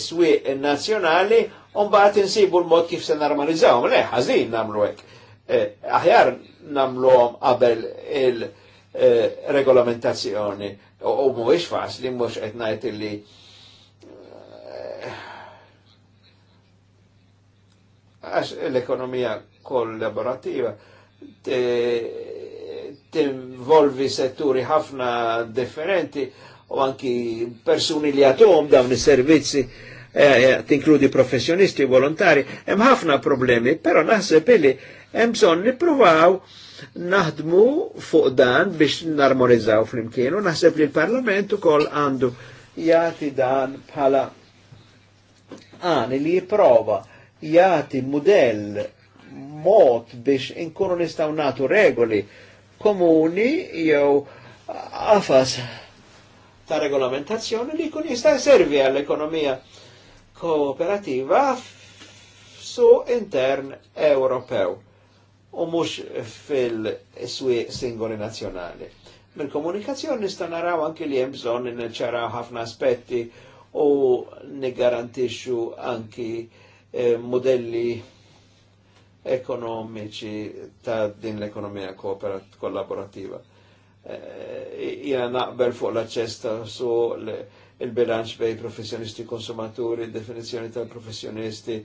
swi nazjonali, un bat insibu l-mod kif se normalizzaw, Le, għazin namlu hekk. Aħjar namlu għom għabel il-regolamentazzjoni u mhuwiex faċli mhux qed ngħid illi għax l-ekonomija kollaborativa tinvolvi setturi ħafna differenti u anki persuni li għatom dawn il servizzi eh, eh, tinkludi professjonisti volontari, hemm ħafna problemi, però naħseb illi hemm bżonn nippruvaw naħdmu fuq dan biex narmonizzaw flimkien u naħseb li l-Parlament ukoll għandu jagħti dan bħala għani li jipprova jati model mod biex inkunu nistaw natu regoli komuni jew għafas ta' regolamentazzjoni li kun jista' servi għall-ekonomija kooperativa su intern Ewropew u mux fil-swi singoli nazjonali. Mil-komunikazzjoni nista' naraw anki li hemm bżonn ċara ħafna aspetti u nigarantixxu anki Eh, modelli ekonomiċi ta' din l-ekonomija kollaborativa. Eh, jena naqbel fuq l-aċċess ta' su il-bilanċ bej professjonisti konsumaturi, definizjoni tal professjonisti,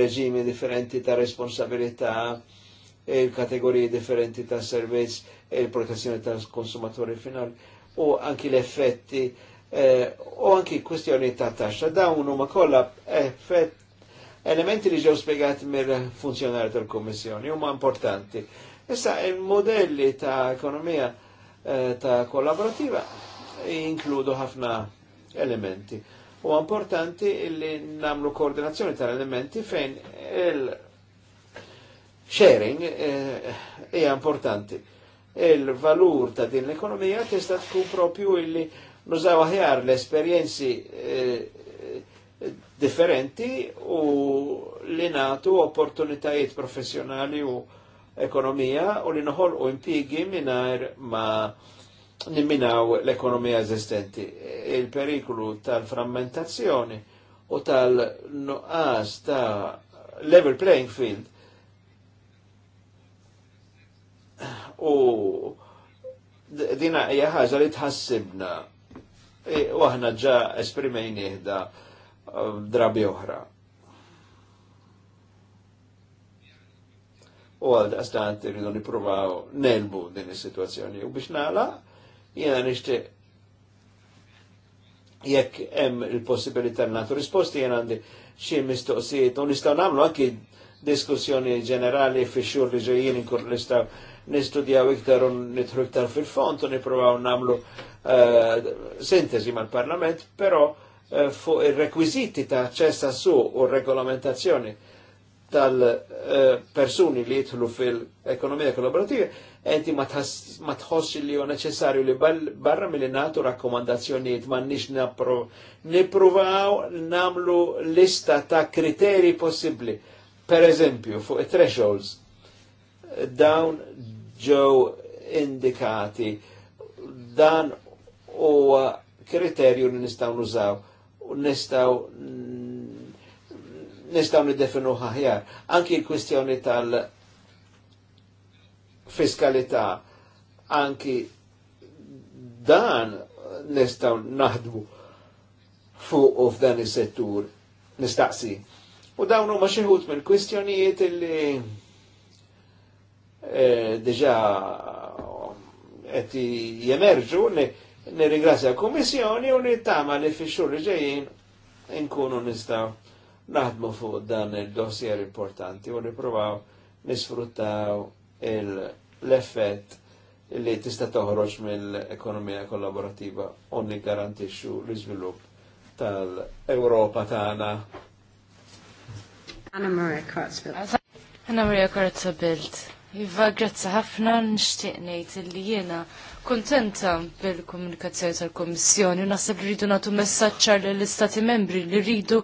reġimi differenti ta' responsabilità, il-kategoriji differenti ta' servizz, il-protezzjoni ta' konsumaturi final u anki l-effetti eh, u anki kwestjoni ta' taxxa. Dawn ma kolla effetti elementi li ġew spiegati mill-funzjonari tal-Kommissjoni huma importanti. Issa il-modelli ta' ekonomija eh, ta' kollaborativa inkludu ħafna elementi. U importanti li namlu koordinazzjoni tal-elementi fejn il-sharing eh, hija importanti. Il-valur ta' din l-ekonomija tista' tkun propju illi nużaw aħjar l-esperjenzi eh, differenti u li natu opportunitajiet professjonali u ekonomija u li noħol u impigi minar ma nimminaw l-ekonomija eżistenti. Il-periklu tal-frammentazzjoni u tal-nuqqas ta' level playing field u dina hija ħaġa li tħassibna e, u aħna ġa esprimejni da drabi oħra. U għal daqstant irridu nipruvaw nelbu din is-sitwazzjoni. U biex nala, jena nixtieq jekk hemm il-possibilità nagħtu risposti jien għandi xi mistoqsijiet u nistgħu nagħmlu anki diskussjoni ġenerali fi xhur li ġejjin inkur nistgħu nistudjaw iktar u nitru iktar fil-font u nippruvaw nagħmlu eh, sintesi mal-Parlament, però Eh, fuq il-rekwiziti ta' ċess su u regolamentazzjoni tal-persuni eh, li jidħlu fil-ekonomija kollaborativa, enti ma tħoss li huwa neċessarju li barra mill natu rakkomandazzjonijiet ma nix nipruvaw namlu lista ta' kriteri possibbli. Per eżempju, fuq thresholds, dawn ġew indikati dan u kriterju li nistaw nużaw nistaw nistaw niddefinu ħahjar. Anki l-kwistjoni tal-fiskalità, anki dan nistaw naħdmu fuq u f'dan is-settur nistaqsi. U dawn huma xi minn kwistjonijiet illi diġa' eh, diġà qed jemerġu Nirringrazzja l-Kummissjoni u nittama li fi xhur li ġejjin inkunu nistgħu naħdmu fuq dan il-dossier importanti u nipruvaw nisfruttaw l-effett li tista' toħroġ mill-ekonomija kollaborativa u niggarantixxu l-iżvilupp tal-Ewropa tagħna. Anna Maria Kratzbild. Anna Maria Kratzbild. Iva, grazzi ħafna nixtieq ngħid li jiena kontenta bil-komunikazzjoni tal-Komissjoni nasib li rridu nagħtu messaċċar lill-Istati membri li rridu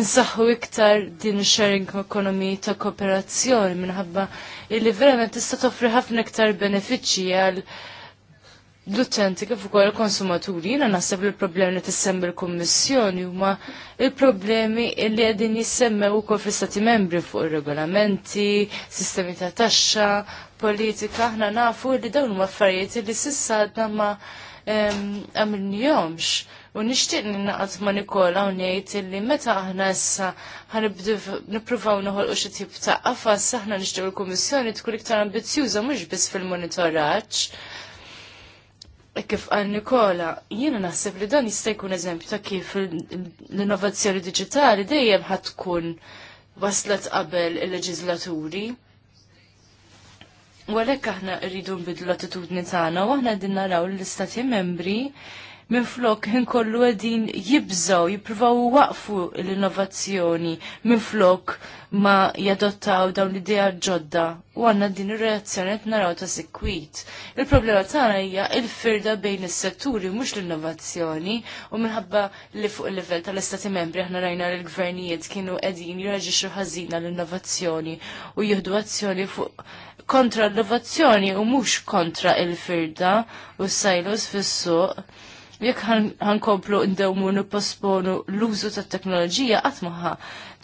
insaħħu iktar din sharing ekonomi ta' kooperazzjoni minħabba li verament tista' toffri ħafna iktar benefiċċji għal l-utenti kif ukoll il-konsumaturi. Jiena naħseb li l-problemi li tissemmi l-Kummissjoni huma il-problemi li qegħdin jissemmew ukoll fl-Istati Membri fuq ir-regolamenti, sistemi ta' taxxa, politika. Aħna nafu li dawn huma affarijiet li s'issa għadna ma għamilnihomx. U nishtiq ninnaqat ma Nikola u ngħid li meta aħna issa ħanibdew nippruvaw noħolqu xi tip ta' qafas aħna nixtieq il-Kummissjoni tkun iktar ambizzjuża mhux biss fil-monitoraġġ E kif għal Nikola, jiena naħseb li dan jista' jkun eżempju ta' kif l-innovazzjoni diġitali dejjem ħatkun tkun waslet qabel il-leġislaturi. U għalhekk aħna rridu nbidlu l-attitudni tagħna u aħna din naraw l-istati membri minflok kollu għedin jibżaw, jipruvaw waqfu l-innovazzjoni, minflok ma jadottaw dawn l-idea ġodda u għanna din ir-reazzjoni qed naraw ta' sikwit. Il-problema tagħna hija l-firda bejn is-setturi mhux l-innovazzjoni u minħabba li fuq il-livell tal-Istati Membri aħna rajna li l-gvernijiet kienu qegħdin jiraġixxu ħażina l-innovazzjoni u jieħdu azzjoni fuq kontra l-innovazzjoni u mhux kontra il-firda u s-sajlus fis-suq jekk ħankomplu ndewmu nipposponu l-użu tat teknoloġija qatt maħa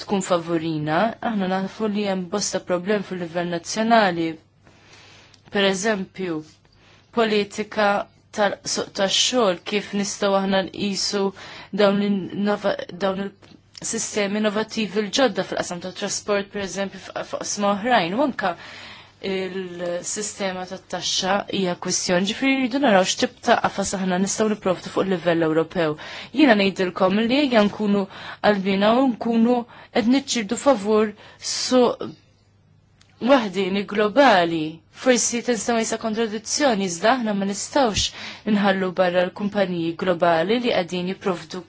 tkun favorina, aħna nafu li hemm bosta problem fil-livell nazzjonali. Per eżempju, politika tax-xogħol kif nistgħu aħna nqisu dawn il-sistemi innovattivi l-ġodda fil-qasam tat trasport, per eżempju, f'qosma oħrajn, u il-sistema tat taxxa hija kwistjoni ġifri rridu naraw x'tib ta' qafas aħna nistgħu nipprovdu fuq il livell Ewropew. Jiena ngħidilkom li ejja nkunu qalbina u nkunu qed niċċirdu favur su waħdini globali. Forsi tinstgħu jisa kontradizzjoni iżda aħna ma nistgħux inħallu barra l-kumpaniji globali li qegħdin jipprovdu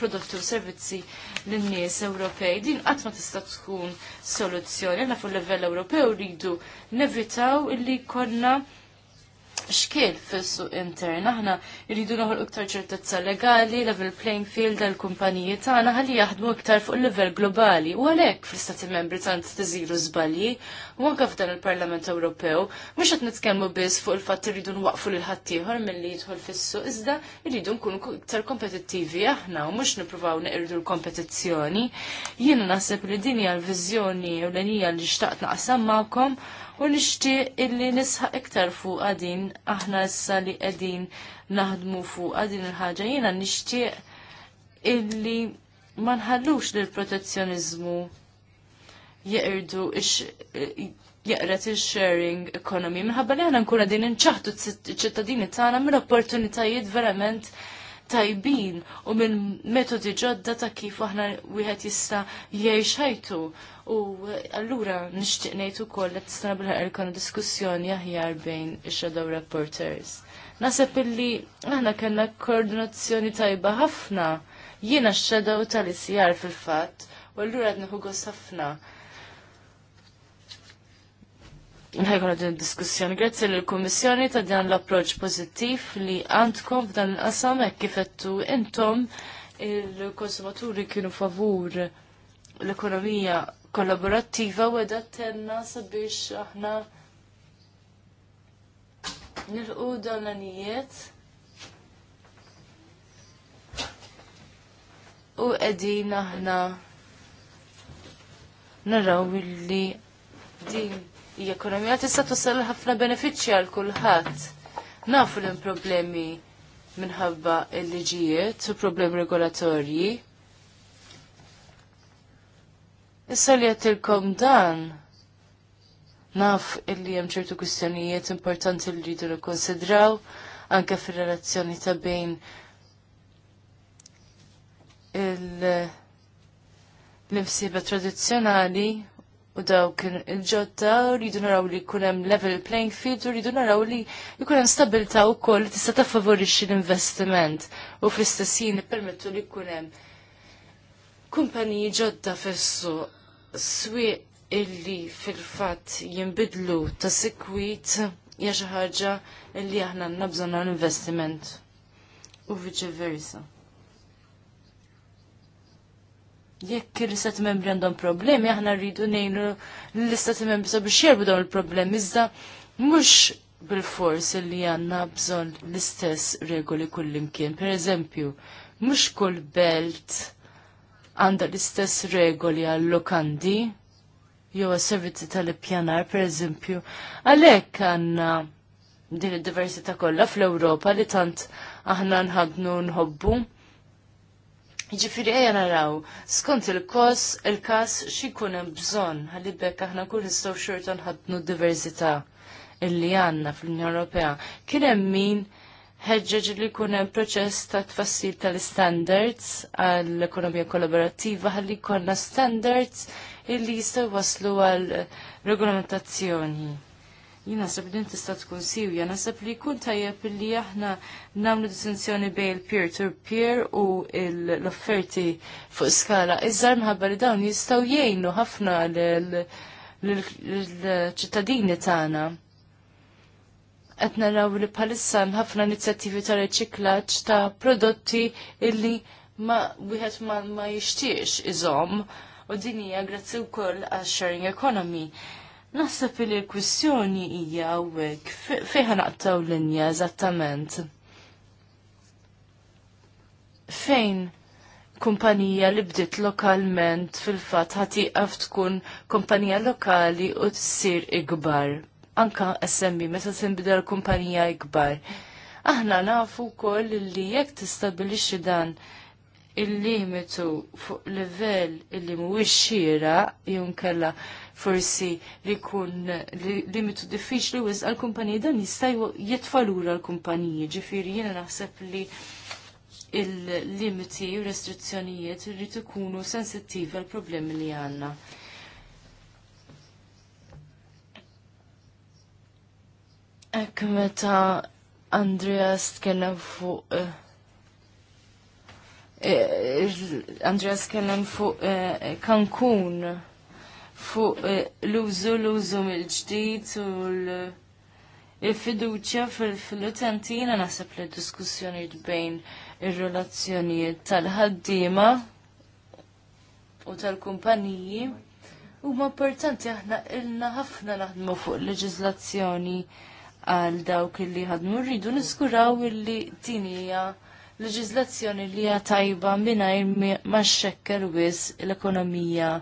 prodotti u servizzi lin-nies Ewropej. Din qatt ma tista' tkun soluzzjoni. u fuq livell Ewropew rridu nevitaw illi konna xkiel fissu intern. Aħna rridu noħol iktar ċertezza legali, level playing field għal kumpaniji tagħna ħalli jaħdmu iktar fuq il-level globali. U għalhekk fl-Istati Membri tant tiżilu żbalji, u anke f'dan il-Parlament Ewropew, mhux qed nitkellmu biss fuq il-fatt irridu nwaqfu lil ħaddieħor milli jidħol fissu, iżda rridu nkunu iktar kompetittivi aħna u mhux nippruvaw neqirdu l-kompetizzjoni. Jiena naħseb li din hija l-viżjoni u l li xtaqt naqsam magħkom u nixtieq illi nisħaq iktar fuq għadin aħna issa li qegħdin naħdmu fuq għadin il-ħaġa jiena nixtieq illi ma nħallux lil protezzjonizmu jeqirdu jaqret il-sharing economy minħabba li għana nkun għadin nċaħtu ċittadini tagħna mill opportunitajiet verament tajbin u minn metodi ġodda ta' kif aħna wieħed jista' jgħix ħajtu. U allura nixtieq ngħid ukoll qed tistana bil-ħarqan diskussjoni aħjar bejn ix-shadow reporters. Naseb illi aħna kellna koordinazzjoni tajba ħafna jiena x-shadow tal-isjar fil-fatt u allura qed nieħu ħafna Nħajkun din diskussjoni. Grazzi l-Kummissjoni ta' dan l-approċ pozittiv li għandkom f'dan l-qasam hekk kifettu intom il-konsumaturi kienu favur l-ekonomija kollaborattiva u edha tenna sabiex aħna nilqu dan l-anijiet. u qegħdin aħna naraw li din l-ekonomija tista' tossal ħafna benefiċċji għal kulħadd. Nafu l problemi minħabba l-liġijiet u problemi regolatorji. Issa li għattilkom dan, naf illi hemm ċertu kwistjonijiet importanti li rridu nikkonsidraw anke fir-relazzjoni ta' bejn il-nifsiba tradizzjonali u dawk il-ġodda rridu naraw li jkun hemm level playing field u rridu naraw li jkun hemm stabilta wkoll tista' taffavorixxi l-investiment u fl istessin permettu li jkun hemm kumpaniji ġodda fissu swi illi fil-fatt jinbidlu ta' sikwit hija xi ħaġa li aħna nabżonna bżonn investiment u viċi versa. jekk l-istat membri għandhom problemi, aħna rridu nejnu l-istat membri sabiex jerbu dawn il-problemi, iżda mux bil-fors li għanna bżon l-istess regoli kullimkien. Per eżempju, mux kull belt għanda l-istess regoli għall-lokandi, jew għas-servizzi tal-ippjanar, per eżempju, għalek għanna din id-diversità kollha fl-Ewropa li tant aħna nħadnu nħobbu. Jiġifieri ejja naraw, skont il-kos, il-kas xikun hemm bżonn ħalli bekk aħna kull nistgħu xorta nħadnu diversità illi għandna fl-Unjoni Ewropea. Kien hemm min ħeġġeġ li jkun hemm proċess ta' tfassil tal-standards għall-ekonomija kollaborattiva ħalli jkollna standards illi jistgħu waslu għal regolamentazzjoni. Jina sab li tista' tkun siwja, nasab li jkun tajjeb li aħna nagħmlu distinzjoni bej il-peer-to-peer u l-offerti fuq skala. Iżżar minħabba li dawn jistgħu jgħinu ħafna l-ċittadini tagħna qed naraw li bħalissa ħafna inizjattivi ta' riċiklaġġ ta' prodotti illi ma wieħed ma, jixtiex iżom u din hija grazzi wkoll għax sharing economy. Naħseb li l-kwistjoni hija hawnhekk fejn naqtaw linja eżattament. Fejn kumpanija li bdiet lokalment fil-fatt ħatiqaf tkun kumpanija lokali u tsir ikbar. Anka SMB meta tinbidel kumpanija ikbar. Aħna nafu wkoll li jekk tistabilixxi dan il-limitu fuq livell li mhuwiex xieraq jew kella forsi li jkun limitu diffiċli li wiz għal kumpaniji dan jista' jitfalura l-kumpaniji. Ġifieri jiena naħseb li il-limiti u restrizzjonijiet rritu ikunu sensittivi għal problemi li għandna. Ek meta Andreas tkellem fuq eh, eh, Andreas kellem fuq eh, Cancun fuq eh, l-użu l-użu mill-ġdid u l-fiduċja fil-utenti jiena naħseb li diskussjonijiet bejn ir-relazzjonijiet tal-ħaddiema u tal-kumpaniji huma importanti aħna ilna ħafna naħdmu fuq leġiżlazzjoni għal dawk li ħadmu rridu niskuraw illi din hija leġiżlazzjoni li hija tajba mingħajr ma xekker wis l-ekonomija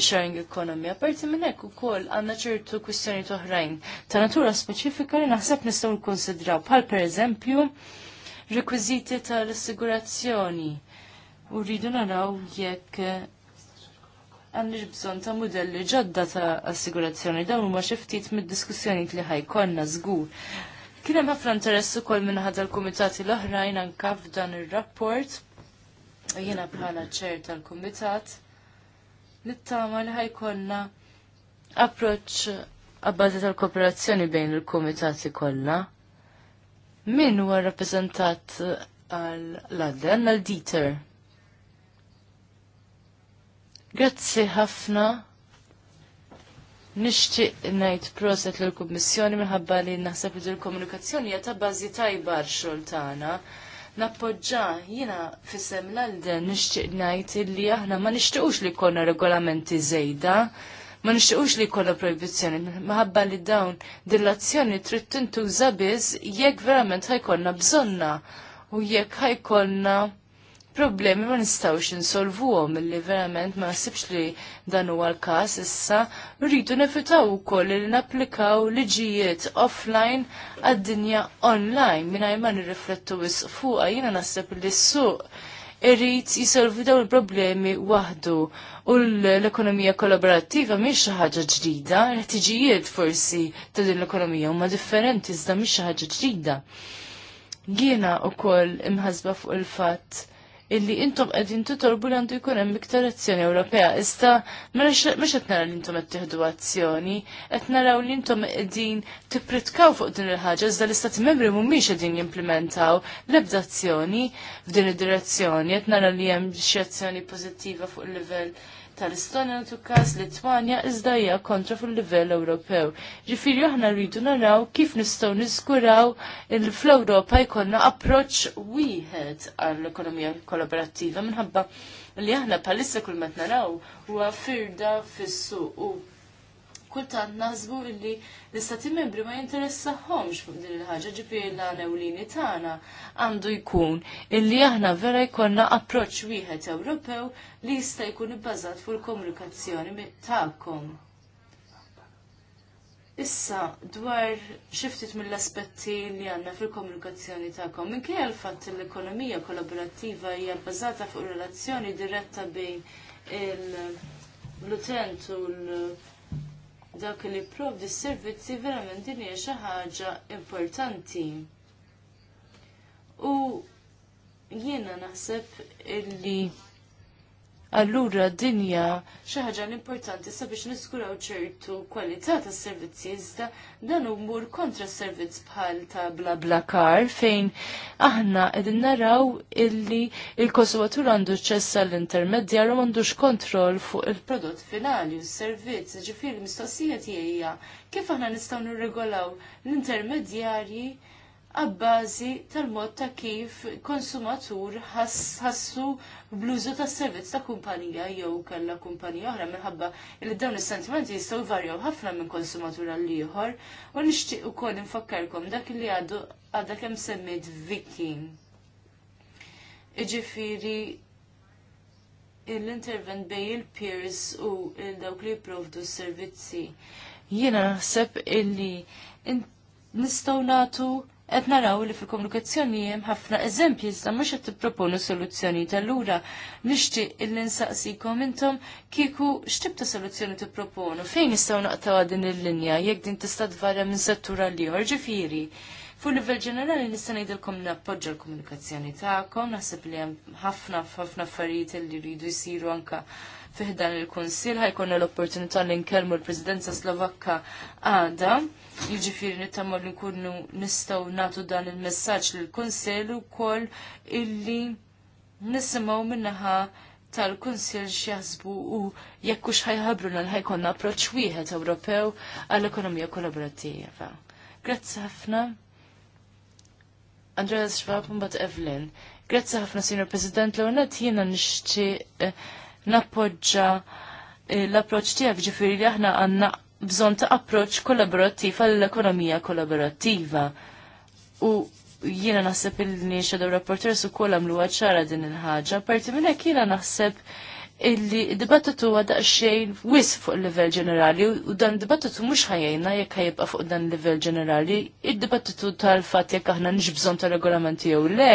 sharing economy. Aparti minn hekk ukoll għandna ċertu kwistjoni oħrajn ta' natura speċifika li naħseb nistgħu nkonsidraw bħal pereżempju rekwiżiti tal-assigurazzjoni u rridu naraw jekk għandi bżon ta' modelli ġodda ta' assigurazzjoni dawn huma xi ftit mid-diskussjoni li ħajkonna żgur. Kien hemm ħafna interess ukoll minn ħadd l-kumitati l-oħrajn anke f'dan ir-rapport jiena bħala ċer tal-kumitat nittama li ħajkonna approċ għabbazi tal-kooperazzjoni bejn il-komitati kollha. Min huwa rappresentat għal-Ladden għal-Dieter? Grazzi ħafna. Nixtieq ngħid proset lill kummissjoni minħabba li naħseb li l-komunikazzjoni hija ta' bażi tajba x-xogħol tagħna nappoġġa jiena fissem l-alden nixtieq ngħid li aħna ma nixtiequx li jkollna regolamenti żejda ma nishtiqux li jkollha proibizzjoni, maħabba li dawn dilazzjoni trid tintuża biss jekk verament ħajkollna bżonna u jekk ħajkollna problemi ma nistawx insolvuhom li verament ma nasibx li dan huwa l-każ issa rridu nefitaw ukoll li napplikaw liġijiet offline għad-dinja online minna ma nirriflettu wisq fuqha jiena naħseb li s-suq irrit jisolvi daw il-problemi wahdu u l-ekonomija kollaborattiva miex xi ħaġa ġdida, l-ħtiġijiet forsi ta' din l-ekonomija huma differenti iżda miex ħaġa ġdida. Jiena wkoll imħasba fuq il-fatt illi intom qegħdin titolbu li għandu jkun hemm iktar azzjoni Ewropea. Iżda mela mhux qed nara li intom qed azzjoni, qed naraw li intom qegħdin tippritkaw fuq din il-ħaġa iżda l-istati membri mhumiex qegħdin jimplementaw l-ebda azzjoni f'din id-direzzjoni, qed nara li hemm xi azzjoni pożittiva fuq il-livell tal-Istonja tu kas Litwanja iżda hija kontra fil-livell Ewropew. Ġifieri aħna rridu naraw kif nistgħu niskuraw il fl-Ewropa jkollna approċċ wieħed għall-ekonomija kollaborattiva minħabba li aħna bħalissa kull ma naraw huwa firda fis-suq u kultant naħsbu illi l-istati membri ma jinteressaħħomx fuq din il-ħaġa ġifieri l-għana ewlieni tagħna għandu jkun illi aħna vera jkollna approċċ wieħed Ewropew li jista' jkun ibbażat fuq il-komunikazzjoni tagħkom. Issa, dwar xiftit mill-aspetti li għanna fil-komunikazzjoni tagħkom, minn għal fatt l-ekonomija kollaborattiva hija bbażata fuq relazzjoni diretta bejn l-utent u dak li provdi s-servizzi verament din hija ħaġa importanti. U jiena naħseb illi allura dinja xi ħaġa importanti sabiex niskuraw ċertu kwalità tas-servizzi iżda dan umur kontra servizz bħal ta' bla bla kar fejn aħna qegħdin naraw illi il-konsumatur għandu ċess għall u m'għandux kontroll fuq il-prodott finali, il-servizz, ġifieri mistoqsija tiegħi kif aħna nistgħu nirregolaw l-intermedjarji għabbażi tal-mod ta' kif konsumatur ħassu bluzu ta' servizz ta' kumpanija jew kalla kumpanija oħra minħabba li dawn is-sentimenti jistgħu jvarjaw ħafna minn konsumatur għal ieħor u nixtieq ukoll infakkarkom dak li għadu għadha kemm semmit viking. Iġifieri l-intervent bej il-peers u dawk li jipprovdu s-servizzi. Jiena naħseb illi nistgħu nagħtu qed naraw li fil-komunikazzjoni jem ħafna eżempji iżda mhux qed tipproponu soluzzjonijiet allura nixtieq illi nsaqsikom intom kieku x'tib ta' soluzzjoni tipproponu fejn nistgħu naqtaw din il-linja jekk din tista' tvarja minn settur għal ieħor ġifieri. Fu livell ġenerali nista' ngħidilkom nappoġġa l-komunikazzjoni tagħkom, naħseb li hemm ħafna ħafna affarijiet li jridu jsiru anke fiħdan il konsil ħajkonna l-opportunità li nkellmu l-Presidenza Slovakka għada Jiġifieri nittama li nkunu nistgħu nagħtu dan il-messaġġ lill kunsill ukoll illi nisimgħu minnaħa tal-Kunsill x'jaħsbu u jekk hux ħajħabru li ħajkonna approċċ wieħed Ewropew għall-ekonomija kollaborattiva. Grazzi ħafna. Andrea Schwab mbagħad Evelyn. Grazzi ħafna, Sinjor President, l jiena nixtieq eh, nappoġġa eh, l approċċ tiegħek ġifieri li aħna għandna bżon ta' approċ kollaborattiv għall-ekonomija kollaborattiva. U jiena naħseb il-ni xedaw rapporters su kolam lu ċara din il-ħagġa, parti minna jiena naħseb illi dibattitu għada xejn wis fuq il-level ġenerali u dan dibattitu mux ħajjajna jekk ħajibqa fuq dan il-level ġenerali, id-dibattitu tal-fat jekk aħna nġbżon tal-regolamenti jew le,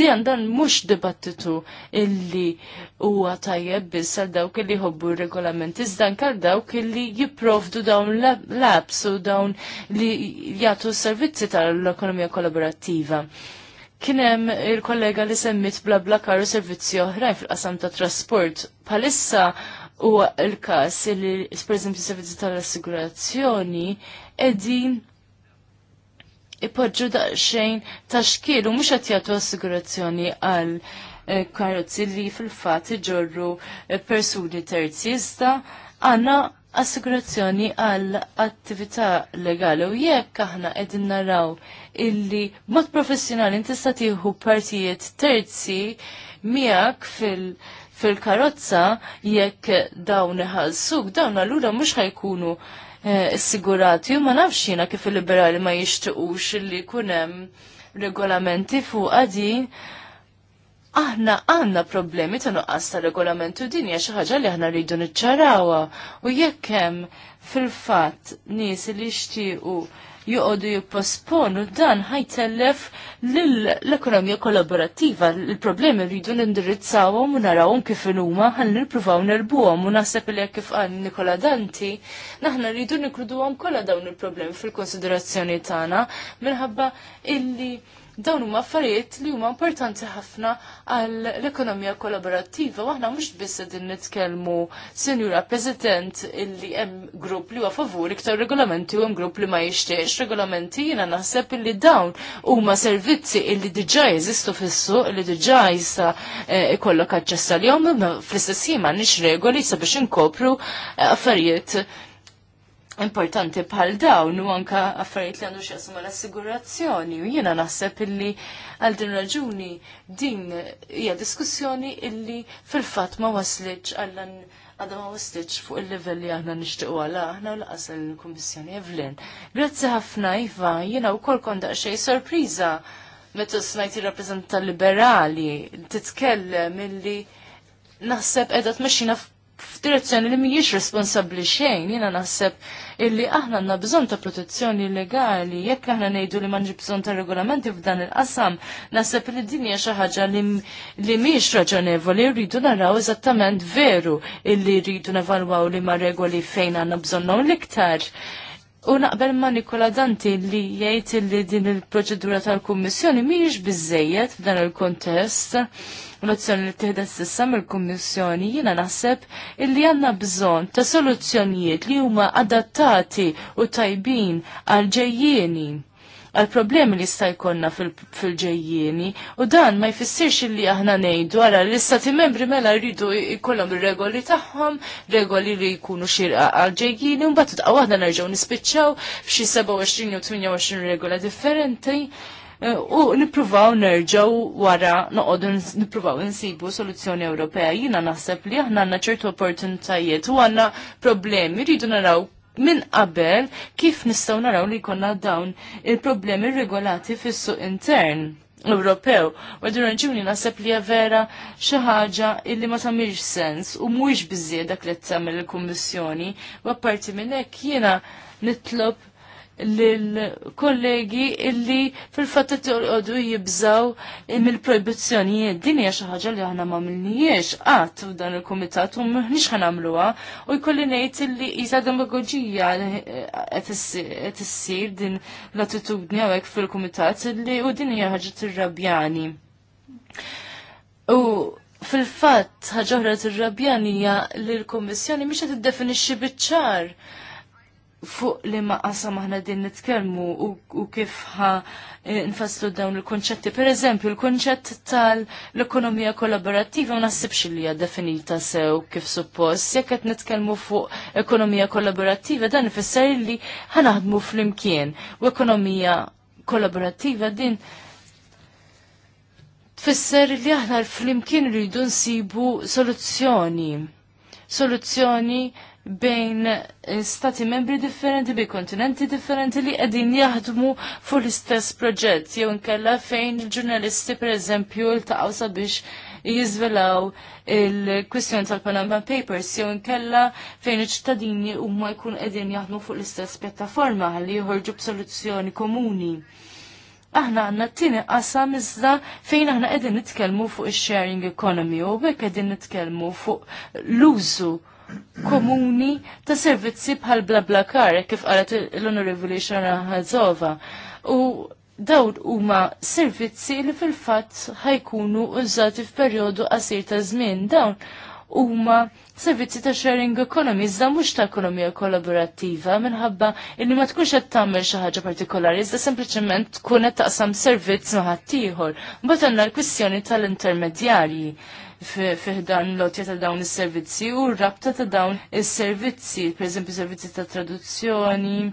dan dan mux dibattitu illi huwa tajjeb biss għal dawk illi jħobbu regolamenti iżda għal dawk illi jipprovdu dawn l-apps u dawn li jagħtu s servizzi tal-ekonomija kollaborattiva. Kienem il-kollega li semmit bla bla karu servizzi oħrajn fil-qasam ta' trasport. Palissa u l-kas li, per eżempju, servizzi tal-assigurazzjoni edin ipoġġu daqxejn ta' xkil u mux għatjatu assigurazzjoni għal eh, karozzi li fil-fat iġorru eh, persuni terzista iżda għanna assigurazzjoni għall attività legali u jekk aħna qegħdin naraw illi mod professjonali tista' tieħu partijiet terzi miegħek fil fil-karozza jekk dawn iħallsuk dawn allura mhux ħajkunu eh, assigurati u ma nafx jiena kif il-liberali ma jixtiequx illi jkun hemm regolamenti fuq din aħna għanna problemi ta' nuqqas ta' regolamentu din hija xi ħaġa li aħna rridu niċċarawha u jekk hemm fil-fatt nies li jixtiequ joqogħdu jipposponu dan ħajtellef l-ekonomija kollaborattiva. Il-problemi rridu nindirizzawhom u narawhom kif huma ħalli nippruvaw nerbuhom u naħseb li kif qal Nikola Danti, naħna rridu nikluduhom kollha dawn il-problemi fil-konsiderazzjoni tagħna minħabba illi Dawn huma affarijiet li huma importanti ħafna għall l-ekonomija kollaborattiva Waħna aħna mhux biss qegħdin nitkellmu Sinjura President illi hemm grupp li huwa favur iktar regolamenti u hemm grupp li ma jixtiex. regolamenti jiena naħseb illi dawn huma servizzi illi diġà jeżistu fis-suq illi diġà jista' eh, ikollok aċċess għalihom fl-istess ħin m'għandniex regoli sabiex inkopru eh, affarijiet importanti bħal dawn u anka affarijiet li għandu xieqsum l-assigurazzjoni u jiena naħseb illi għal din raġuni din hija diskussjoni illi fil-fatt ma waslitx għallan għadha ma waslitx fuq il-level li aħna nixtiequ għal aħna laqas il-Kummissjoni Evelyn. Grazzi ħafna Iva, jiena wkoll kont daqsxejn sorpriża meta smajti rappreżenta liberali titkellem illi naħseb qiegħda tmexxina f'direzzjoni li mhijiex responsabbli xejn, jiena naħseb illi aħna għandna bżonn ta' protezzjoni legali, jekk aħna ngħidu li m'għandx bżonn ta' regolamenti f'dan il-qasam, naħseb li din hija xi ħaġa li mhijiex raġonevoli, rridu naraw eżattament veru illi rridu nevalwaw li ma' regoli fejn għandna bżonnhom l-iktar. U naqbel ma' Nikola Danti li jgħid li din il-proċedura tal-Kummissjoni mhijiex biżejjed f'dan il-kontest l ozzjoni li tihdas s-sissa mill-Kummissjoni jiena naħseb illi għandna bżonn ta' soluzzjonijiet li huma adattati u tajbin għal ġejjieni għal problemi li stajkonna jkollna fil-ġejjieni u dan ma jfissirx li aħna ngħidu għara l-istati membri mela rridu jkollhom ir-regoli tagħhom, regoli li jkunu xirqa għal ġejjieni u mbagħad għawahna nerġaw nispiċċaw f'xi 27 jew 28 regola differenti. Eh, u nippruvaw nerġgħu wara noqogħdu nippruvaw insibu soluzzjoni Ewropea. Jiena naħseb li aħna għandna ċertu opportunitajiet u għandna problemi rridu naraw minn qabel kif nistgħu naraw li jkollna dawn il-problemi regolati fis-suq intern. Ewropew. U għadun raġuni nasab li vera xaħġa illi ma tamirx sens u mwix bizzie dak li t-tamil il-Kommissjoni. U għapparti minnek jena nitlob lill-kollegi illi fil-fatt qed jibżaw mill-projbizzjonijiet. Din hija xi ħaġa li aħna m'għamilniex qatt ah, dan il-kumitat u m'aħniex ħanamluha u jkolli ngħid illi isa demagoġija qed issir din l-attitudni hawnhekk fil-kumitat illi u din hija ħaġa tirrabjani. U fil-fatt ħaġa oħra tirrabjani hija li l-Kummissjoni mhix qed tiddefinixxi biċ-ċar fuq li ma qasam aħna din nitkellmu u kif ħa e, nfasslu dawn il-konċetti. Per eżempju, il-konċett tal-ekonomija kollaborattiva ma nasibx li hija definita sew kif suppost. Jekk qed nitkellmu fuq ekonomija kollaborattiva dan ifisser li ħanaħdmu flimkien u ekonomija kollaborattiva din tfisser li aħna flimkien rridu nsibu soluzzjoni. Soluzzjoni bejn stati membri differenti, bi kontinenti differenti li qegħdin jaħdmu fuq l-istess proġett, jew nkella fejn il-ġurnalisti pereżempju ltaqgħu sabiex jizvelaw il-kwistjoni tal-Panama Papers jew inkella fejn iċ-ċittadini huma jkun qegħdin jaħdmu fuq l-istess pjattaforma li joħorġu b'soluzzjoni komuni. Aħna għanna t-tini qasa mizda fejn aħna qegħdin nitkellmu fuq il sharing economy u bekk qegħdin nitkellmu fuq l-użu komuni ta' servizzi bħal bla bla kar, kif qalet l-Onorevoli Xara Ħazova. U dawn huma servizzi li fil fat ħajkunu użati f'perjodu qasir ta' żmien dawn huma servizzi ta' sharing economy, iżda mhux ta' ekonomija kollaborattiva minħabba illi ma tkunx qed tagħmel xi ħaġa partikolari, iżda sempliċement tkun qed taqsam servizz ma' ħaddieħor. Mbagħad għandna l-kwistjoni tal-intermedjarji fiħdan lotja ta' dawn is-servizzi u rabta ta' dawn is-servizzi, pereżempju servizzi ta' traduzzjoni,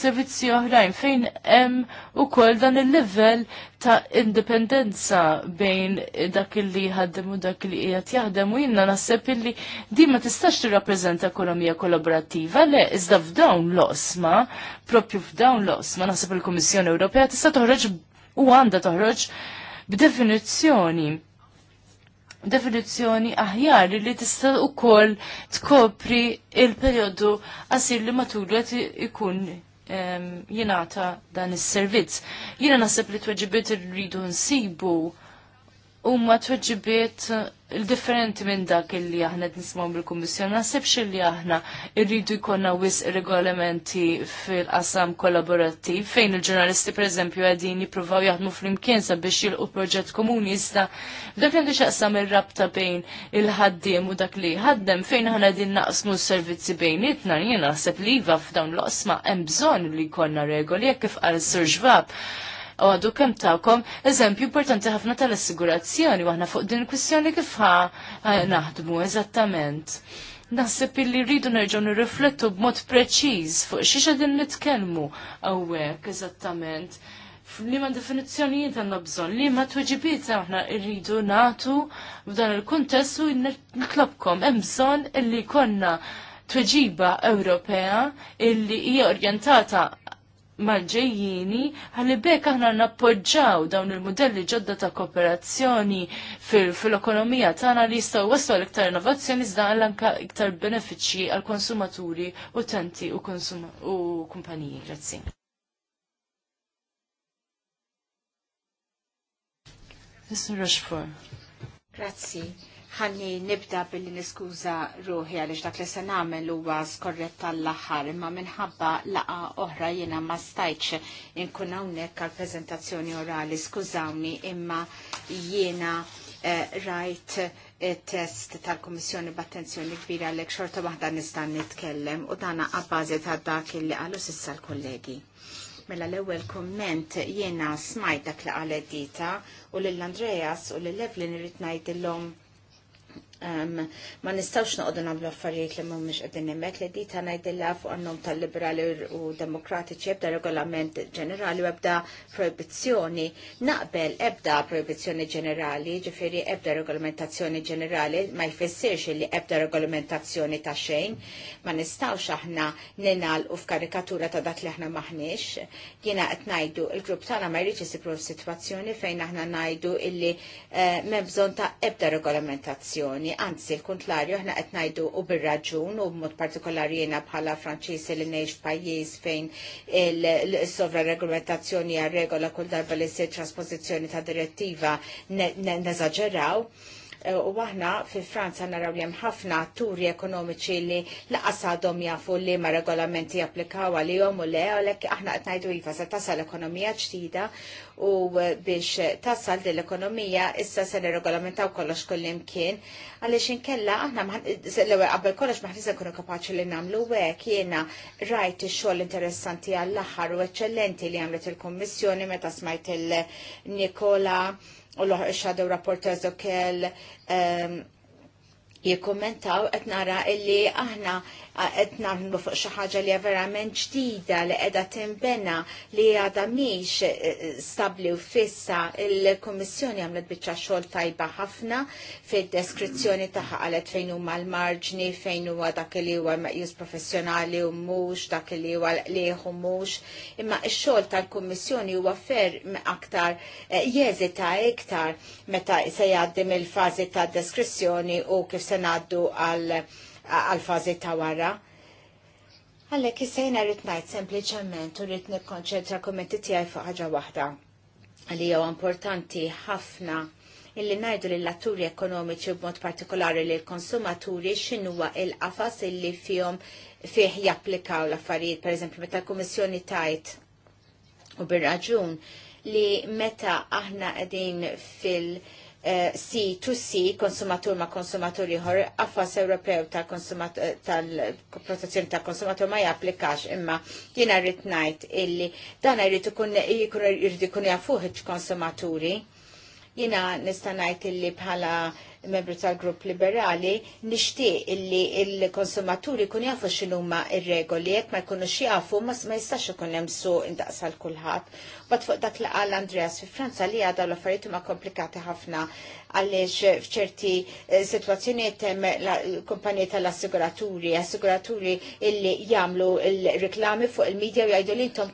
servizzi oħrajn fejn hemm ukoll dan il-livell ta' indipendenza bejn dak li ħaddem u dak li qiegħed jaħdem u jiena naħseb illi di ma tistax tirrappreżenta ekonomija kollaborattiva le iżda f'dawn l-osma, propju f'dawn l-osma naħseb il-Kummissjoni Ewropea tista' toħroġ u għandha toħroġ b'definizzjoni definizzjoni aħjar li tista' ukoll tkopri il-perjodu qasir li matul qed ikun ehm, jingħata dan is-servizz. Jiena naħseb li tweġibiet irridu nsibu huma tweġibiet il-differenti eh, minn dak illi aħna nismaw bil-Kummissjoni. Nasibx illi aħna irridu jkollna wis regolamenti fil-qasam kollaborattiv fejn il-ġurnalisti eżempju għadin jippruvaw jaħdmu fl-imkien sabiex jilqu proġett komuni iżda dak li xaqsam ir-rabta bejn il-ħaddiem u dak li ħaddem fejn aħna din naqsmu s-servizzi bejnietna jiena naħseb li iva f'dawn l-qosma hemm bżonn li jkollna regoli jekk kif qal Sir għadu kem tawkom eżempju importanti ħafna tal-assigurazzjoni u fuq din il-kwistjoni kif naħdmu eżattament. Naħseb illi rridu nerġgħu nirriflettu b'mod preċiż fuq xi qegħdin nitkellmu hawnhekk eżattament. Liema definizzjonijiet għandna bżonn, liema tweġibiet aħna rridu nagħtu b'dan il-kuntest u nitlobkom hemm bżonn illi konna tweġiba Ewropea illi hija orjentata Malġejjini għalli ħalli bekk aħna nappoġġaw dawn il-modelli ġodda ta' kooperazzjoni fil-ekonomija fil tagħna li jistgħu waslu iktar innovazzjoni iżda anke iktar benefiċċji għal konsumaturi, utenti u, konsum u kumpaniji. Grazzi. Mr. Rushford. Grazzi ħalli nibda billi niskuża ruħi għaliex dak li se nagħmel huwa skorret tal-aħħar imma minħabba laqa oħra jiena ma stajtx inkun hawnhekk għal preżentazzjoni orali skużawni imma jiena eh, rajt eh, test tal-Komissjoni b'attenzjoni kbira għalhekk xorta waħda nista' nitkellem u dana għabbażi ta' dak li qalu sissa l-kollegi. Mela l-ewwel komment jiena smajt dak li qalet dita u lill-Andreas u lill-Evelyn irid ngħidilhom ma nistawx noqogħdu nagħmlu affarijiet li mhumiex qegħdin hemmhekk li dita ngħidilha fuq għandhom tal-liberali u demokratiċi ebda regolament ġenerali u ebda proibizzjoni. Naqbel ebda proibizzjoni ġenerali, ġifieri ebda regolamentazzjoni ġenerali ma jfissirx li ebda regolamentazzjoni ta' xejn, ma nistawx aħna ninal u f'karikatura ta' dak li aħna maħniex. Jiena qed ngħidu il-grupp tagħna ma jridx isibru f'sitwazzjoni fejn aħna ngħidu illi eh, m'hemm bżonn ta' ebda regolamentazzjoni anzi l kontlarju aħna qed ngħidu u bir-raġun u b'mod partikolari jiena bħala Franċiżi li ngħix pajjiż fejn il-sovraregolamentazzjoni għal regola kull darba li se trasposizzjoni ta' direttiva neżaġeraw. Ne Eh, u aħna fi Franza naraw li hemm ħafna turi ekonomiċi li laqas għadhom jafu li ma regolamenti applikaw għalihom u le għalhekk aħna qed ngħidu iva se tasal ekonomija ġdida u eh, biex tasal din l-ekonomija issa se nirregolamentaw kollox kullimkien għaliex inkella aħna l-ewwel qabel kollox ma nkunu kapaċi li nagħmlu hekk jiena rajt ix-xogħol interessanti għall-aħħar u eċċellenti li għamlet il-Kummissjoni meta smajt il-Nikola u l-oħra shadow rapporters kell ehm, jikkommentaw qed nara illi aħna qed nagħmlu fuq xi ħaġa li verament ġdida li qiegħda tinbena li għadha mhix e, e, stabbli u fissa il-Kummissjoni għamlet biċċa xogħol tajba ħafna fid-deskrizzjoni tagħha qalet fejn huma l-marġni, fejn huwa dak li huwa meqjus professjonali u mhux, dak li huwa l u mhux. Imma x-xogħol tal-Kummissjoni huwa fer aktar e, jeżita iktar meta se jgħaddim il-fażi tad deskrizzjoni u kif se se ngħaddu għal fazi ta' wara. Għallek jissejna rrit najt sempliċement u rrit nikkonċentra kommenti tiegħi fuq ħaġa waħda li jew importanti ħafna illi najdu li l-atturi ekonomiċi b'mod partikolari li l-konsumaturi xinuwa il-qafas illi fihom fih japplikaw l-affarijiet, per eżempju, meta l-Kummissjoni tajt u bir-raġun li meta aħna qegħdin fil- Eh, C to C, konsumatur ma' konsumatur ieħor, affas Ewropew ta' eh, protezzjoni ta' konsumatur ma' japplikax imma jina rrid ngħid illi dan jrid ikun jrid ikun konsumaturi. Jiena nista' ngħid illi bħala membru tal-grupp liberali, nixtieq illi il-konsumaturi kun jafu x'inhuma ir-regoli jekk ma jkunux jafu ma jistax ikun hemm su indaqsal kulħadd. Bat fuq dak li qal Andreas fi Franza li għadha l-affarijiet huma komplikati ħafna għaliex f'ċerti eh, situazzjoniet hemm kumpaniji tal-assiguraturi, assiguraturi illi jagħmlu il-reklami fuq il-medja u jgħidu li intom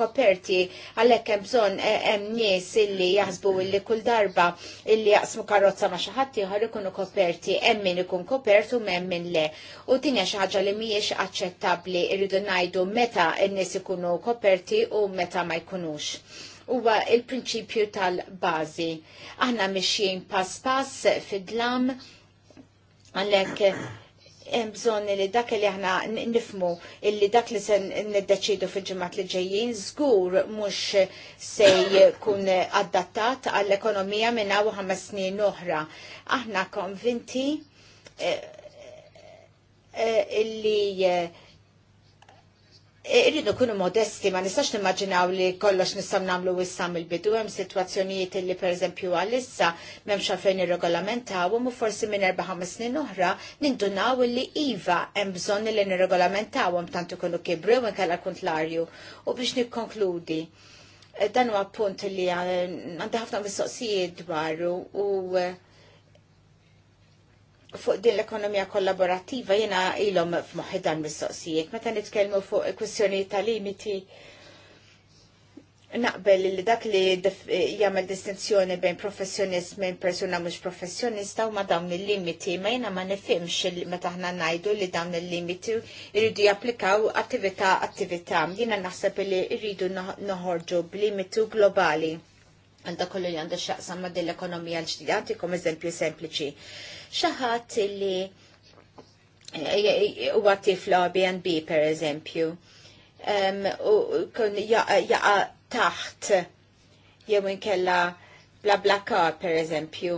koperti għalhekk hemm bżonn eh, hemm nies illi jaħsbu illi kull darba illi jaqsmu karozza ma' xi ħadd ieħor ikunu koperti hemm min ikun kopertu m'hemm min le. U din hija xi ħaġa li mhijiex aċċettabbli irridu ngħidu meta n-nies ikunu koperti u meta ma jkunux huwa il-prinċipju tal-bażi. Aħna mixjien pass pass fid-dlam għalhekk hemm bżonn li dak li aħna nifmu illi dak li se niddeċidu fil-ġimgħat li ġejjin żgur mhux se jkun adattat għall-ekonomija minn hawn ħames snin oħra. Aħna konvinti eh, eh, illi eh, E, irridu kunu modesti, ma nistax nimmaġinaw li kollox nistam namlu wissam il-bidu, hemm situazzjonijiet li per eżempju għalissa memx fejn ir-regolamentaw, u forsi minn erba' ħames snin oħra nindunaw li iva hemm bżonn li nirregolamentawhom tant kunu kibru kalla kunt larju U biex nikkonkludi, dan huwa punt li għandha ħafna mistoqsijiet dwaru u, u fuq din l-ekonomija kollaborattiva jena ilhom f'moħħi dan mistoqsijiet. Meta nitkellmu fuq kwistjoni ta' limiti naqbel li dak li jagħmel distinzjoni bejn professjonist minn persuna mhux professjonista huma dawn il-limiti ma jiena ma nifhimx meta aħna ngħidu li dawn il-limiti jridu japplikaw attività attività. Jiena naħseb li jridu noħorġu b'limitu globali għanda kollu li għanda xaqsam ma din l-ekonomija l-ġdida, kom eżempju sempliċi xaħat li eh, huwa tifla B&B per eżempju u kun jaqa taħt jew inkella bla bla kar per eżempju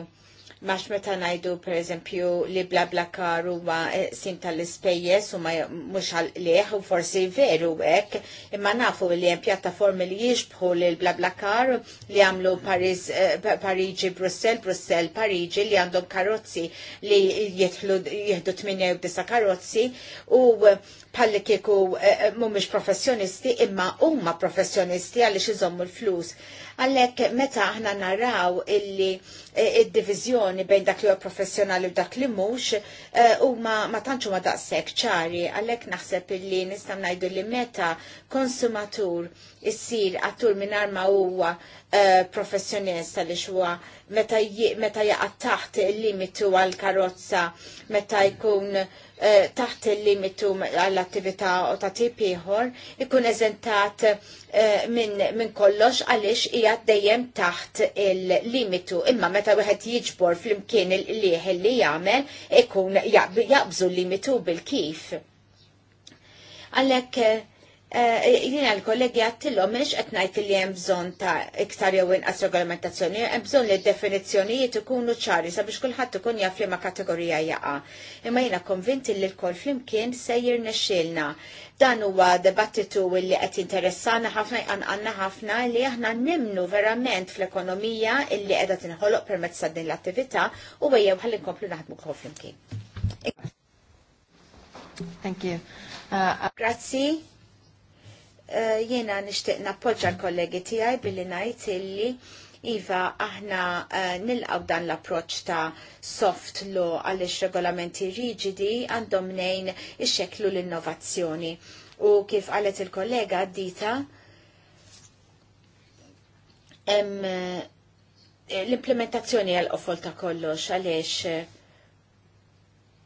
max meta najdu per eżempju li bla bla kar ma eh, sim tal-ispejjeż u ma mhux għalih u forsi veru hekk, imma nafu li hemm pjattaformi li jiexbħu lil bla bla kar li għamlu Paris eh, Pariġi Brussel, Brussell Pariġi li għandhom karozzi li jieħdu 9 karozzi u palli kieku eh, eh, mumiex professjonisti imma umma professjonisti għalli iżommu l-flus. Għallek meta aħna naraw illi eh, id-divizjoni bejn dak li huwa professjonali u dak li mhux huma ma tantx ma daqshekk ċari għalhekk naħseb illi nista' ngħidu li meta konsumatur issir għattur mingħajr ma huwa professjonist li xuwa meta jaqa taħt il-limitu għal-karozza, meta jkun uh, Eh, taħt il-limitu għall-attività u ta' tipiħor ikun eżentat eh, minn kollox għaliex hija dejjem taħt il-limitu. Imma meta wieħed jiġbor fl-imkien il-lieħ li jagħmel ikun jaqbżu l-limitu bil-kif. Għalhekk eh, Eh, jina l-kollegi għattillu, minix għetnajt li jem bżon ta' iktar jew inqas regolamentazzjoni, jem bżon li d-definizzjonijiet ikunu ċari sabiex kullħat ikun jaf li ma' kategorija jaqa. Imma jina konvinti li l-kol flimkien sejjir nexilna. Dan huwa debattitu li qed interessana ħafna għanna ħafna li aħna nimnu verament fl-ekonomija illi qiegħda tinħoloq permezz ta' din l-attività u wejja bħalli nkomplu naħdmu kol flimkien. Thank you. Uh, Grazzi. Eh, jiena nixtieq nappoġġa l-kollegi tiegħi billi najt illi Iva, aħna uh, eh, nilqaw dan l-approċ ta' soft law għalix regolamenti rigidi għandhom nejn ixxeklu l-innovazzjoni. U kif għalet il-kollega dita, eh, l-implementazzjoni għal-qofol ta' kollox għalix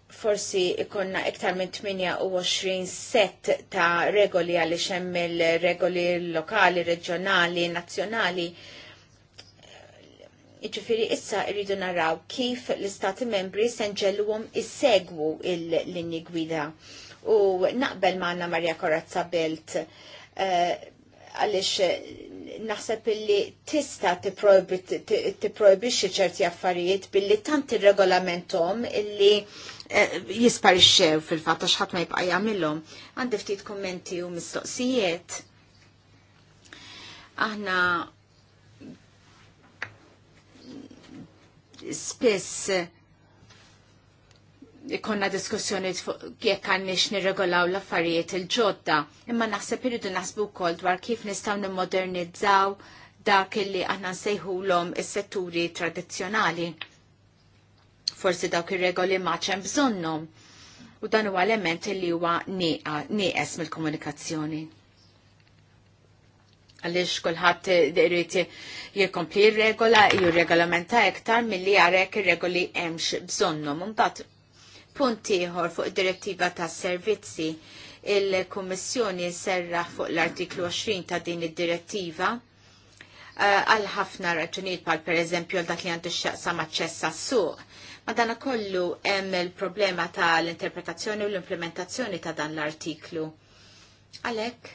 forsi ikonna iktar minn 28 set ta' regoli għalli xemm il-regoli lokali, reġjonali, nazzjonali. Iġifiri issa irridu naraw kif l-istati membri senġelluhom issegwu il-linji gwida. U naqbel maħna Marja Korazza Belt eh, għalix naħseb illi tista tiprojbixi ċerti affarijiet billi tant regolamentom illi Eh, jisparixxew fil-fatt għax ħadd ma jibqa' jagħmilhom. Għandi ftit kummenti u mistoqsijiet. Aħna spiss ikonna diskussjoni jekk għandniex nirregolaw l-affarijiet il-ġodda, imma naħseb iridu naħsbu wkoll dwar kif nistgħu nimmodernizzaw dak illi aħna nsejħulhom is-setturi tradizzjonali forsi dawk ir-regoli maċem bżonnhom. U dan huwa element li huwa nieqes mill-komunikazzjoni. Għaliex kulħadd d jikkompli r-regola ju regolamenta iktar milli jarek ir-regoli hemmx bżonnhom. Imbagħad punt ieħor fuq id-direttiva tas-servizzi il-Kummissjoni serra fuq l-artiklu 20 ta' din id-direttiva eh, għal ħafna raġunijiet pal per eżempju dak li għandu xaqsa maċċessa s suq Madana kollu hemm il-problema ta' l-interpretazzjoni u l-implementazzjoni ta' dan l-artiklu. Għalek,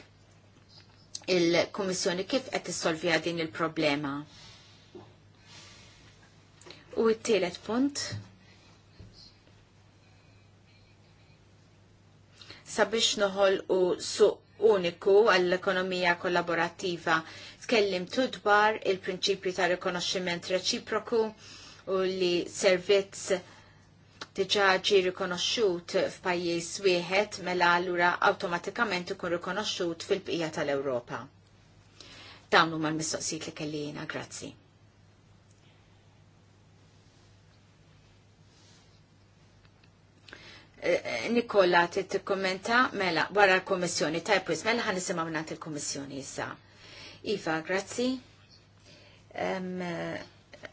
il kummissjoni kif qed issolvija din il-problema? U t-tielet punt, sabiex noħol u suq uniku għall-ekonomija kollaborattiva. Tkellim tudbar il-prinċipju ta' rikonoxximent reċiproku u li servizz diġa ġi rikonoxxut f'pajjiż wieħed mela allura awtomatikament ikun rikonoxxut fil-bqija tal-Ewropa. Dawn huma l-mistoqsijiet li kellina, grazzi. Eh, eh, Nikola t-kommenta mela wara l-Komissjoni tajpwis mela ħan nisimgħu il kummissjoni issa. Iva, grazzi. Um,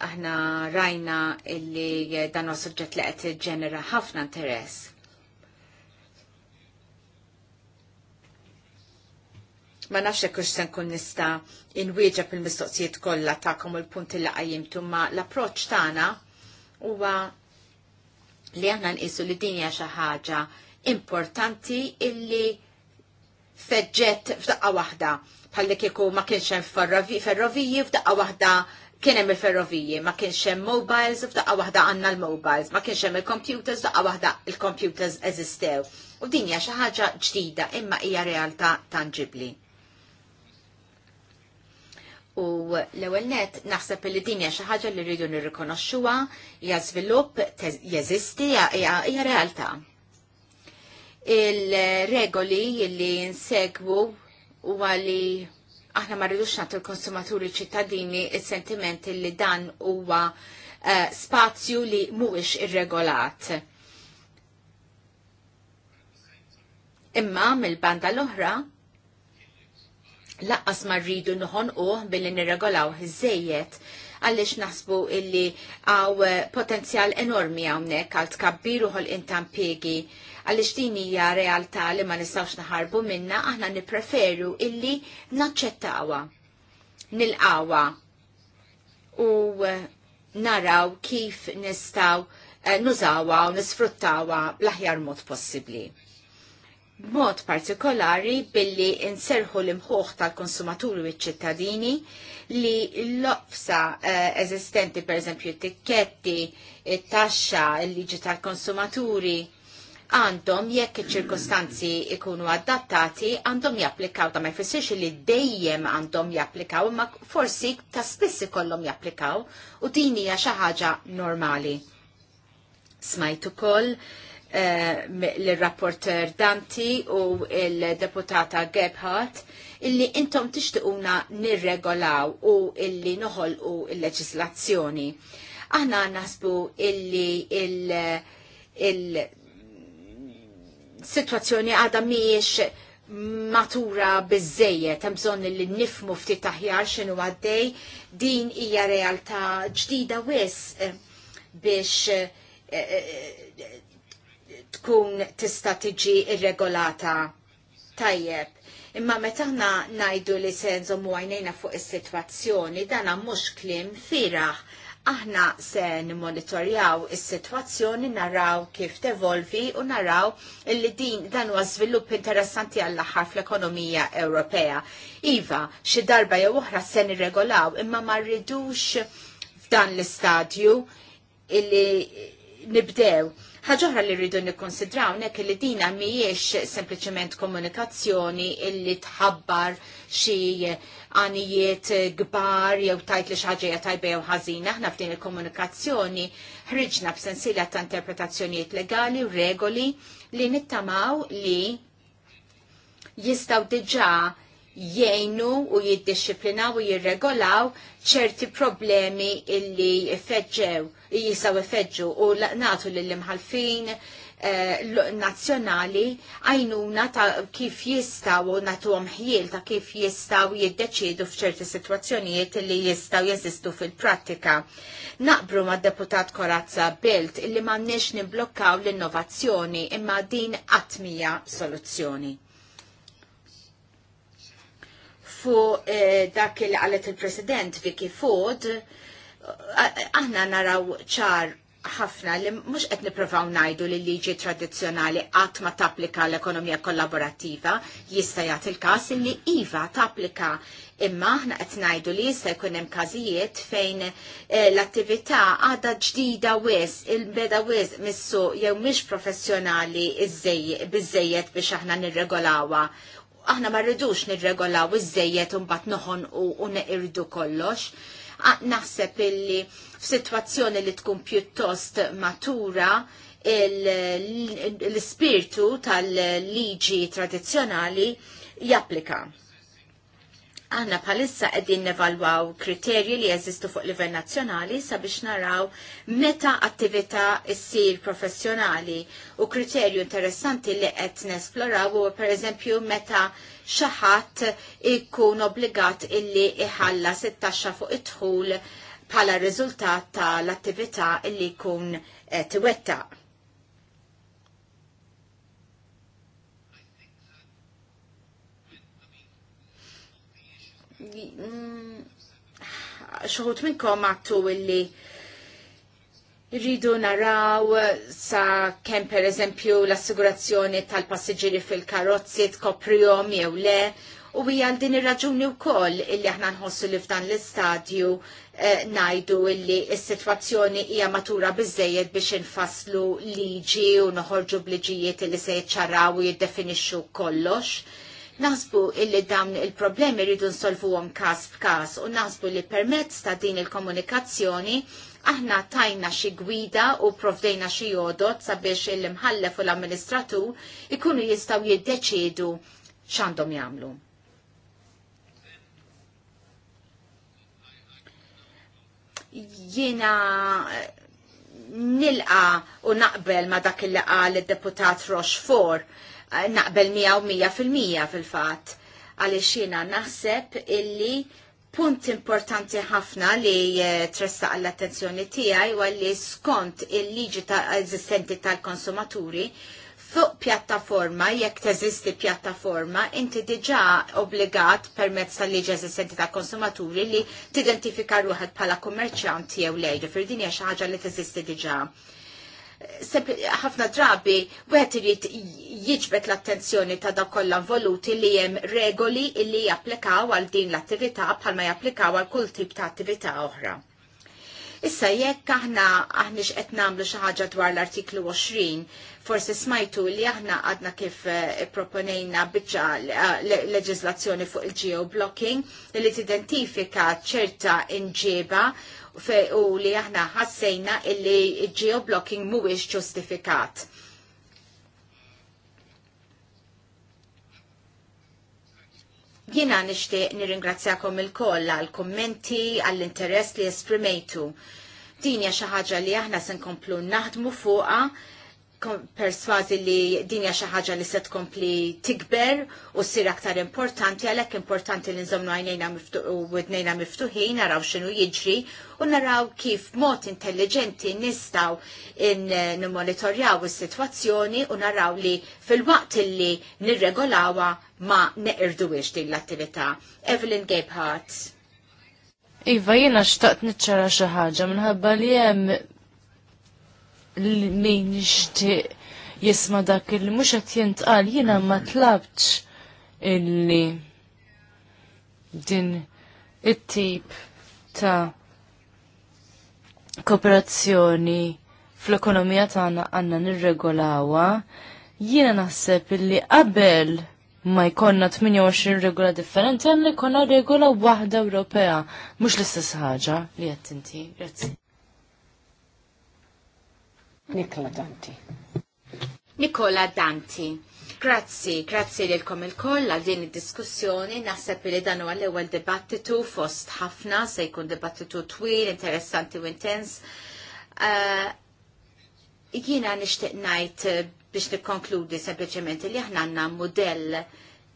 aħna rajna illi dan huwa suġġett li qed ġenera ħafna interess. Ma nafx hekk se nkun nista' inwieġeb il-mistoqsijiet kollha tagħkom il-punti li qajjimtu ma l-approċċ tagħna huwa li aħna nqisu li din hija xi ħaġa importanti illi feġġet f'daqqa waħda bħalli kieku ma kienx hemm ferroviji f'daqqa waħda kien hemm il-ferroviji, ma kienx hemm mobiles, f'daqqa waħda għandna l-mobiles, ma kienx hemm il-computers, daqqa waħda il-computers eżistew. U din hija xi ħaġa ġdida imma hija realtà tangibbli. U l-ewwel net naħseb li din hija xi ħaġa li rridu nirrikonoxxuha, hija żvilupp jeżisti, hija realtà. Il-regoli li nsegwu huwa li aħna ma rridux nagħtu l-konsumaturi ċittadini il-sentiment li dan huwa eh, spazju li mhuwiex irregolat. Imma mill-banda l-oħra laqqas ma rridu nħon uħ billi nirregolaw żejjed għallix naħsbu illi għaw eh, potenzjal enormi għawnek għal tkabbiru ħol intampiegi għaliex din hija realtà li ma nistgħux naħarbu minna, aħna nippreferu illi naċċettawha, nilqawha u eh, naraw kif nistgħu eh, nużawha u nisfruttawha bl-aħjar mod possibbli. B'mod partikolari billi inserħu l-imħuħ tal-konsumaturi u ċittadini li l-lofsa eh, eżistenti, per eżempju, t-tikketti, it-taxxa, il-liġi tal-konsumaturi, għandhom jekk iċ-ċirkostanzi ikunu adattati għandhom japplikaw ta' ma jfissirx li dejjem għandhom japplikaw imma forsi ta' spiss ikollhom japplikaw u din hija xi ħaġa normali. Smajt ukoll eh, l-rapporter Danti u l-deputata Gebhardt illi intom tixtiquna nirregolaw u illi noħolqu il-leġislazzjoni. Aħna nasbu illi il situazzjoni għada miex matura bizzeje, hemm li nifmu ftit aħjar x'inhu għaddej, din hija realtà ġdida wis eh, biex eh, eh, tkun tista' tiġi irregolata tajjeb. Imma meta aħna ngħidu li se nżommu għajnejna fuq is-sitwazzjoni, dan mhux klim firaħ Aħna se nimonitorjaw is-sitwazzjoni naraw kif tevolvi u naraw illi din dan huwa żvilupp interessanti għall aħħar fl-ekonomija Ewropea. Iva, xi darba jew oħra se nirregolaw imma ma rridux f'dan l-istadju illi nibdew ħaġoħra li rridu nikkonsidraw nek li dina mhijiex sempliċement komunikazzjoni illi tħabbar xi għanijiet eh, gbar jew tajt li xaġeja tajbe jew ħażina, aħna f'din il-komunikazzjoni ħriġna b'sensilja ta' interpretazzjonijiet legali u regoli li nittamaw li jistaw diġa jgħinu u jiddisciplinaw u jirregolaw ċerti problemi illi feġġew, jisaw feġġu u natu l-imħalfin, Eh, nazzjonali għajnuna ta' kif jistaw u natu ħjiel ta' kif jistaw jiddeċidu f'ċerti situazzjonijiet li jistaw jeżistu fil-prattika. Naqbru ma' deputat Korazza Bilt ma' m'għandniex nimblokkaw l-innovazzjoni imma din għatmija soluzzjoni fu eh, dak il għalet il-President Vicky Ford, eh, aħna naraw ċar ħafna li mhux qed nippruvaw ngħidu li liġi tradizzjonali qatt ma tapplika l-ekonomija kollaborattiva jista' jagħti il-każ li iva tapplika imma aħna qed ngħidu li jista' jkun hemm każijiet fejn eh, l-attività għadha ġdida wis il-beda wis missu jew mhix professjonali biżejjed biex aħna nirregolawha aħna ma rridux nirregolaw iż-żejjed u mbagħad noħon u neqirdu kollox naħseb illi f'sitwazzjoni li tkun pjuttost matura l-spirtu tal-liġi tradizjonali japplika. Aħna palissa qegħdin nevalwaw kriterji li jeżistu fuq livell nazzjonali sabiex naraw meta attività ssir professjonali u kriterju interessanti li qed nesploraw huwa pereżempju meta xi ħadd ikun obbligat illi iħallas it-taxxa fuq it dħul bħala riżultat tal-attività illi jkun eh, tiwettaq. minn mm, minnkom għattu illi rridu naraw sa kem per eżempju l-assigurazzjoni tal-passiġiri fil-karozzi tkoprihom jew le u hija din ir-raġuni wkoll illi aħna nħossu li f'dan l-istadju eh, najdu illi s-sitwazzjoni hija matura biżejjed biex infasslu liġi u noħorġu bliġijiet illi se jiċċaraw u jiddefinixxu kollox. Nasbu illi dawn il-problemi rridu nsolvuhom każ f'każ u nasbu li permezz ta' din il-komunikazzjoni aħna tajna xi gwida u provdejna xi jodot sabiex il-imħallef u l-amministratur ikunu jistgħu jiddeċiedu x'għandhom jagħmlu. Jiena eh, nilqa u naqbel ma dak il qal il deputat Rochefort eh, naqbel 100% fil-fat mija fil għaliex jiena naħseb illi punt importanti ħafna li eh, tressaq għall attenzjoni tiegħi u skont il-liġi ta' eżistenti tal-konsumaturi fuq pjattaforma, jekk teżisti pjattaforma, inti diġa obbligat permezz tal-liġi eżistenti ta' konsumaturi li tidentifika ruħed bħala kummerċjanti jew lejdu, fil din hija xi ħaġa li teżisti diġa ħafna drabi wieħed irid jiġbet l-attenzjoni ta' da kollha involuti li hemm regoli li japplikaw għal din l-attività bħalma japplikaw għal kull tip ta' attività oħra. Issa jekk aħna aħniex qed nagħmlu xi ħaġa dwar l-artiklu 20, forsi smajtu li aħna għadna kif eh, proponejna biċċa eh, leġislazzjoni fuq il-geoblocking li tidentifika ċerta inġieba u li aħna ħassejna illi il-geoblocking mhuwiex ġustifikat Jiena nixtieq nirringrazzjakom il-koll għal-kommenti, għall-interess li esprimejtu. Din hija xi ħaġa li aħna se nkomplu naħdmu fuqha perswazi li dinja xi ħaġa li se tkompli tikber u ssir aktar importanti għalhekk importanti li nżommu għajnejna u widnejna miftuħin naraw x'inhu jiġri u naraw kif mod intelligenti nistgħu eh, nimmonitorjaw is-sitwazzjoni u naraw li fil-waqt li nirregolawha ma neqirduwiex din l-attività. Evelyn Gebhardt. Iva jiena xtaqt niċċara xi ħaġa minħabba li hemm li min jixtieq jisma' dak il mhux qed jintqal jiena ma tlabtx illi din it-tip ta' kooperazzjoni fl-ekonomija tagħna għandna nirregolawha, jiena naħseb illi qabel ma jkollna 28 regola differenti għandna jkollna regola waħda Ewropea, mhux l-istess ħaġa li qed inti. Grazzi. Nikola Danti. Nikola Danti. Grazzi, grazzi lilkom il-koll għal din id-diskussjoni. Naħseb li dan huwa l-ewwel dibattitu fost ħafna se jkun dibattitu twil, interessanti u intens. Eh, jiena nixtieq ngħid eh, biex nikkonkludi sempliċement li aħna għandna mudell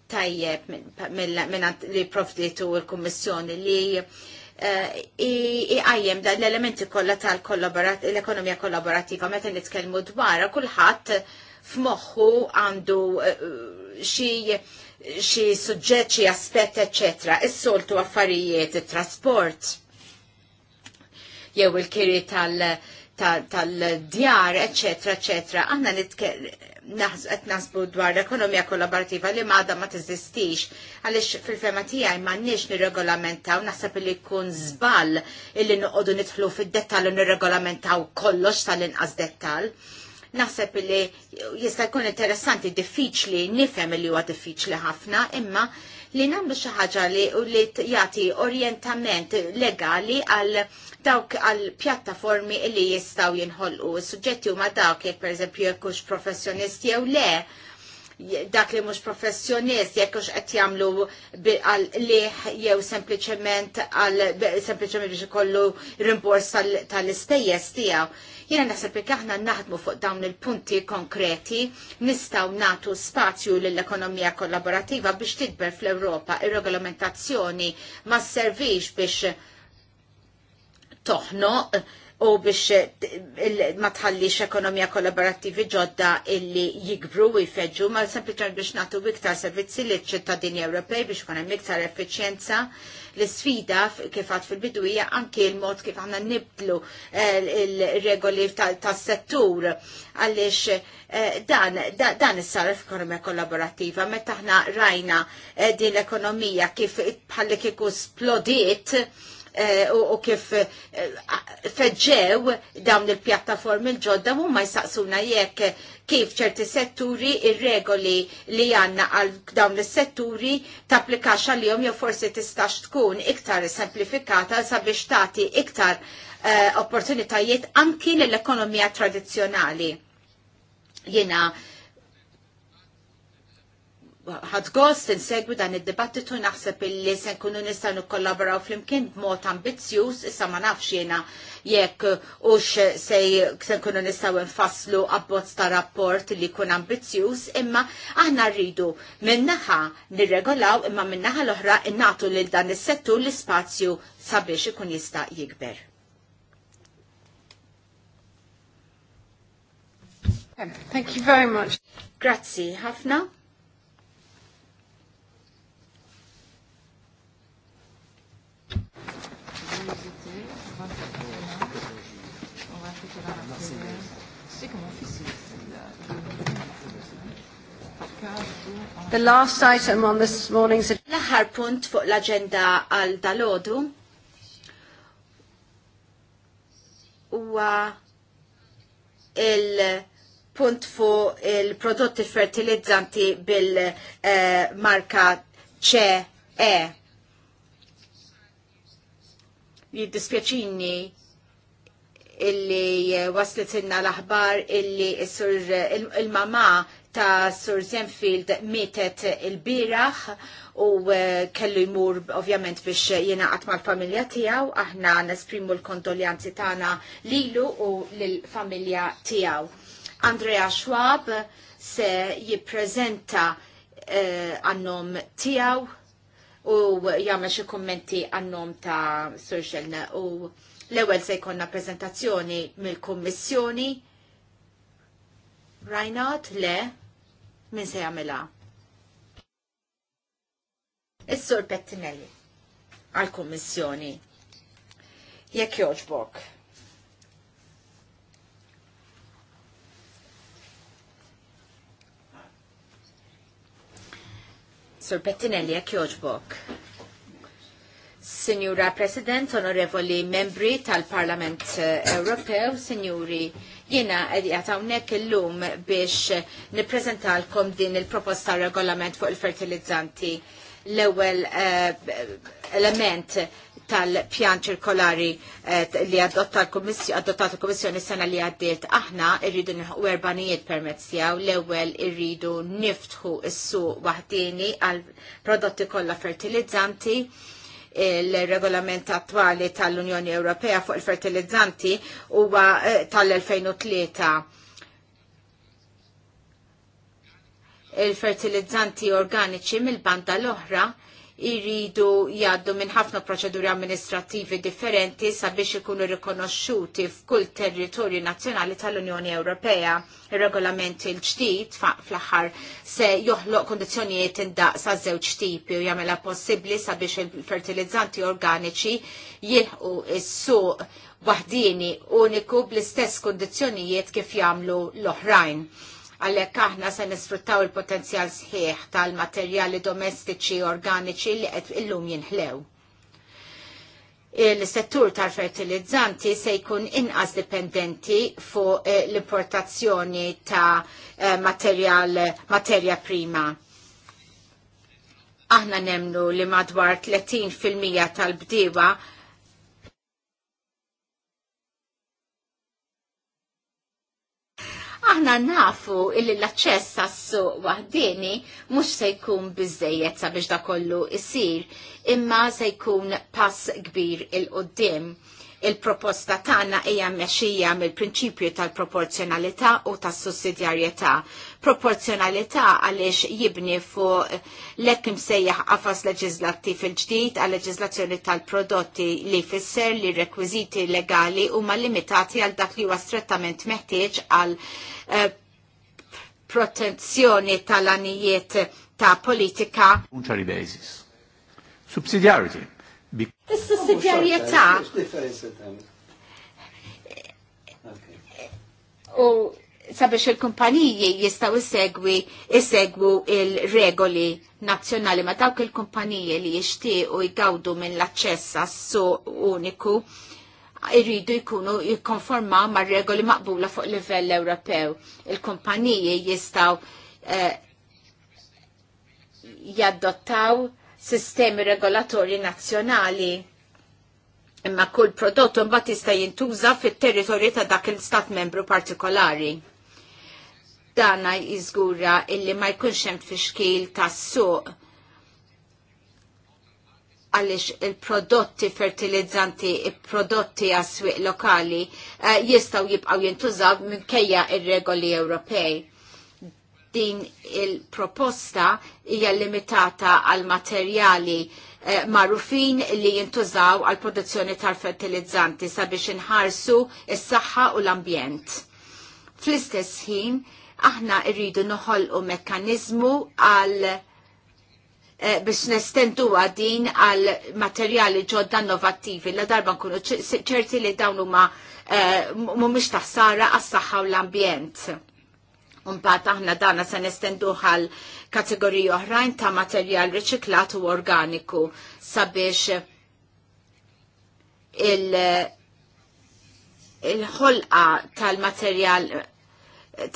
tajjeb minn li provditu l-Kummissjoni li Eh, għajjem da l-elementi kollha tal-ekonomija kollaborattiva meta nitkellmu dwar kulħadd f'moħħu għandu eh, xi suġġett xi aspett eċetera, is-soltu affarijiet, it-trasport jew il-kiri tal- djar eccetera, eccetera. Għanna qed nasbu dwar l-ekonomija kollaborativa li maħda ma teżistix għaliex fil-fema tiegħi m'għandniex nirregolamentaw naħseb li jkun żball illi noqogħdu nidħlu fid-dettall u nirregolamentaw kollox tal-inqas dettall. Naħseb li jista' jkun interessanti diffiċli nifhem li huwa diffiċli ħafna imma li nagħmlu xi ħaġa li jagħti orjentament legali għal dawk għal pjattaformi li jistaw jinħolqu. Suġġetti huma dawk jekk pereżempju jekk professjonisti jew le, dak li mhux professjonist jekk hux qed jagħmlu għal liħ jew sempliċement għal sempliciment biex ikollu rimbors tal-istejjes tiegħu. Jiena naħseb li aħna naħdmu fuq dawn il-punti konkreti nistgħu nagħtu spazju lill-ekonomija kollaborattiva biex tidber fl-Ewropa ir-regolamentazzjoni ma s-servix biex toħnoq eh, u biex eh, ma tħallix ekonomija kollaborattivi ġodda illi jikbru u jfeġġu, ma sempliċan biex nagħtu iktar servizzi liċ ċittadini Ewropej biex konem hemm iktar effiċjenza l-sfida kif għad fil-bidu hija anke l-mod kif aħna nibdlu eh, il-regoli tas-settur għaliex dan dan is-sarf ekonomija kollaborattiva meta aħna rajna din l-ekonomija kif bħalli kieku splodiet Eh, u kif eh, feġġew dawn il-pjattaformi l-ġodda u ma jisaqsuna jekk kif ċerti setturi ir-regoli li għanna għal dawn is-setturi tapplikax għalihom jew forsi tistax tkun iktar semplifikata sabiex tagħti iktar eh, opportunitajiet anki l-ekonomija tradizzjonali. Jiena ħad gost insegwi dan id-dibattitu naħseb illi se nkunu nistgħu nikkollaboraw flimkien b'mod ambizzjuż issa ma nafx jiena jekk ux se nkunu nistgħu nfasslu abbozz ta' rapport li jkun ambizzjuż imma aħna rridu minnaħa nirregolaw imma minnaħa l-oħra innatu lil dan is-settur l-ispazju sabiex ikun jista' jikber. Thank you very much. Grazzi ħafna. The last item on this morning's L-aħħar punt fuq l-aġenda għal dalodu huwa il-punt fuq il-prodotti fertilizzanti bil-marka eh, CE. Jiddispjaċini illi eh, waslitinna l-aħbar illi sur eh, il-mama ta' Sir Zenfield mietet il-biraħ u eh, kellu jmur ovvjament biex għatma mal-familja tijaw, aħna nesprimu l-kondoljanzi tana lilu u l-familja tijaw. Andrea Schwab se jipprezenta eh, għannom uh, tijaw u jgħamil xie kommenti għannom ta' Sir u l-ewel se jkonna prezentazzjoni mill-kommissjoni Reinhard, le, Min se jamela. Is-Sur Pettinelli għal kummissjoni Jekk jogħġbok. Sur Pettinelli, jekk jogħġbok. Signora President, onorevoli membri tal-Parlament Ewropew, signori Jena għataw nek l-lum biex niprezentalkom din il-proposta regolament fuq il-fertilizzanti l-ewel eh, element tal-pjan ċirkolari eh, li adotta l-Komissjoni sena li għaddiet aħna irridu nħu erbanijiet permezz tiegħu l-ewwel irridu niftħu s-suq wahdini għal prodotti kollha fertilizzanti il-regolament attwali tal-Unjoni Ewropea fuq il-fertilizzanti huwa eh, tal-2003. Il-fertilizzanti organiċi mill-banda l-oħra Irridu jaddu minn ħafna proċeduri amministrativi differenti sabiex ikunu rikonoxxuti f'kull territorju nazzjonali tal-Unjoni Ewropea. il regolament il ġdid fl-aħħar se joħloq kondizzjonijiet indaqsa żewġ tipi u jagħmilha possibbli sabiex il-fertilizzanti organiċi jilħu s-suq waħdini uniku bl-istess kondizjonijiet kif jagħmlu l-oħrajn. Għalhekk aħna se nisfruttaw il-potenzjal sħiħ tal-materjali domestiċi organiċi li qed illum jinħlew. Il-settur tal-fertilizzanti se jkun inqas dipendenti fuq eh, l-importazzjoni ta' eh, materjal, materja prima aħna nemnu li madwar 30% tal-bdiewa Aħna nafu illi l-aċċess għassu suq mux mhux se jkun biżejjed sabiex da kollu isir, imma se jkun pass kbir il-qoddim Il-proposta tagħna hija mmexxija mill-prinċipju tal-proporzjonalità u tas-sussidjarjetà. Proporzjonalità għaliex jibni fuq l imsejjaħ qafas leġislattiv il-ġdid għal leġislazzjoni tal-prodotti li fisser li rekwiżiti legali huma limitati għal dak li huwa strettament meħtieġ għal eh, protezzjoni tal-anijiet ta' politika. Subsidiarity Is-sussidjarjetà. U sabiex il-kumpaniji jistaw isegwi isegwu il-regoli nazzjonali ma dawk il-kumpaniji li jixtiequ jgawdu minn l-aċċess għas-su uniku irridu jkunu jikkonformaw ma' regoli maqbula fuq livell Ewropew. Il-kumpaniji jistaw eh, jaddottaw sistemi regolatorji nazzjonali. Imma kull prodott mbagħad jista' jintuża fit-territorju ta' dak il-stat membru partikolari. Dana jiżgura illi ma jkunx hemm tfixkil tas-suq għaliex il-prodotti fertilizzanti, il-prodotti għas-swieq lokali eh, jistaw jibqaw jintużaw minkejja ir-regoli Ewropej din il-proposta hija limitata għal materjali eh, marufin li jintużaw għal produzzjoni tal-fertilizzanti sabiex inħarsu is-saħħa u l-ambjent. Fl-istess ħin, aħna rridu noħolqu mekkanizmu għal eh, biex nestendu din għal materjali ġodda innovattivi la darba nkunu ċerti li dawn huma eh, mhumiex taħsara għas-saħħa u l-ambjent Unbat aħna dana se nestendu għal kategoriji oħrajn ta' materjal riċiklat u organiku sabiex il-ħolqa il tal-materjal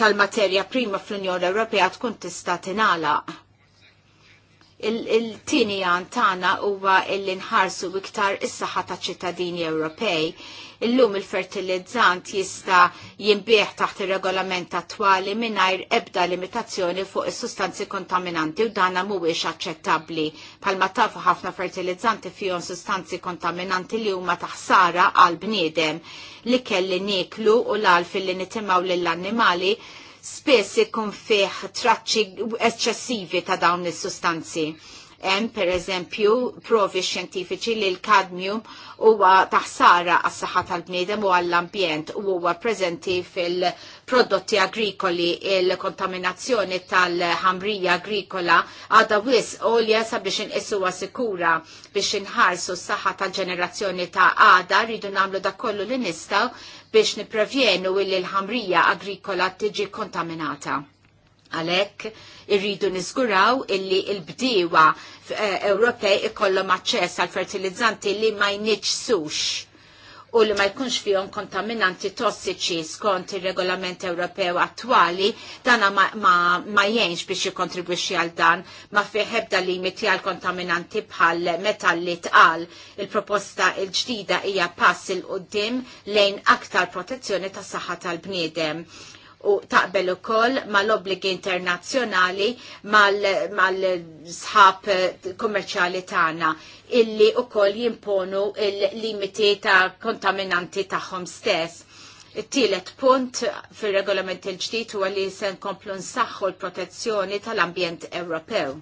tal-materja prima fl-Unjoni Ewropea tkun tista' tingħalaq il-tini għan tana huwa li nħarsu iktar is-saħħa ta' ċittadini Ewropej. Illum il-fertilizzant jista' jinbieħ taħt ir-regolament attwali mingħajr ebda limitazzjoni fuq is-sustanzi kontaminanti u dan mhuwiex aċċettabbli. Palma tafu ħafna fertilizzanti fihom sustanzi kontaminanti li huma taħsara għal bniedem li kelli niklu u l-alf li nitimaw lill-annimali spess ikun fih traċċi eċċessivi ta' dawn is-sustanzi. Hemm pereżempju provi xjentifiċi li l-kadmium huwa taħsara għas-saħħa tal-bniedem u għall-ambjent u huwa preżenti fil-prodotti agrikoli il-kontaminazzjoni tal-ħamrija agrikola għadha wis olja sabiex inqisuha sikura biex inħarsu s-saħħa tal-ġenerazzjoni ta' għada rridu nagħmlu dak kollu li nistgħu biex niprevjenu illi l-ħamrija agrikola tiġi kontaminata. Għalek, irridu nizguraw illi il-bdiewa eh, Ewropej ikollhom aċċess għal fertilizzanti li ma jniġsux u li ma jkunx fihom kontaminanti tossiċi skont ir-regolament Ewropew attwali dan ma, ma, ma biex jikontribwixxi għal dan ma fih ebda limiti għal kontaminanti bħal metalli tqal. Il-proposta l-ġdida hija pass il qudiem lejn aktar protezzjoni tas saħħa tal-bniedem u taqbel ukoll mal-obbligi internazzjonali mal-sħab kummerċjali tagħna illi ukoll jimponu il-limiti ta' kontaminanti tagħhom stess. It-tielet punt fir-regolament il-ġdid huwa li se nkomplu nsaħħu l-protezzjoni tal-ambjent Ewropew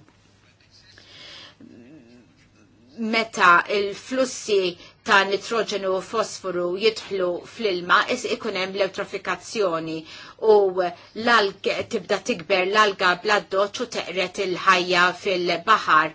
meta il-flussi ta' nitrogenu u fosforu jidħlu fl-ilma is ikunem l-eutrofikazzjoni u l-alg tibda tikber l-alga bladdoċ u teqret il-ħajja fil-bahar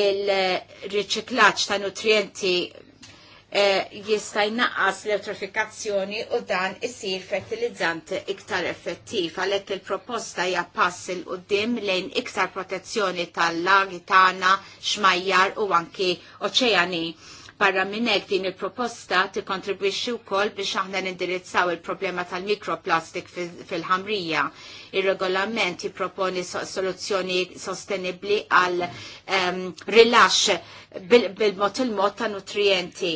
il-riċiklaċ ta' nutrienti eh, jista' l-eutrofikazzjoni u dan isir fertilizzant iktar effettiv għalhekk il-proposta hija pass il qudiem lejn iktar protezzjoni tal-lagi tagħna, xmajjar u anki oċeani Barra minn hekk din il-proposta tikkontribwixxi wkoll biex aħna nindirizzaw il-problema tal-mikroplastik fil-ħamrija. Ir-regolament proponi soluzzjoni sostenibbli għal ehm, rilax bil-mod il-mod ta' nutrienti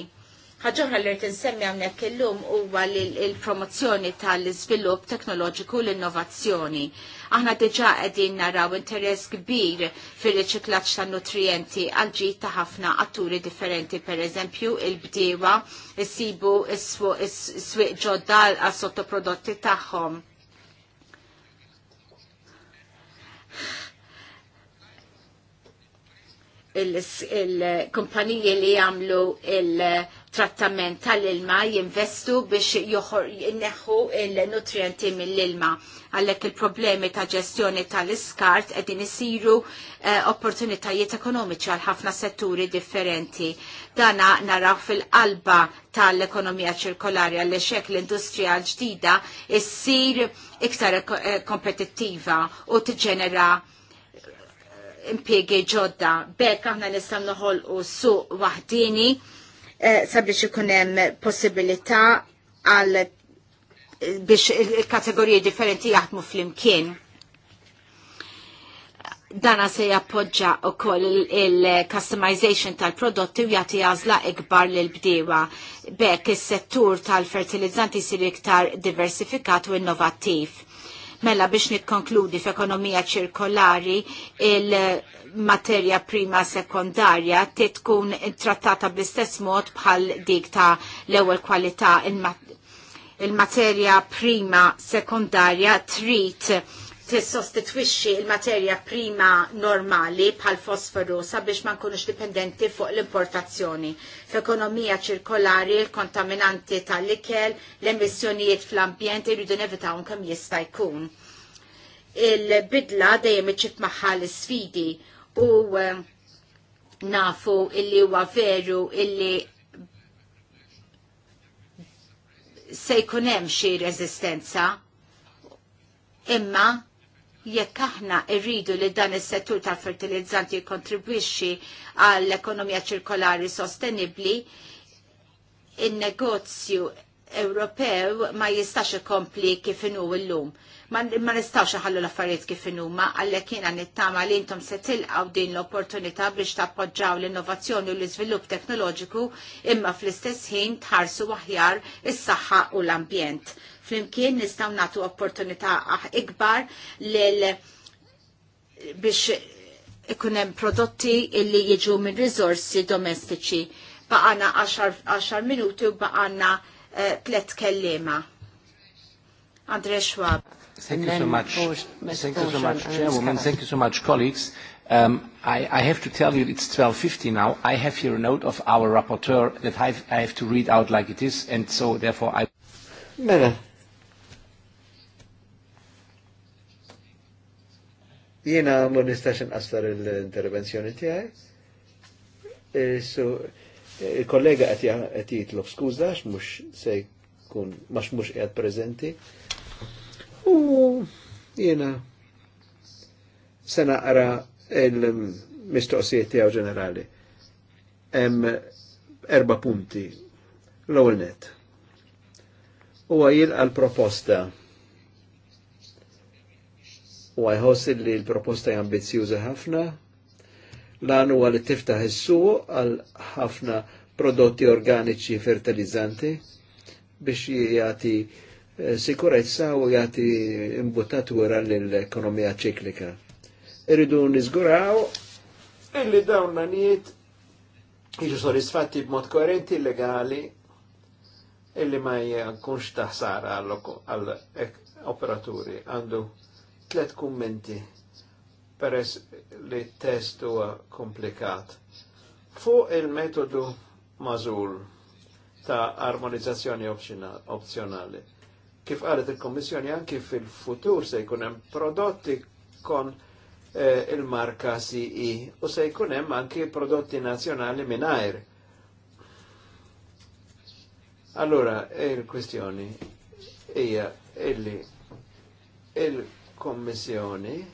ħagġoħra li tinsemmi għamnek il-lum huwa l-promozzjoni tal svilup teknoloġiku l-innovazzjoni. Aħna diġa qegħdin naraw interess kbir fir-riċiklaġġ ta' nutrienti għal ġid ta' ħafna atturi differenti, pereżempju il il-sibu, is-swieq ġodda għal sottoprodotti tagħhom. il-kumpaniji li jamlu il- trattament tal-ilma jinvestu biex jinneħu il-nutrienti mill-ilma. Għallek il-problemi ta' ġestjoni tal-iskart edin isiru eh, opportunitajiet ekonomiċi għal ħafna setturi differenti. Dana naraw fil-qalba tal-ekonomija ċirkolari għal xek l-industrija l-ġdida issir iktar eh, kompetittiva u t-ġenera eh, impiegi ġodda. Bekk aħna nistgħu noħolqu su wahdini. Eh, sabiex ikun hemm possibilità għal eh, biex il-kategoriji differenti jaħdmu fl-imkien. Dana se jappoġġa u koll il-customization tal-prodotti u jati għazla ikbar l-bdewa. Bekk is settur tal-fertilizzanti sir iktar diversifikat u innovativ. Mela biex nikkonkludi f'ekonomija ċirkolari il- materja prima sekondarja tkun trattata bl-istess mod bħal dik ta' l-ewwel kwalità il-materja prima sekondarja trid tissostitwixxi il-materja prima normali bħal fosforu sabiex ma nkunux dipendenti fuq l-importazzjoni. F'ekonomija ċirkolari, l-kontaminanti tal-ikel, l-emissjonijiet fl-ambjent irridu nevitaw kemm jista' jkun. Il-bidla dejjem iċib magħha l-sfidi u eh, nafu illi huwa veru illi se jkun hemm xi reżistenza imma jekk aħna rridu li dan is-settur tal-fertilizzanti jikkontribwixxi għall-ekonomija ċirkolari sostenibbli, in-negozju Ewropew ma jistax ikompli kif inhu llum. Ma, ma nistawx ħallu l-affarijiet kif inhuma għalhekk jiena nittama li intom se tilqgħu din l-opportunità biex tappoġġaw l-innovazzjoni u l-iżvilupp teknoloġiku imma fl-istess ħin tħarsu aħjar is-saħħa u l-ambjent. Flimkien nistgħu nagħtu opportunità ikbar lil biex ikun hemm prodotti illi jiġu minn riżorsi domestiċi. Baqana 10 minuti u baqana tlet eh, kellima. Andre Schwab. Thank you so much. Thank you so much, Chairwoman. Thank you so much, colleagues. Um, I, I have to tell you it's 12.50 now. I have here a note of our rapporteur that I've, I have to read out like it is, and so therefore I... Mela. Jena ma nistax nqassar l-intervenzjoni tiegħi. Eh, Su Il-kollega qed jitlu, skużax, mux sej kun, mux mux qiegħed prezenti. U jena se naqra il-mistoqsijiet tijaw ġenerali. Em erba' punti l-ewwel net. Huwa jilqa l-proposta u għajħos li l-proposta jambizjuża ħafna l għanu huwa tiftaħ il-su għal ħafna prodotti organiċi fertilizzanti biex jgħati eh, sikurezza u jgħati imbutat wara l-ekonomija ċiklika. Irridu nizguraw illi dawn l-għaniet jiġu soddisfatti b'mod koerenti legali illi ma jkunx taħsara għall-operaturi. Eh, Għandu tlet kummenti peress li test huwa komplikat. Fuq il-metodu mażul ta' armonizzazzjoni opzjonali. Kif qalet il-Kommissjoni anki fil-futur se jkun hemm prodotti kon eh, il-marka CE u se jkun hemm anki prodotti nazzjonali mingħajr. Allora, il-kwestjoni hija illi il-Kommissjoni il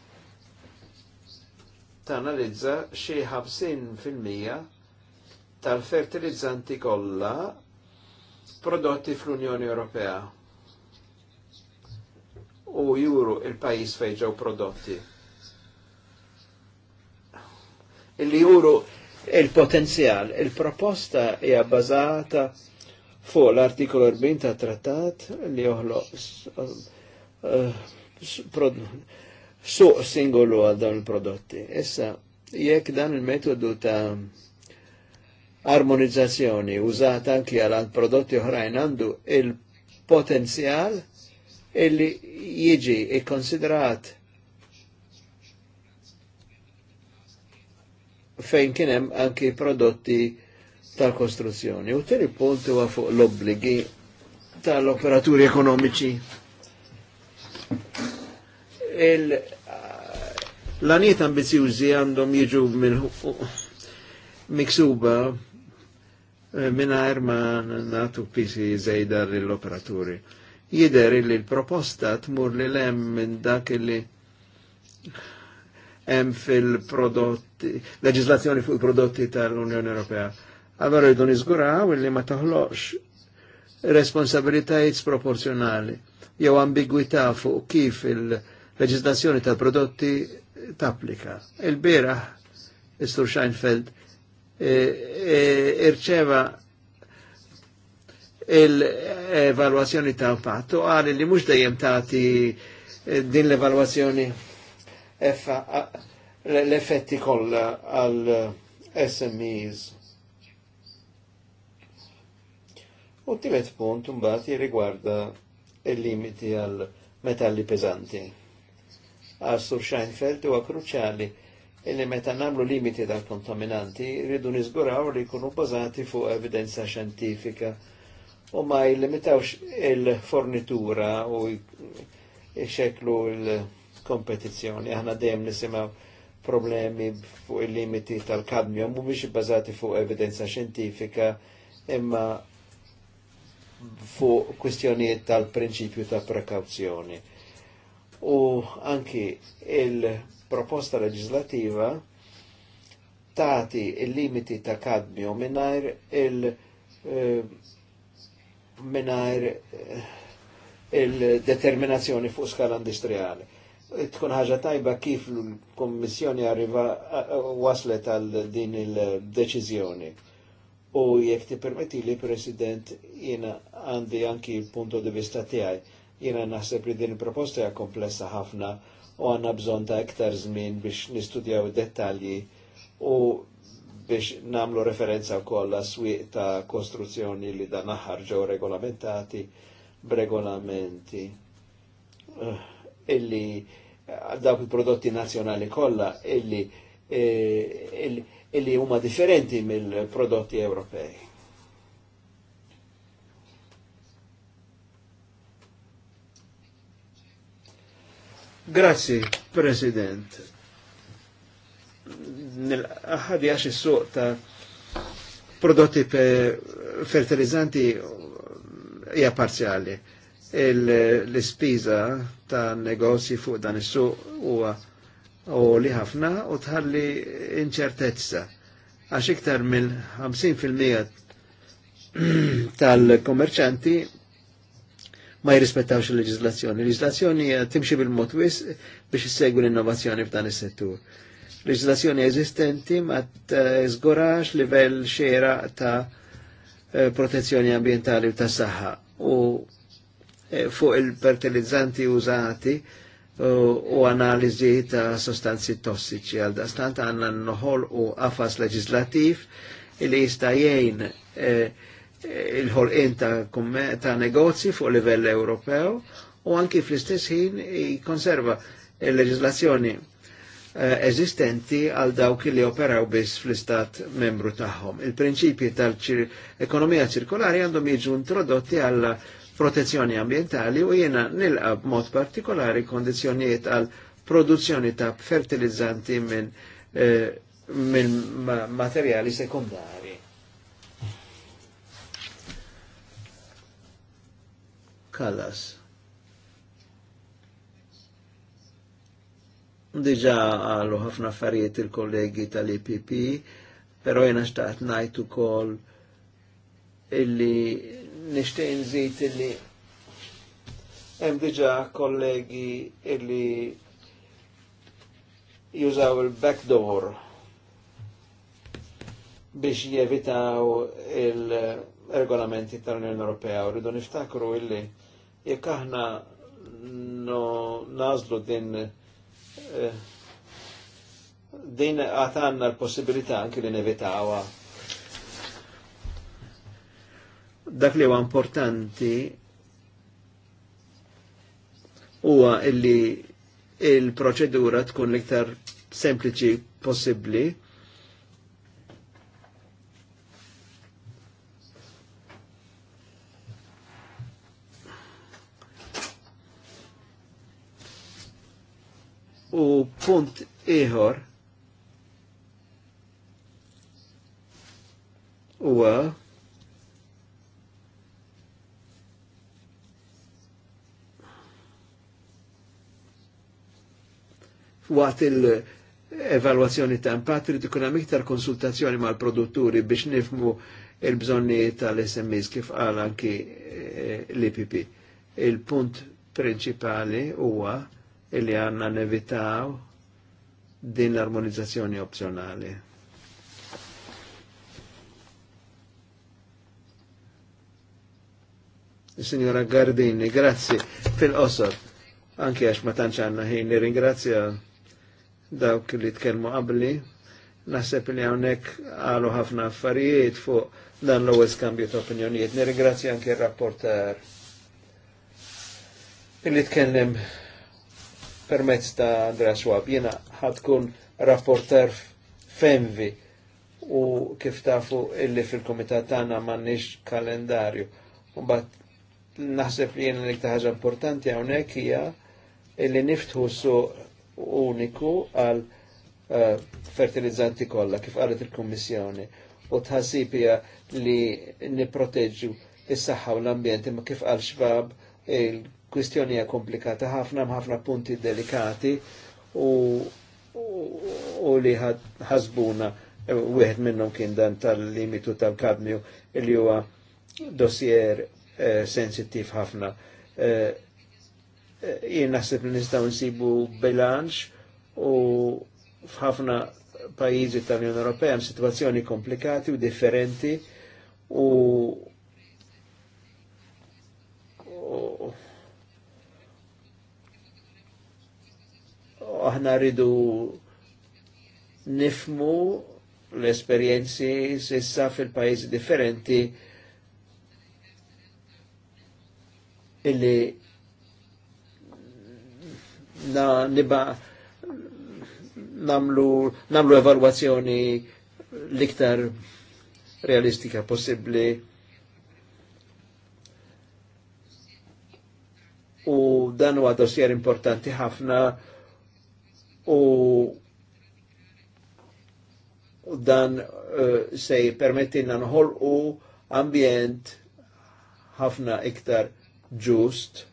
tanalizza xi 50% tal-fertilizzanti kollha prodotti fl-Unjoni Ewropea u juru il-pajis fejġaw prodotti. Illi juru il-potenzjal, il-proposta hija bazata fuq l artikolo 40 ta' trattat li joħlo uh, suq singolu għal dawn il-prodotti. Issa, jekk dan il-metodu ta' armonizzazzjoni użat anki għal prodotti oħrajn għandu il-potenzjal illi jiġi ikkonsidrat fejn kienem anki prodotti tal-kostruzzjoni. U tiri punt huwa fuq l-obbligi tal-operaturi ekonomiċi l-għaniet ambizjużi għandhom jiġu minn miksuba eh, minar ma natu pisi zejdar l-operaturi. Jider li l-proposta tmur li l-em minn dak li hemm fil-prodotti, leġislazzjoni fuq prodotti tal-Unjoni Ewropea. Allora jidun iżguraw li ma taħloċ responsabilitajiet sproporzjonali jew ambigwita fuq kif il- leġislazzjoni tal-prodotti tapplika. Il-beraħ, Istur Scheinfeld, e, e, irċeva l-evaluazzjoni ta' patto għal li mux dajem tati e, din l-evaluazzjoni l-effetti kolla għal SMEs. U t-tilet punt mbagħad il-limiti għal metalli pesanti għal-Sur Scheinfeld huwa kruċjali illi meta namlu limiti tal-kontaminanti rridu nizguraw li jkunu bazati fuq evidenza xjentifika u ma jillimitawx il-fornitura u jxeklu il-kompetizjoni. Aħna dejjem nisimaw problemi fuq il-limiti tal-kadmium u biex bazati fuq evidenza xjentifika imma fuq kwistjonijiet tal-prinċipju ta' prekawzjoni u anki il-proposta legislativa tati il-limiti ta' kadmio minnajr il- eh, minnajr eh, il-determinazzjoni fuq skala industriali. Tkun ħaġa tajba kif l-Kommissjoni arriva eh, waslet għal din il-deċizjoni. U jek ti permetti li, President, jena għandi anki il punto di vista tijaj. Jina naħseb li din il-proposta hija komplessa ħafna u għanna bżon ta' iktar żmien biex nistudjaw dettalji u biex namlu referenza wkoll swieq ta' kostruzzjoni li dan aħħar ġew regolamentati b'regolamenti eh, illi eh, dawk il-prodotti nazzjonali kollha illi, eh, illi illi huma differenti mill-prodotti Ewropej Grazie President. Nil-ħadi għax suq ta' prodotti fertilizzanti e parzjali. L-ispiża ta' negozi fuq dan is-suq huwa li ħafna u tħalli inċertezza. Għax iktar mill-50% tal-kommerċanti ma jirrispettawx il-leġislazzjoni. Il-leġislazzjoni timxi bil-mod wis biex issegwu l-innovazzjoni f'dan is-settur. Leġislazzjoni eżistenti ma tżgurax livell xera ta' eh, protezzjoni ambientali u ta' saħħa u eh, fuq il-fertilizzanti użati u analizi ta' sostanzi tossiċi għal dastant għanna noħol u għafas leġislativ li jista' jgħin eh, il-ħolqien ta', ta negozji fuq livell Ewropew u anki fl-istess ħin jikonserva il-leġislazzjoni eh, eżistenti għal dawk li operaw biss fl-istat membru tagħhom. Il-prinċipji tal-ekonomija ċirkolari għandhom jiġu introdotti għal protezzjoni ambientali u jiena nilqa b'mod partikolari kondizjonijiet għal produzzjoni ta' fertilizzanti minn eh, min materjali sekundari Kallas. Diġa għallu ħafna affarijiet il-kollegi tal-IPP, pero jena xtaqt najtu kol illi nishtiq nżid illi hemm diġa kollegi illi jużaw il-backdoor biex jevitaw il-regolamenti tal-Unjoni Ewropea u rridu niftakru illi jekk aħna no nażlu din eh, din għatanna l-possibilità anki li nevitawa. Dak li huwa importanti huwa illi il-proċedura tkun l-iktar sempliċi possibbli U punt ieħor huwa waqt il-evalwazzjoni ta' impatt trid ikun hemm iktar konsultazzjoni mal-produtturi biex nifmu il-bżonni tal-SMEs kif qal anki eh, l-IPP. Il-punt prinċipali huwa illi għanna nevitaw din l-armonizzazzjoni opzjonali. Signora Gardini, grazie fil-qosor, anke għax ma tantx għandna ħin ringrazzja dawk li tkellmu qabli, naħseb li hawnhekk għalu ħafna affarijiet fuq dan l-ewwel skambju ta' opinjonijiet. Nirringrazzja anke r-rapporter illi tkellem permezz ta' Andrea Schwab. Jena ħadkun rapporter femvi u kif tafu illi fil-komitat tagħna m'għandniex kalendarju. Mbagħad naħseb li jiena l ħaġa importanti hawnhekk hija illi niftħu su uniku għal eh, fertilizzanti kollha kif qalet il-Kummissjoni u tħassib hija li nipproteġġu is-saħħa u l-ambjent imma kif qal xbab il kwistjoni hija komplikata ħafna ħafna punti delikati u, u, li ħasbuna e, wieħed minnhom kien dan tal-limitu tal-kadmju li huwa dossier eh, sensittiv ħafna. E, e, jien naħseb li nistgħu nsibu bilanċ u f'ħafna pajjiżi tal-Unjoni Ewropea hemm sitwazzjoni komplikati u differenti u aħna rridu nifmu l-esperienzi sissa fil-pajjiżi differenti illi na niba namlu, namlu evalwazzjoni liktar realistika possibli u dan huwa dossier importanti ħafna u dan uh, se permettina nħol u ambient ħafna iktar ġust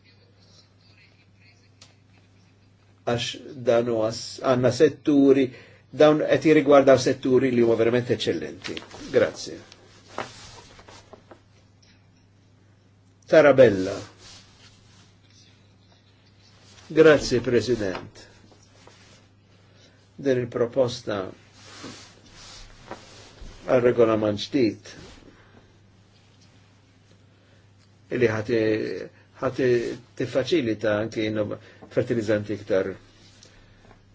għax dan u għanna setturi dawn qed jirrigwardaw setturi li huma verament eccellenti. Grazie. Tarabella. Grazie, Presidente din il-proposta għal regolament ġdid illi ħati tifaċilita anki fertilizzanti iktar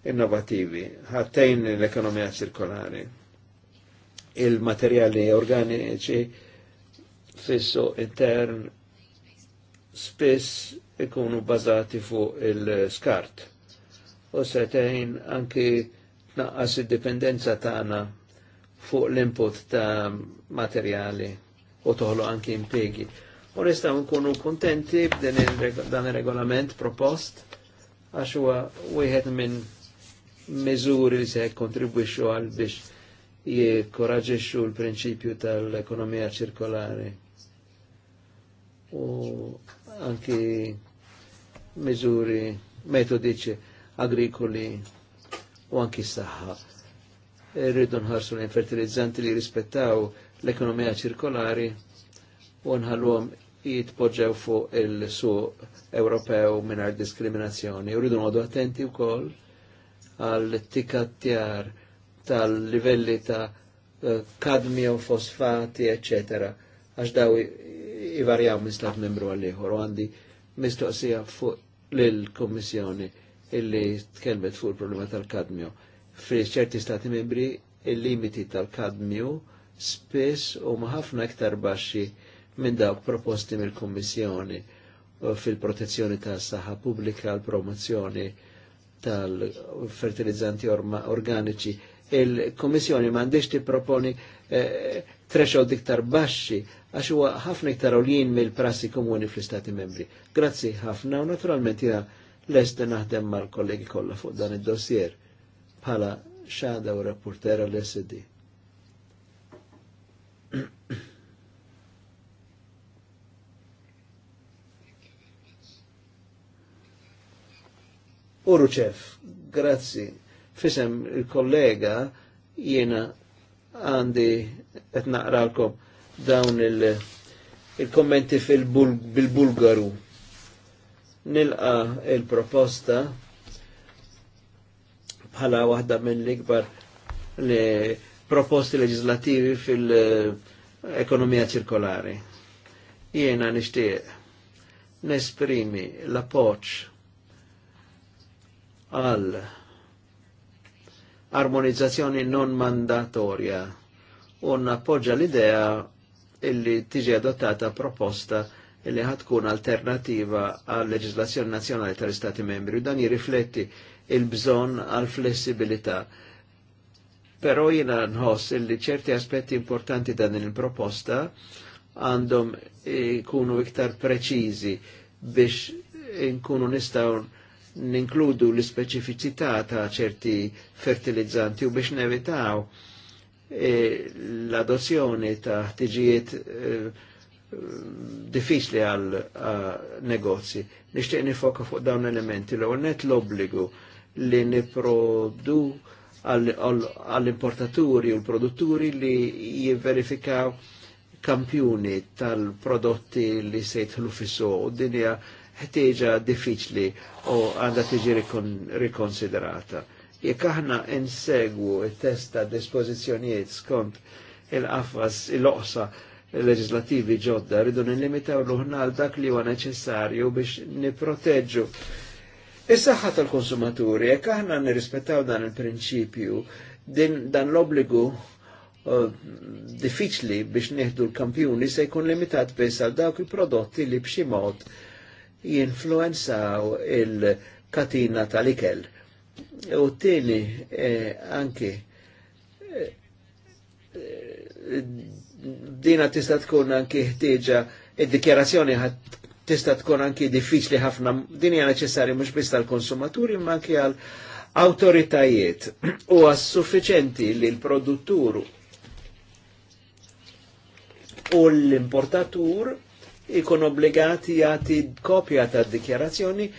innovativi, ħattejn l-ekonomija ċirkolari. Il-materjali organiċi fissu intern spiss ikunu bazati fuq il-skart. U setejn anki naqqas id-dipendenza tagħna fuq l-input ta' materjali u toħlu anki impiegi. U nistaw nkunu kontenti b'dan il-regolament propost għax huwa wieħed minn miżuri li se kontribwixxu għal biex jikkoraġixxu l-prinċipju tal-ekonomija ċirkolari. U anki miżuri metodiċi agrikoli u anki s-saħħa. Irridu nħarsu l infertilizzanti li rispettaw l-ekonomija ċirkolari u nħallum jitpoġġew fuq il-suq Ewropew minar diskriminazzjoni. Irridu nodu attenti u koll għal-tikattjar tal-livelli ta' kadmio, fosfati, eccetera, għax daw ivarjaw minn stat membru għal-liħor, għandi mistoqsija fuq l-Kommissjoni illi tkelmet fuq il-problema tal-kadmju. Fi ċerti stati membri il-limiti tal-kadmju spess u ħafna iktar baxi minn dawk proposti mill kommissjoni uh, fil-protezzjoni tas saħħa pubblika, l-promozzjoni tal-fertilizzanti organiċi. Il-Kommissjoni m'għandix tipproponi eh, threshold iktar baxxi għax huwa ħafna iktar olin mill-prassi komuni fl-Istati membri. Grazzi ħafna u naturalment jiena lesta naħdem mal-kollegi kollha fuq dan id-dossier bħala xada e u rapportera l-SD. Uruċef, grazzi. Fisem il-kollega jiena għandi etnaqralkom dawn il-kommenti il kommenti bil bulgaru nilqa il-proposta bħala waħda minn l-ikbar li proposti leġislativi fil-ekonomija ċirkolari. Jiena nishtiq nesprimi l-appoċ għal armonizzazzjoni non mandatorja u appoġġa l-idea illi tiġi adottata proposta li ħatkun alternativa għal leġislazzjoni nazjonali tal-Istati membri u dan jirrifletti il-bżon għal flessibilità. Però jina nħoss li ċerti aspetti importanti dan il-proposta għandhom ikunu iktar preċizi biex inkunu nistaw ninkludu l-speċifiċità ta' ċerti fertilizzanti u biex nevitaw eh, l-adozzjoni ta' ħtiġijiet eh, diffiċli għal negozji. Nishtiq nifoka fuq dawn elementi l net l-obbligu li niprodu għall-importaturi u l-produtturi li jiverifikaw kampjuni tal-prodotti li sejtħlu fissu u dinja ħtieġa diffiċli u għanda tiġi rikonsiderata. Jekk aħna insegwu il testa dispożizzjonijiet skont il-qafas il-oqsa il qafas il oqsa leġislativi ġodda, rridu nillimitaw ruħna l dak li huwa neċessarju biex niproteġġu. Is-saħħa tal-konsumaturi, jekk aħna nirrispettaw dan il-prinċipju, dan l-obbligu uh, diffiċli biex nieħdu l-kampjuni se jkun limitat biss għal dawk il-prodotti li b'xi mod jinfluenzaw il-katina tal-ikel. U t tini eh, anki eh, dina tista' tkun anki ħtieġa id-dikjarazzjoni tista' tkun anki diffiċli ħafna din hija neċessarja mhux biss tal-konsumaturi imma anki għal autoritajiet u għas-suffiċenti li l-produttur u l-importatur ikun obbligati jagħti kopja tad dikjarazzjoni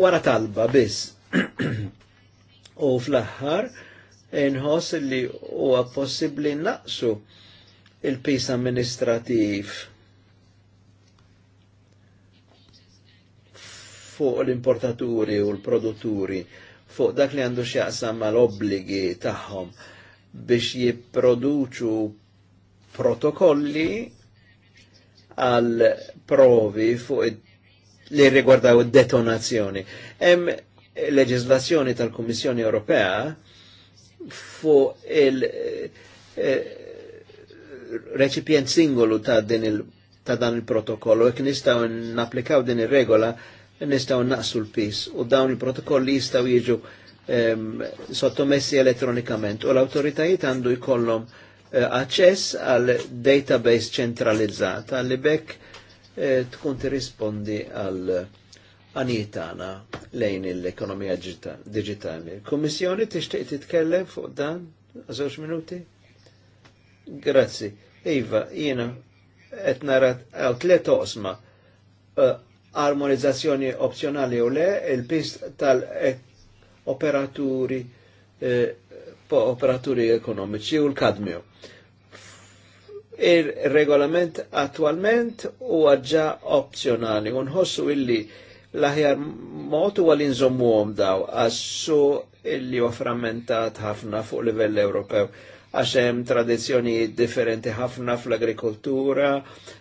wara talba biss. u fl-aħħar inħoss li huwa possibbli naqsu il-pis amministrativ fuq l-importaturi u l-produtturi fuq dak li għandu xjaqsam mal-obbligi tagħhom biex jipproduċu protokolli għal provi fuq li rigwardaw detonazzjoni. Hemm leġislazzjoni tal-Kummissjoni Ewropea fuq il- eh, reċipjent singolu ta' din il ta' dan il-protokollu, jek nistaw n-applikaw din il-regola, nistaw naqsu l-pis, u dawn il-protokolli jistaw jiġu um, sottomessi elettronikament, u l-autoritajiet għandu jkollhom uh, eh, access għal database ċentralizzata li bekk uh, tkun tirrispondi għal għanietana lejn l-ekonomija digitali. Kommissjoni tixtieq titkellem fuq dan? Għazawx minuti? Grazzi. Iva, jina, qed nara tlet osma. Uh, eh, armonizzazzjoni opzjonali u le, il-pist tal-operaturi eh, operaturi ekonomiċi u l-kadmju. Il-regolament attualment u għadġa opzjonali, unħossu illi l-aħjar mod u għal-inżommu għom daw, għassu illi u frammentat ħafna fuq livell Ewropew għax hemm tradizzjoni differenti ħafna fl-agrikoltura,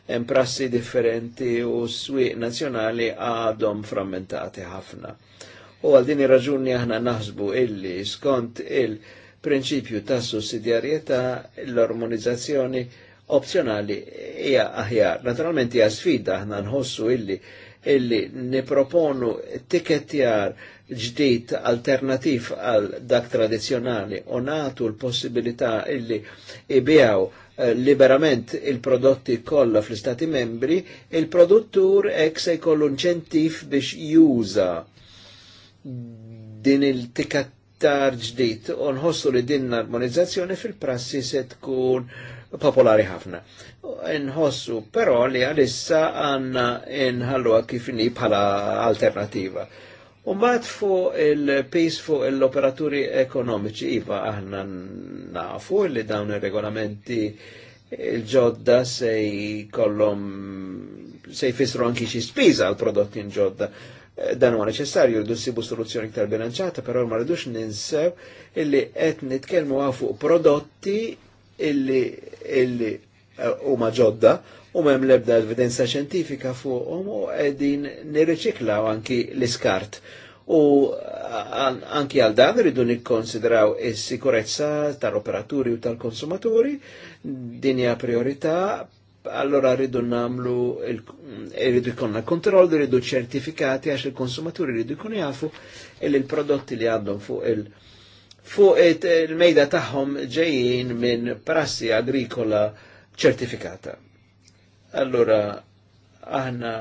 hemm prassi differenti u s-swieq nazzjonali għadhom frammentati ħafna. U għal din ir-raġuni aħna naħsbu illi skont il-prinċipju ta' sussidjarjetà l armonizzazzjoni opzjonali hija aħjar. Naturalment hija sfida aħna nħossu illi illi niproponu tikketjar ġdid alternativ għal dak tradizjonali u natu l-possibilità illi ibijaw eh, liberament il-prodotti kollha fl-Istati membri, il-produttur ek se jkollu nċentif biex juża din il-tikattar ġdid u nħossu li din l-armonizzazzjoni fil-prassi se tkun popolari ħafna. Nħossu però li għalissa għanna nħalluha kif bħala alternativa. Umbat fu il-pis fu l-operaturi ekonomiċi iva aħna nafu li dawn ir-regolamenti il-ġodda sej kollom sej jfissru anki xi spiża għal prodotti ġodda. Dan huwa neċessarju rridu nsibu soluzzjoni iktar bilanċata, però ma rridux ninsew illi qed nitkellmu fuq prodotti illi illi eh, huma ġodda u mem lebda evidenza xentifika fuqhom u qegħdin nirriċiklaw anki l-iskart. U anki għal dan rridu nikkonsidraw is-sikurezza tal-operaturi u tal-konsumaturi, dinja priorità, allora rridu namlu, rridu jkollna kontroll, rridu ċertifikati għax il-konsumaturi rridu jkun jafu il il-prodotti li għandhom fuq il- fuq il-mejda tagħhom ġejjin minn prassi agrikola ċertifikata. Allora, aħna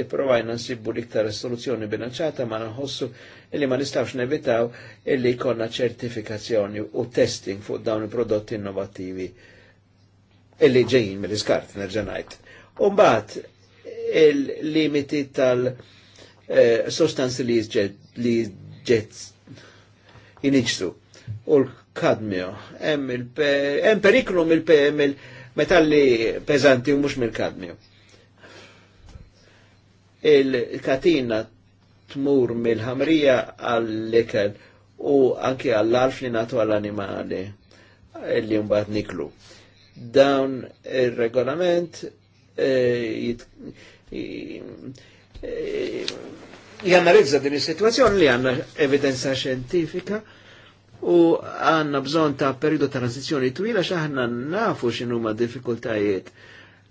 ipprovajna nsibbu liktar soluzzjoni bilanċata ma nħossu illi ma nistawx nevitaw illi konna ċertifikazzjoni u testing fuq dawn il-prodotti innovativi illi ġejjin mill-iskart nerġanajt. Umbat, il-limiti tal-sostanzi eh, li ġet jiniġsu u l-kadmio, hemm periklu mill-PM il metalli pesanti u mux mill kadmiu Il-katina tmur mill-ħamrija għall-lekel u anki għall-alf li natu għall-animali li jumbat niklu. Dawn il-regolament eh, eh, jannarizza din is-sitwazzjoni li għanna evidenza xjentifika u għanna bżon ta' periodu ta' transizjoni twila xaħna nafu ma' difikultajiet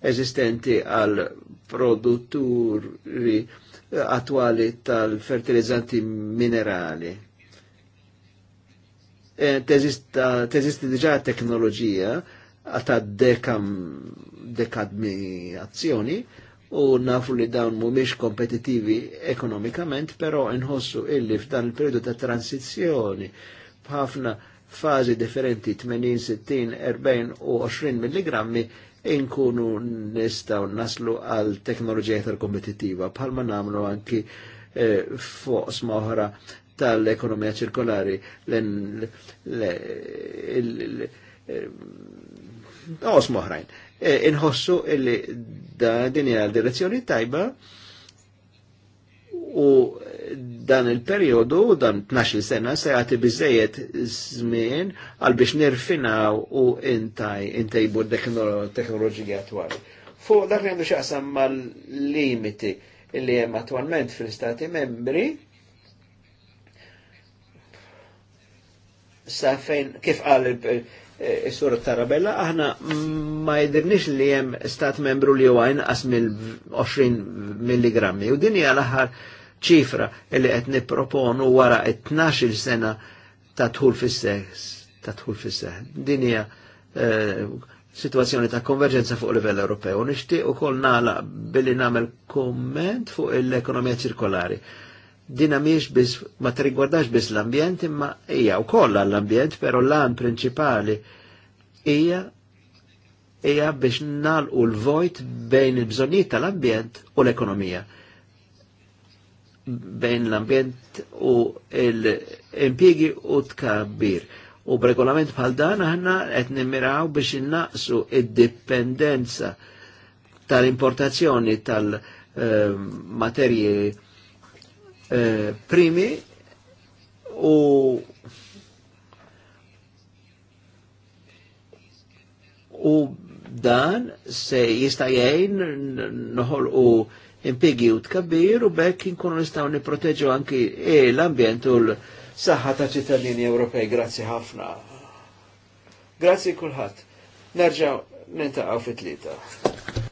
eżistenti għal produtturi attuali tal-fertilizzanti minerali. E Teżisti diġa teknoloġija ta' dekam dekadmiazzjoni u nafu li dawn mumiex kompetitivi ekonomikament, però nħossu illi f'dan il-periodu ta' transizjoni b'ħafna fazi differenti 80, 60, 40 u 20 mg inkunu nistaw naslu għal teknoloġija tal kompetitiva bħalma namlu anki eh, fuq smoħra tal-ekonomija ċirkolari l-os eh, eh, Inħossu illi da din hija direzzjoni tajba u dan il-periodu, dan 12 sena, se għati bizzejiet zmin għal biex nirfinaw u intaj, intajbu teknoloġija attuali. Fuq dak li għandu xaqsam mal-limiti li jem attualment fil-stati membri, sa fejn, kif għal il-sur Tarabella, aħna ma jidirnix li jem stat membru li għajn as 20 milligrammi. U dinja l ħar ċifra li qed nipproponu wara 12 sena ta' tħul fis-seħs, ta' tħul fis-seħ. Din hija eh, situazzjoni ta' konverġenza fuq livell Ewropew. Nixtieq ukoll nagħlaq billi nagħmel komment fuq l-ekonomija ċirkolari. Din miex biss, ma trigwardax biss l-ambjent, imma hija wkoll għall-ambjent, però l-għan prinċipali hija hija biex nalqu l-vojt bejn il-bżonijiet tal-ambjent u l-ekonomija bejn l-ambjent u l-impiegi u tkabbir. U b'regolament bħal dan aħna qed nimmiraw biex innaqsu id-dipendenza tal-importazzjoni tal-materji eh, primi u u dan se jista' jgħin noħolqu impigi u tkabbir u bekk inkunu nistgħu nipproteġu anki e l-ambjent u l-saħħa ta' ċittadini Ewropej. Grazzi ħafna. Grazzi kulħadd. Nerġgħu nintaqgħu fit-tlieta.